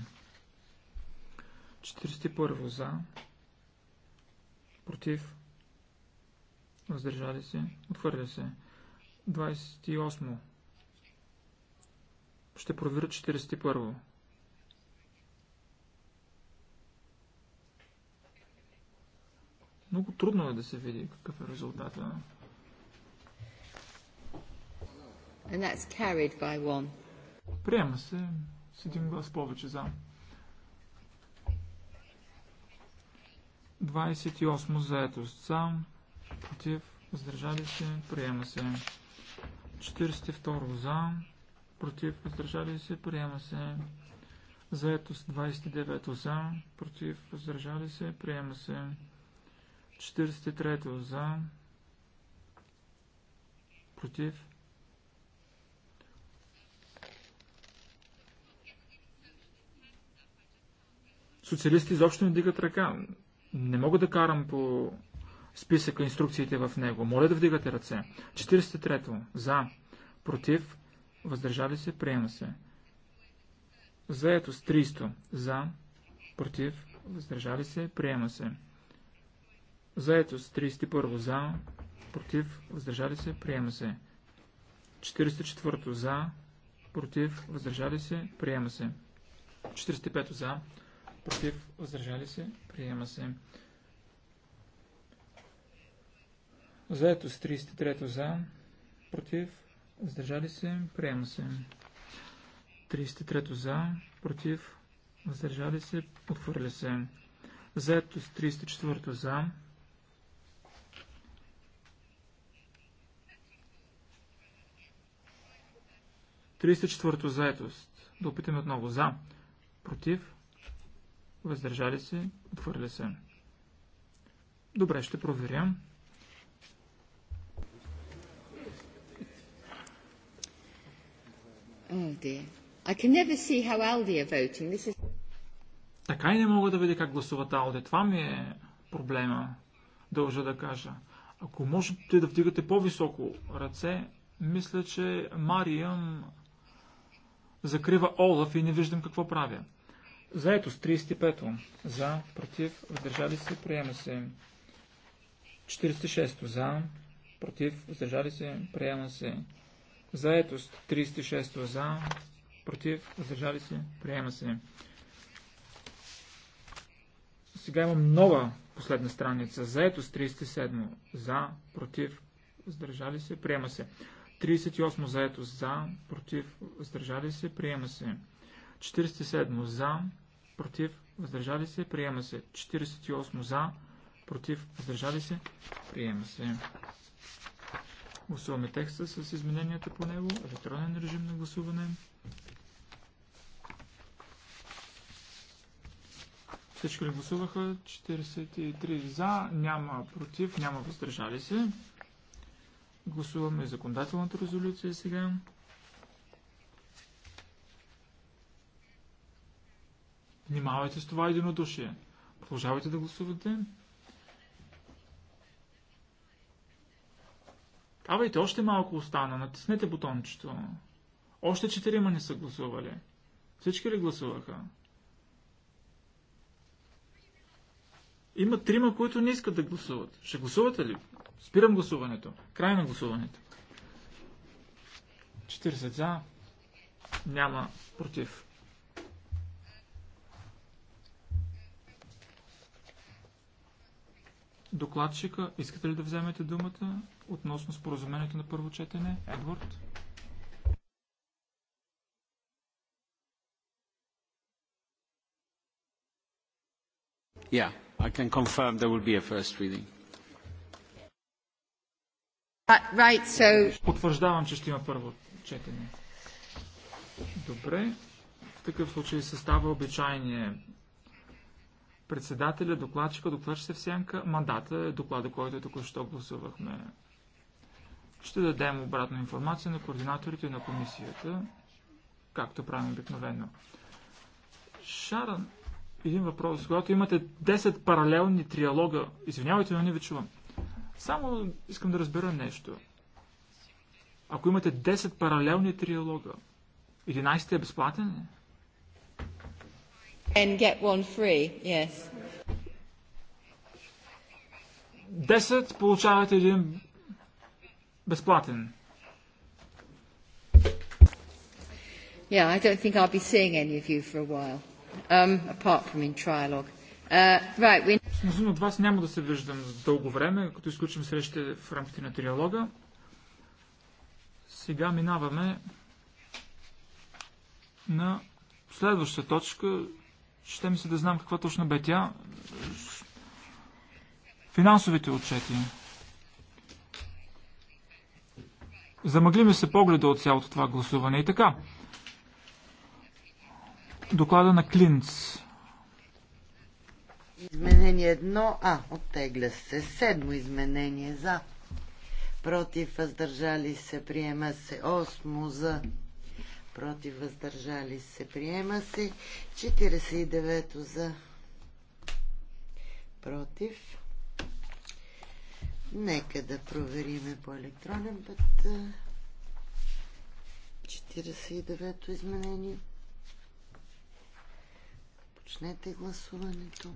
41 за, против, въздържали се, отвърля се. 28. Ще проверя 41. Много трудно е да се види какъв е резултата. And that's carried by one. Приема се с един глас повече за. 28 заетост за, против, въздържали се, приема се. 42 за, против, въздържали се, приема се. Заетост 29 за, против, въздържали се, приема се. 43 за, против. Социалисти изобщо не дигат ръка. Не мога да карам по списъка инструкциите в него. Моля да вдигате ръце. 43 за, против, въздържали се, приема се. Заето с 300 за, против, въздържали се, приема се. Заетост 31 за, против, въздържали се, приема се. 44 за, против, въздържали се, приема се. 45 за, против, въздържали се, приема се. Заетост 33 за, против, въздържали се, приема се. 33 за, против, въздържали се, отхвърля се. Заетост 34 за, 34-то заетост. Да опитаме отново. За. Против. Въздържали се. Отвърли се. Добре, ще проверя. Oh, така и не мога да видя как гласуват Алде. Това ми е проблема, дължа да кажа. Ако можете да вдигате по-високо ръце, мисля, че Мариям... Mariam закрива Олаф и не виждам какво правя. Заетост с 35-то. За, против, въздържали се, приема се. 46-то. За, против, въздържали се, приема се. Заетост 36-то. За, против, въздържали се, приема се. Сега имам нова последна страница. Заетост 37. За, против, въздържали се, приема се. 38 заето за, против, въздържали се, приема се. 47 за, против, въздържали се, приема се. 48 за, против, въздържали се, приема се. Гласуваме текста с измененията по него, електронен режим на гласуване. Всички ли гласуваха? 43 за, няма против, няма въздържали се. Гласуваме законодателната резолюция сега. Внимавайте с това единодушие. Продължавайте да гласувате. Давайте, още малко остана. Натиснете бутончето. Още четирима не са гласували. Всички ли гласуваха? Има трима, които не искат да гласуват. Ще гласувате ли? Спирам гласуването. Край на гласуването. 40 за. Няма против. Докладчика, искате ли да вземете думата относно споразумението на първо четене? Едвард? Yeah. I can confirm there will be a first reading. Uh, right, so... Потвърждавам, че ще има първо четене. Добре. В такъв случай състава обичайния председателя, докладчика, докладчица в сянка, мандата е доклада, който току-що гласувахме. Ще дадем обратна информация на координаторите на комисията, както правим обикновено. Шаран, един въпрос. Когато имате 10 паралелни триалога, извинявайте, но не ви чувам. Само искам да разбера нещо. Ако имате 10 паралелни триалога, 11 е безплатен? And get one free, yes. 10 получавате един безплатен. Yeah, I don't think I'll be seeing any of you for a while um, apart from in trialogue. Uh, right, we... Мнозина от вас няма да се виждам за дълго време, като изключим срещите в рамките на триалога. Сега минаваме на следваща точка. Ще ми се да знам каква точно бе тя. Финансовите отчети. Замъгли ми се погледа от цялото това гласуване и така. Доклада на Клинц. Изменение 1А. Оттегля се. Седмо изменение за. Против въздържали се. Приема се. Осмо за. Против въздържали се. Приема се. 49 за. Против. Нека да провериме по електронен път 49-то изменение. Започнете гласуването.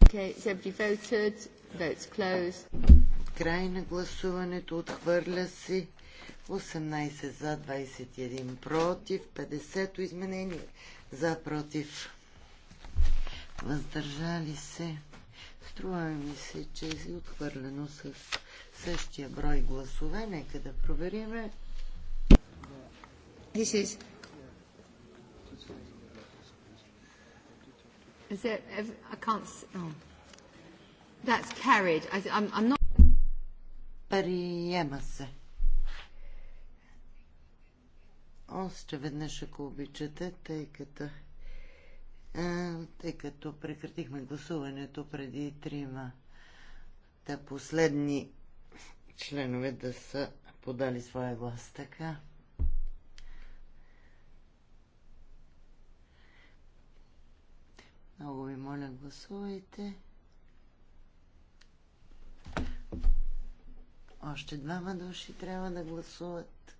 Okay, Край на гласуването отхвърля се 18 за 21 против 50 изменение за против. Въздържали се. Струва ми се, че е отхвърлено с същия брой гласове. Нека да провериме. This is Is there, I can't, oh. That's carried. I, I'm, I'm not... Приема се. Още веднъж, ако обичате, тъй като, тъй като прекратихме гласуването преди трима да последни членове да са подали своя глас така. Много ви моля, гласувайте. Още двама души трябва да гласуват.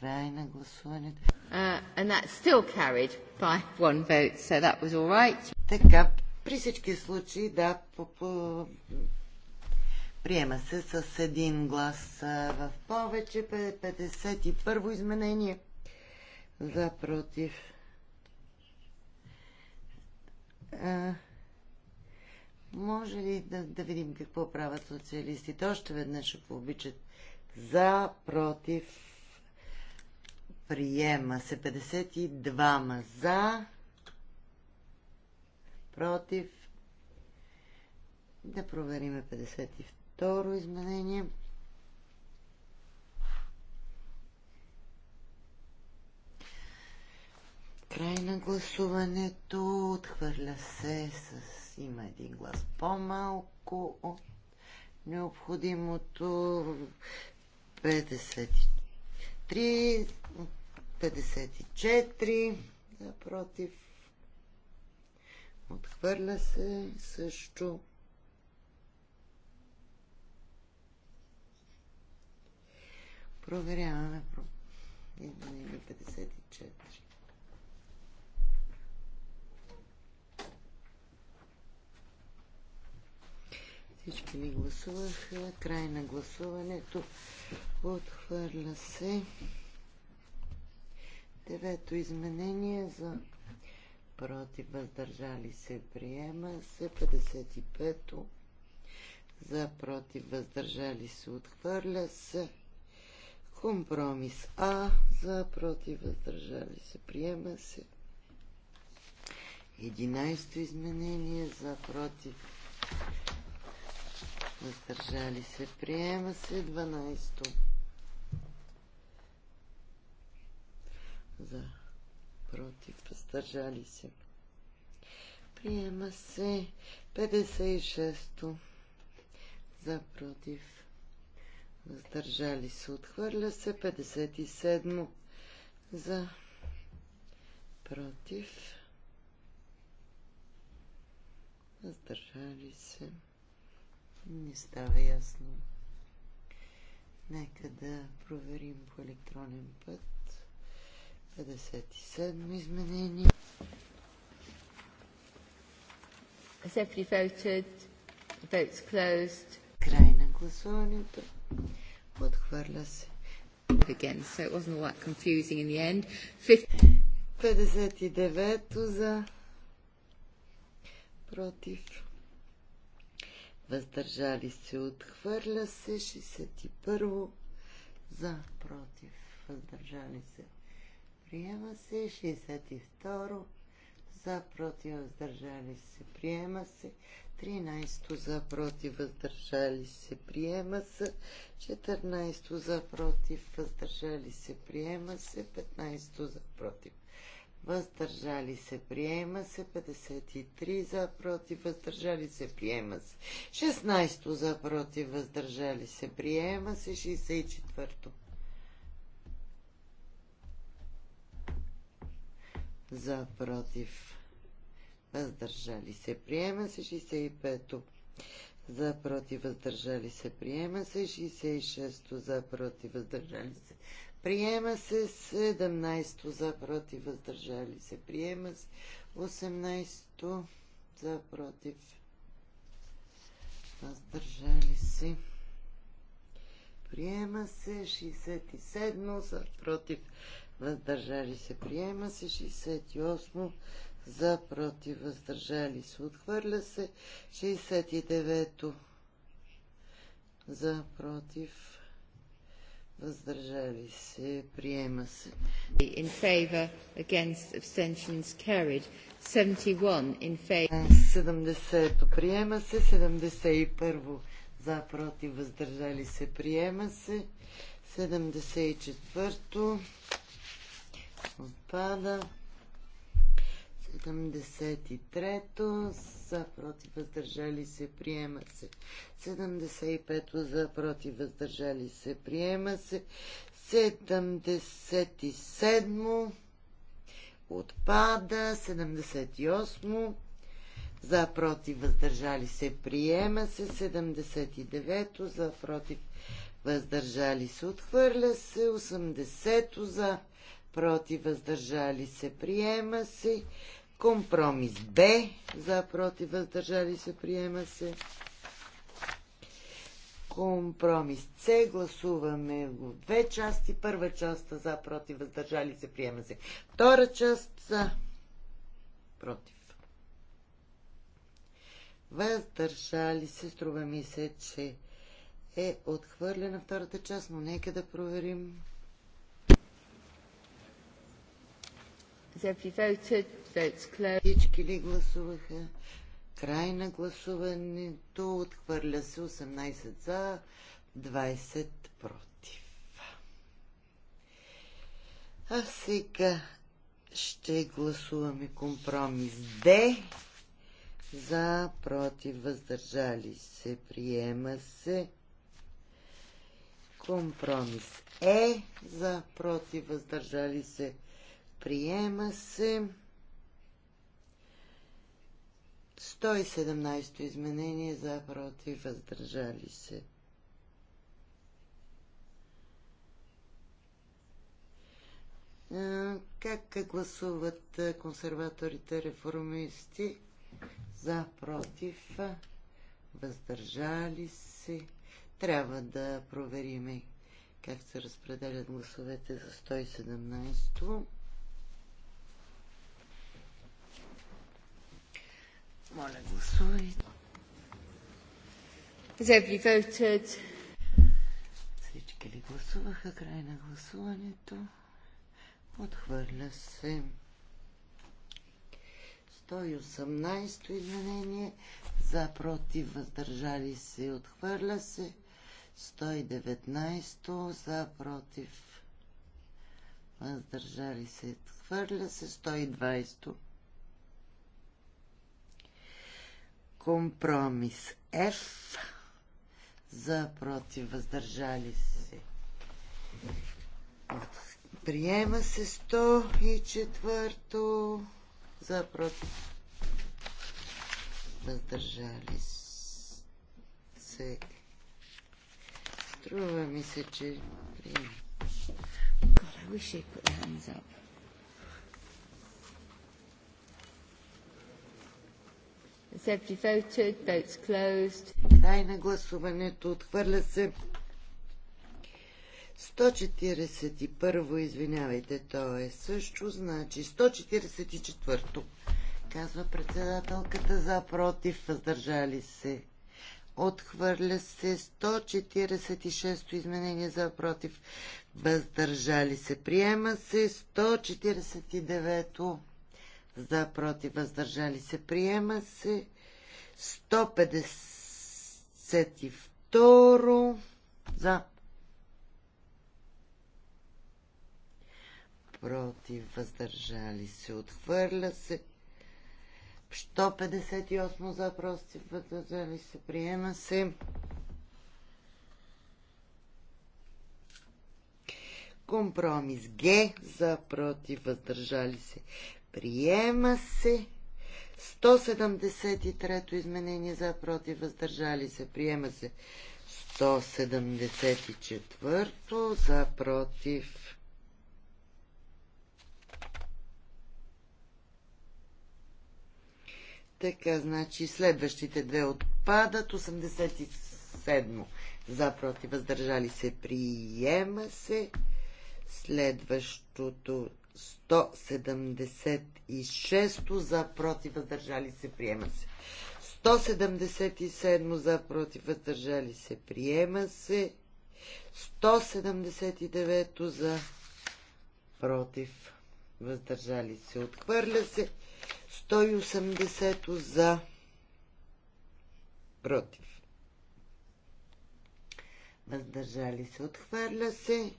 Край на гласуването. Uh, and that's still carried by one vote, so that was all right. Така, при всички случаи, да, по, по... приема се с един глас в повече. 51 изменение за против. А, може ли да, да видим какво правят социалистите? Още веднъж, ако обичат. За, против, приема се 52 за, против, да провериме 52 изменение. Край на гласуването. Отхвърля се с... Има един глас по-малко от необходимото. 53, 54 Напротив. Отхвърля се също. Проверяваме. Идваме 54. Всички ли гласуваха? Край на гласуването. Отхвърля се. Девето изменение за против, въздържали се, приема се. 55-то за против, въздържали се, отхвърля се. Компромис А за против, въздържали се, приема се. 11-то изменение за против, въздържали се, приема се 12 за против, въздържали се. Приема се 56-то за против. Въздържали се. Отхвърля се 57 за против. Въздържали се. Не става ясно. Нека да проверим по електронен път. 57 изменение. Has everybody voted? Votes closed. Край на гласуването. Отхвърля се. Again, so it wasn't all that confusing in the end. 59 за против въздържали се, отхвърля се, 61 за, против, въздържали се, приема се, 62 за, против, въздържали се, приема се, 13 за, против, въздържали се, приема се, 14 за, против, въздържали се, приема се, 15 за, против, въздържали се, приема се, 53 за, против, въздържали се, приема се, 16 за, против, въздържали се, приема се, 64 за, против, въздържали се, приема се, 65 за, против, въздържали се, приема се, 66 за, против, въздържали се, Приема се 17 за против, въздържали се. Приема се 18 за против, въздържали се. Приема се 67 за против, въздържали се. Приема се 68 за против, въздържали се. Отхвърля се 69 за против, въздържали се, приема се. In favor, against, abstentions carried. 71 in favor. 70-то приема се, 71-во за, против, въздържали се, приема се. 74-то отпада. 73-то за против въздържали се приема се. 75-то за против въздържали се приема се. 77-мо отпада. 78-мо за против въздържали се приема се. 79-то за против въздържали се отхвърля се. 80-то за против въздържали се приема се. Компромис Б. За, против, въздържали се, приема се. Компромис С. Гласуваме в две части. Първа част за, против, въздържали се, приема се. Втора част за, против. Въздържали се, струва ми се, че е отхвърлена втората част, но нека да проверим. Has everybody всички ли гласуваха? Край на гласуването. Отхвърля се 18 за, 20 против. А сега ще гласуваме компромис Д. За, против, въздържали се, приема се. Компромис Е. За, против, въздържали се, приема се. 117 изменение за против въздържали се. Как гласуват консерваторите реформисти? За против въздържали се. Трябва да проверим как се разпределят гласовете за 117. Моля, гласувайте. Всички ли гласуваха? Край на гласуването. Отхвърля се. 118 изменение. За, против, въздържали се. и Отхвърля се. 119 за, против, въздържали се. Отхвърля се. 120 Компромис F за против въздържали се. Приема се 104 за против въздържали се. Струва ми се, че приема. God, ще е they Край на гласуването. Отхвърля се. 141, извинявайте, то е също, значи 144, казва председателката за против, въздържали се. Отхвърля се 146 изменение за против, въздържали се. Приема се 149 за против въздържали се приема се 152 за против въздържали се отхвърля се 158 за против въздържали се приема се компромис Г за против въздържали се Приема се. 173-то изменение за против въздържали се. Приема се. 174-то за против. Така, значи следващите две отпадат. 87 за против въздържали се. Приема се. Следващото 176 за против въздържали се приема се. 177 за против въздържали се приема се. 179 за против въздържали се отхвърля се. 180 за против въздържали се отхвърля се.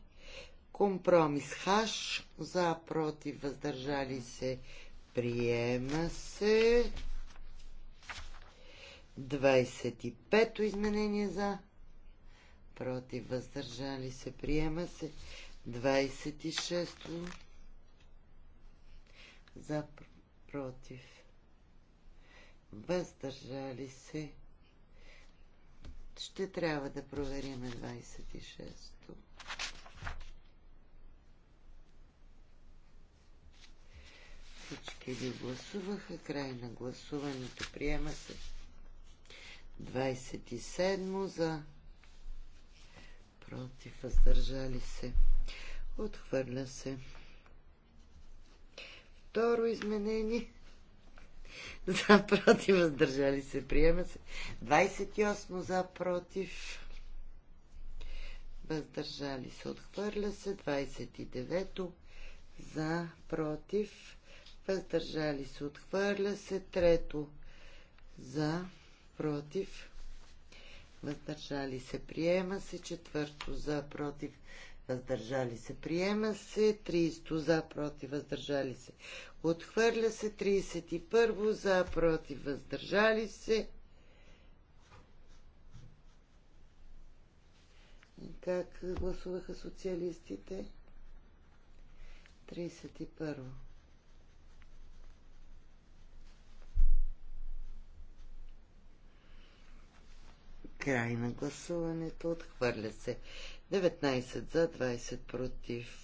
Компромис хаш за против въздържали се приема се 25-то изменение за против въздържали се приема се 26-то за против въздържали се ще трябва да проверим 26-то Всички ли гласуваха? Край на гласуването. Приема се. 27 за против, въздържали се. Отхвърля се. Второ изменение. (laughs) За против, въздържали се. Приема се. 28 за против. Въздържали се. Отхвърля се. 29 за против въздържали се, отхвърля се. Трето за, против, въздържали се, приема се. Четвърто за, против, въздържали се, приема се. 30 за, против, въздържали се, отхвърля се. 31 за, против, въздържали се. Как гласуваха социалистите? 31. Край на гласуването. Отхвърля се. 19 за, 20 против.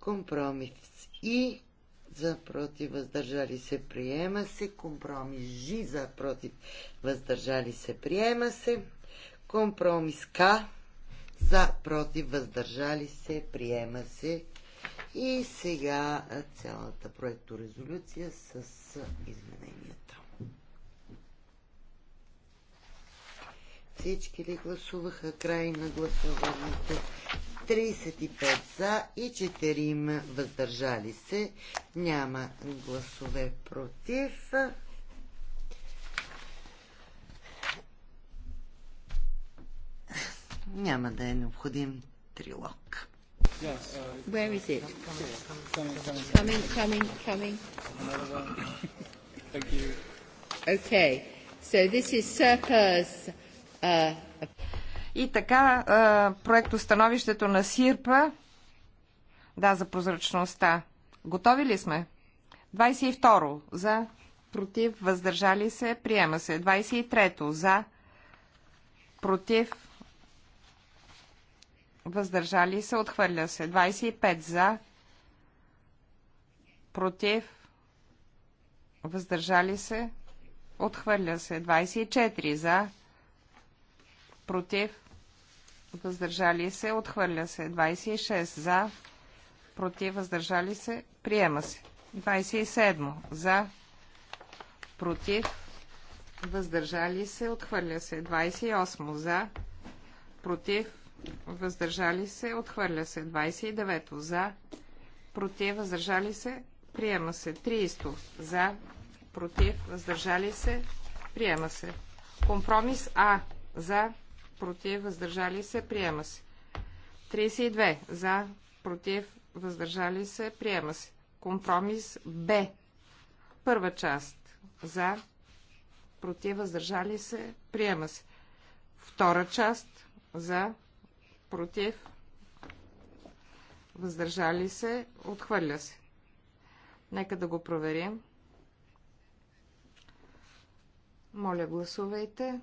Компромис и за против въздържали се приема се. Компромис жи за против въздържали се приема се. Компромис К за против въздържали се приема се. И сега цялата проекторезолюция с измененията. Всички ли гласуваха край на гласуването? 35 за и 4 въздържали се. Няма гласове против. Няма да е необходим трилог. Yes. И така, проекто становището на СИРПА, да, за прозрачността. Готови ли сме? 22. За. Против. Въздържали се. Приема се. 23. За. Против. Въздържали се. Отхвърля се. 25. За. Против. Въздържали се. Отхвърля се. 24. За против, въздържали се, отхвърля се. 26 за, против, въздържали се, приема се. 27 за, против, въздържали се, отхвърля се. 28 за, против, въздържали се, отхвърля се. 29 за, против, въздържали се, приема се. 30 за, против, въздържали се, приема се. Компромис А за, против, въздържали се, приема се. 32 за, против, въздържали се, приема се. Компромис Б. Първа част за, против, въздържали се, приема се. Втора част за, против, въздържали се, отхвърля се. Нека да го проверим. Моля, гласувайте.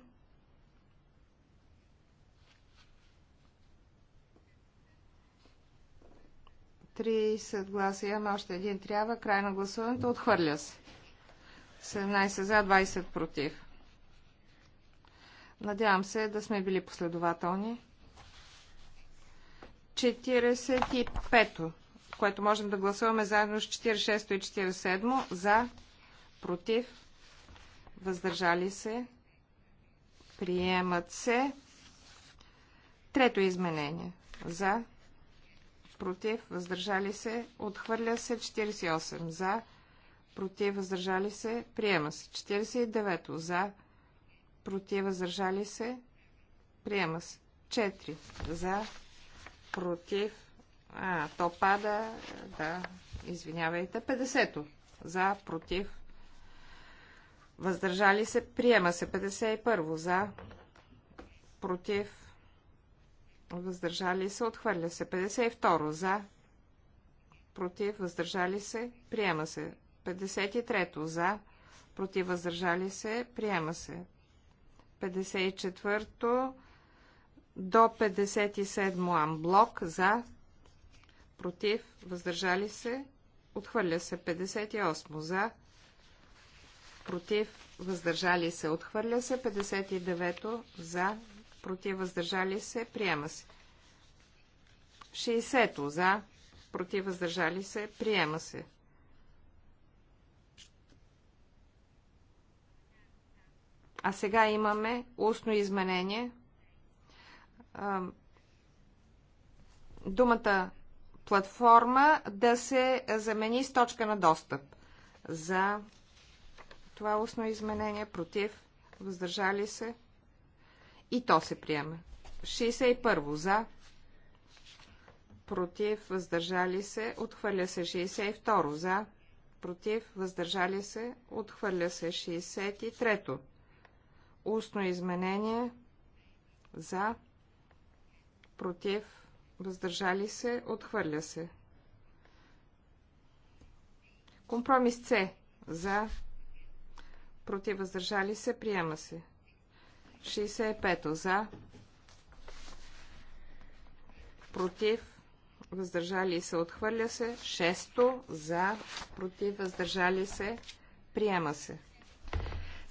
30 гласа имаме, още един трябва. Край на гласуването. Отхвърля се. 17 за, 20 против. Надявам се да сме били последователни. 45-то, което можем да гласуваме заедно с 46-то и 47-то. За, против, въздържали се, приемат се. Трето изменение. За, против, въздържали се, отхвърля се 48 за, против, въздържали се, приема се 49 за, против, въздържали се, приема се 4 за, против, а, то пада, да, извинявайте, 50 за, против, въздържали се, приема се 51 за, против, въздържали се, отхвърля се. 52 за, против, въздържали се, приема се. 53 за, против, въздържали се, приема се. 54 до 57 амблок за, против, въздържали се, отхвърля се. 58 за, против, въздържали се, отхвърля се. 59 за, против, въздържали се, приема се. 60 за, против, въздържали се, приема се. А сега имаме устно изменение. Думата платформа да се замени с точка на достъп. За това устно изменение, против, въздържали се, и то се приема. 61 за, против, въздържали се, отхвърля се 62 за, против, въздържали се, отхвърля се 63 Устно изменение за, против, въздържали се, отхвърля се. Компромис С за, против, въздържали се, приема се. 65 за, против, въздържали се, отхвърля се. 6 за, против, въздържали се, приема се.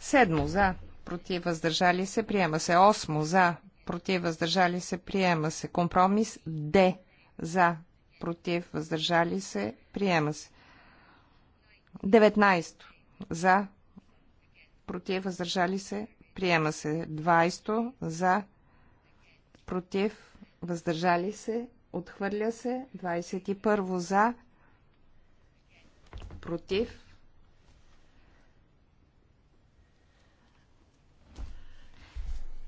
7 за, против, въздържали се, приема се. 8 за, против, въздържали се, приема се. Компромис Д за, против, въздържали се, приема се. 19 за, против, въздържали се, Приема се 20 за, против, въздържали се, отхвърля се. 21 за, против.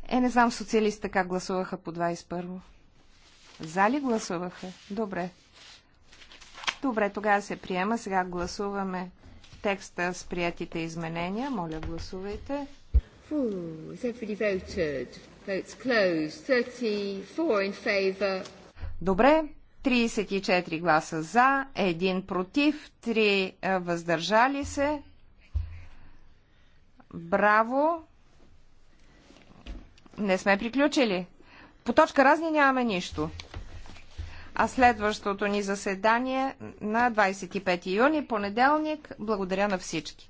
Е, не знам социалиста как гласуваха по 21. За ли гласуваха? Добре. Добре, тогава се приема. Сега гласуваме текста с приятите изменения. Моля, гласувайте. Ooh, has everybody voted? Votes closed. 34 in favor. Добре, 34 гласа за, 1 против, 3 е, въздържали се. Браво! Не сме приключили. По точка разни нямаме нищо. А следващото ни заседание на 25 юни, понеделник. Благодаря на всички.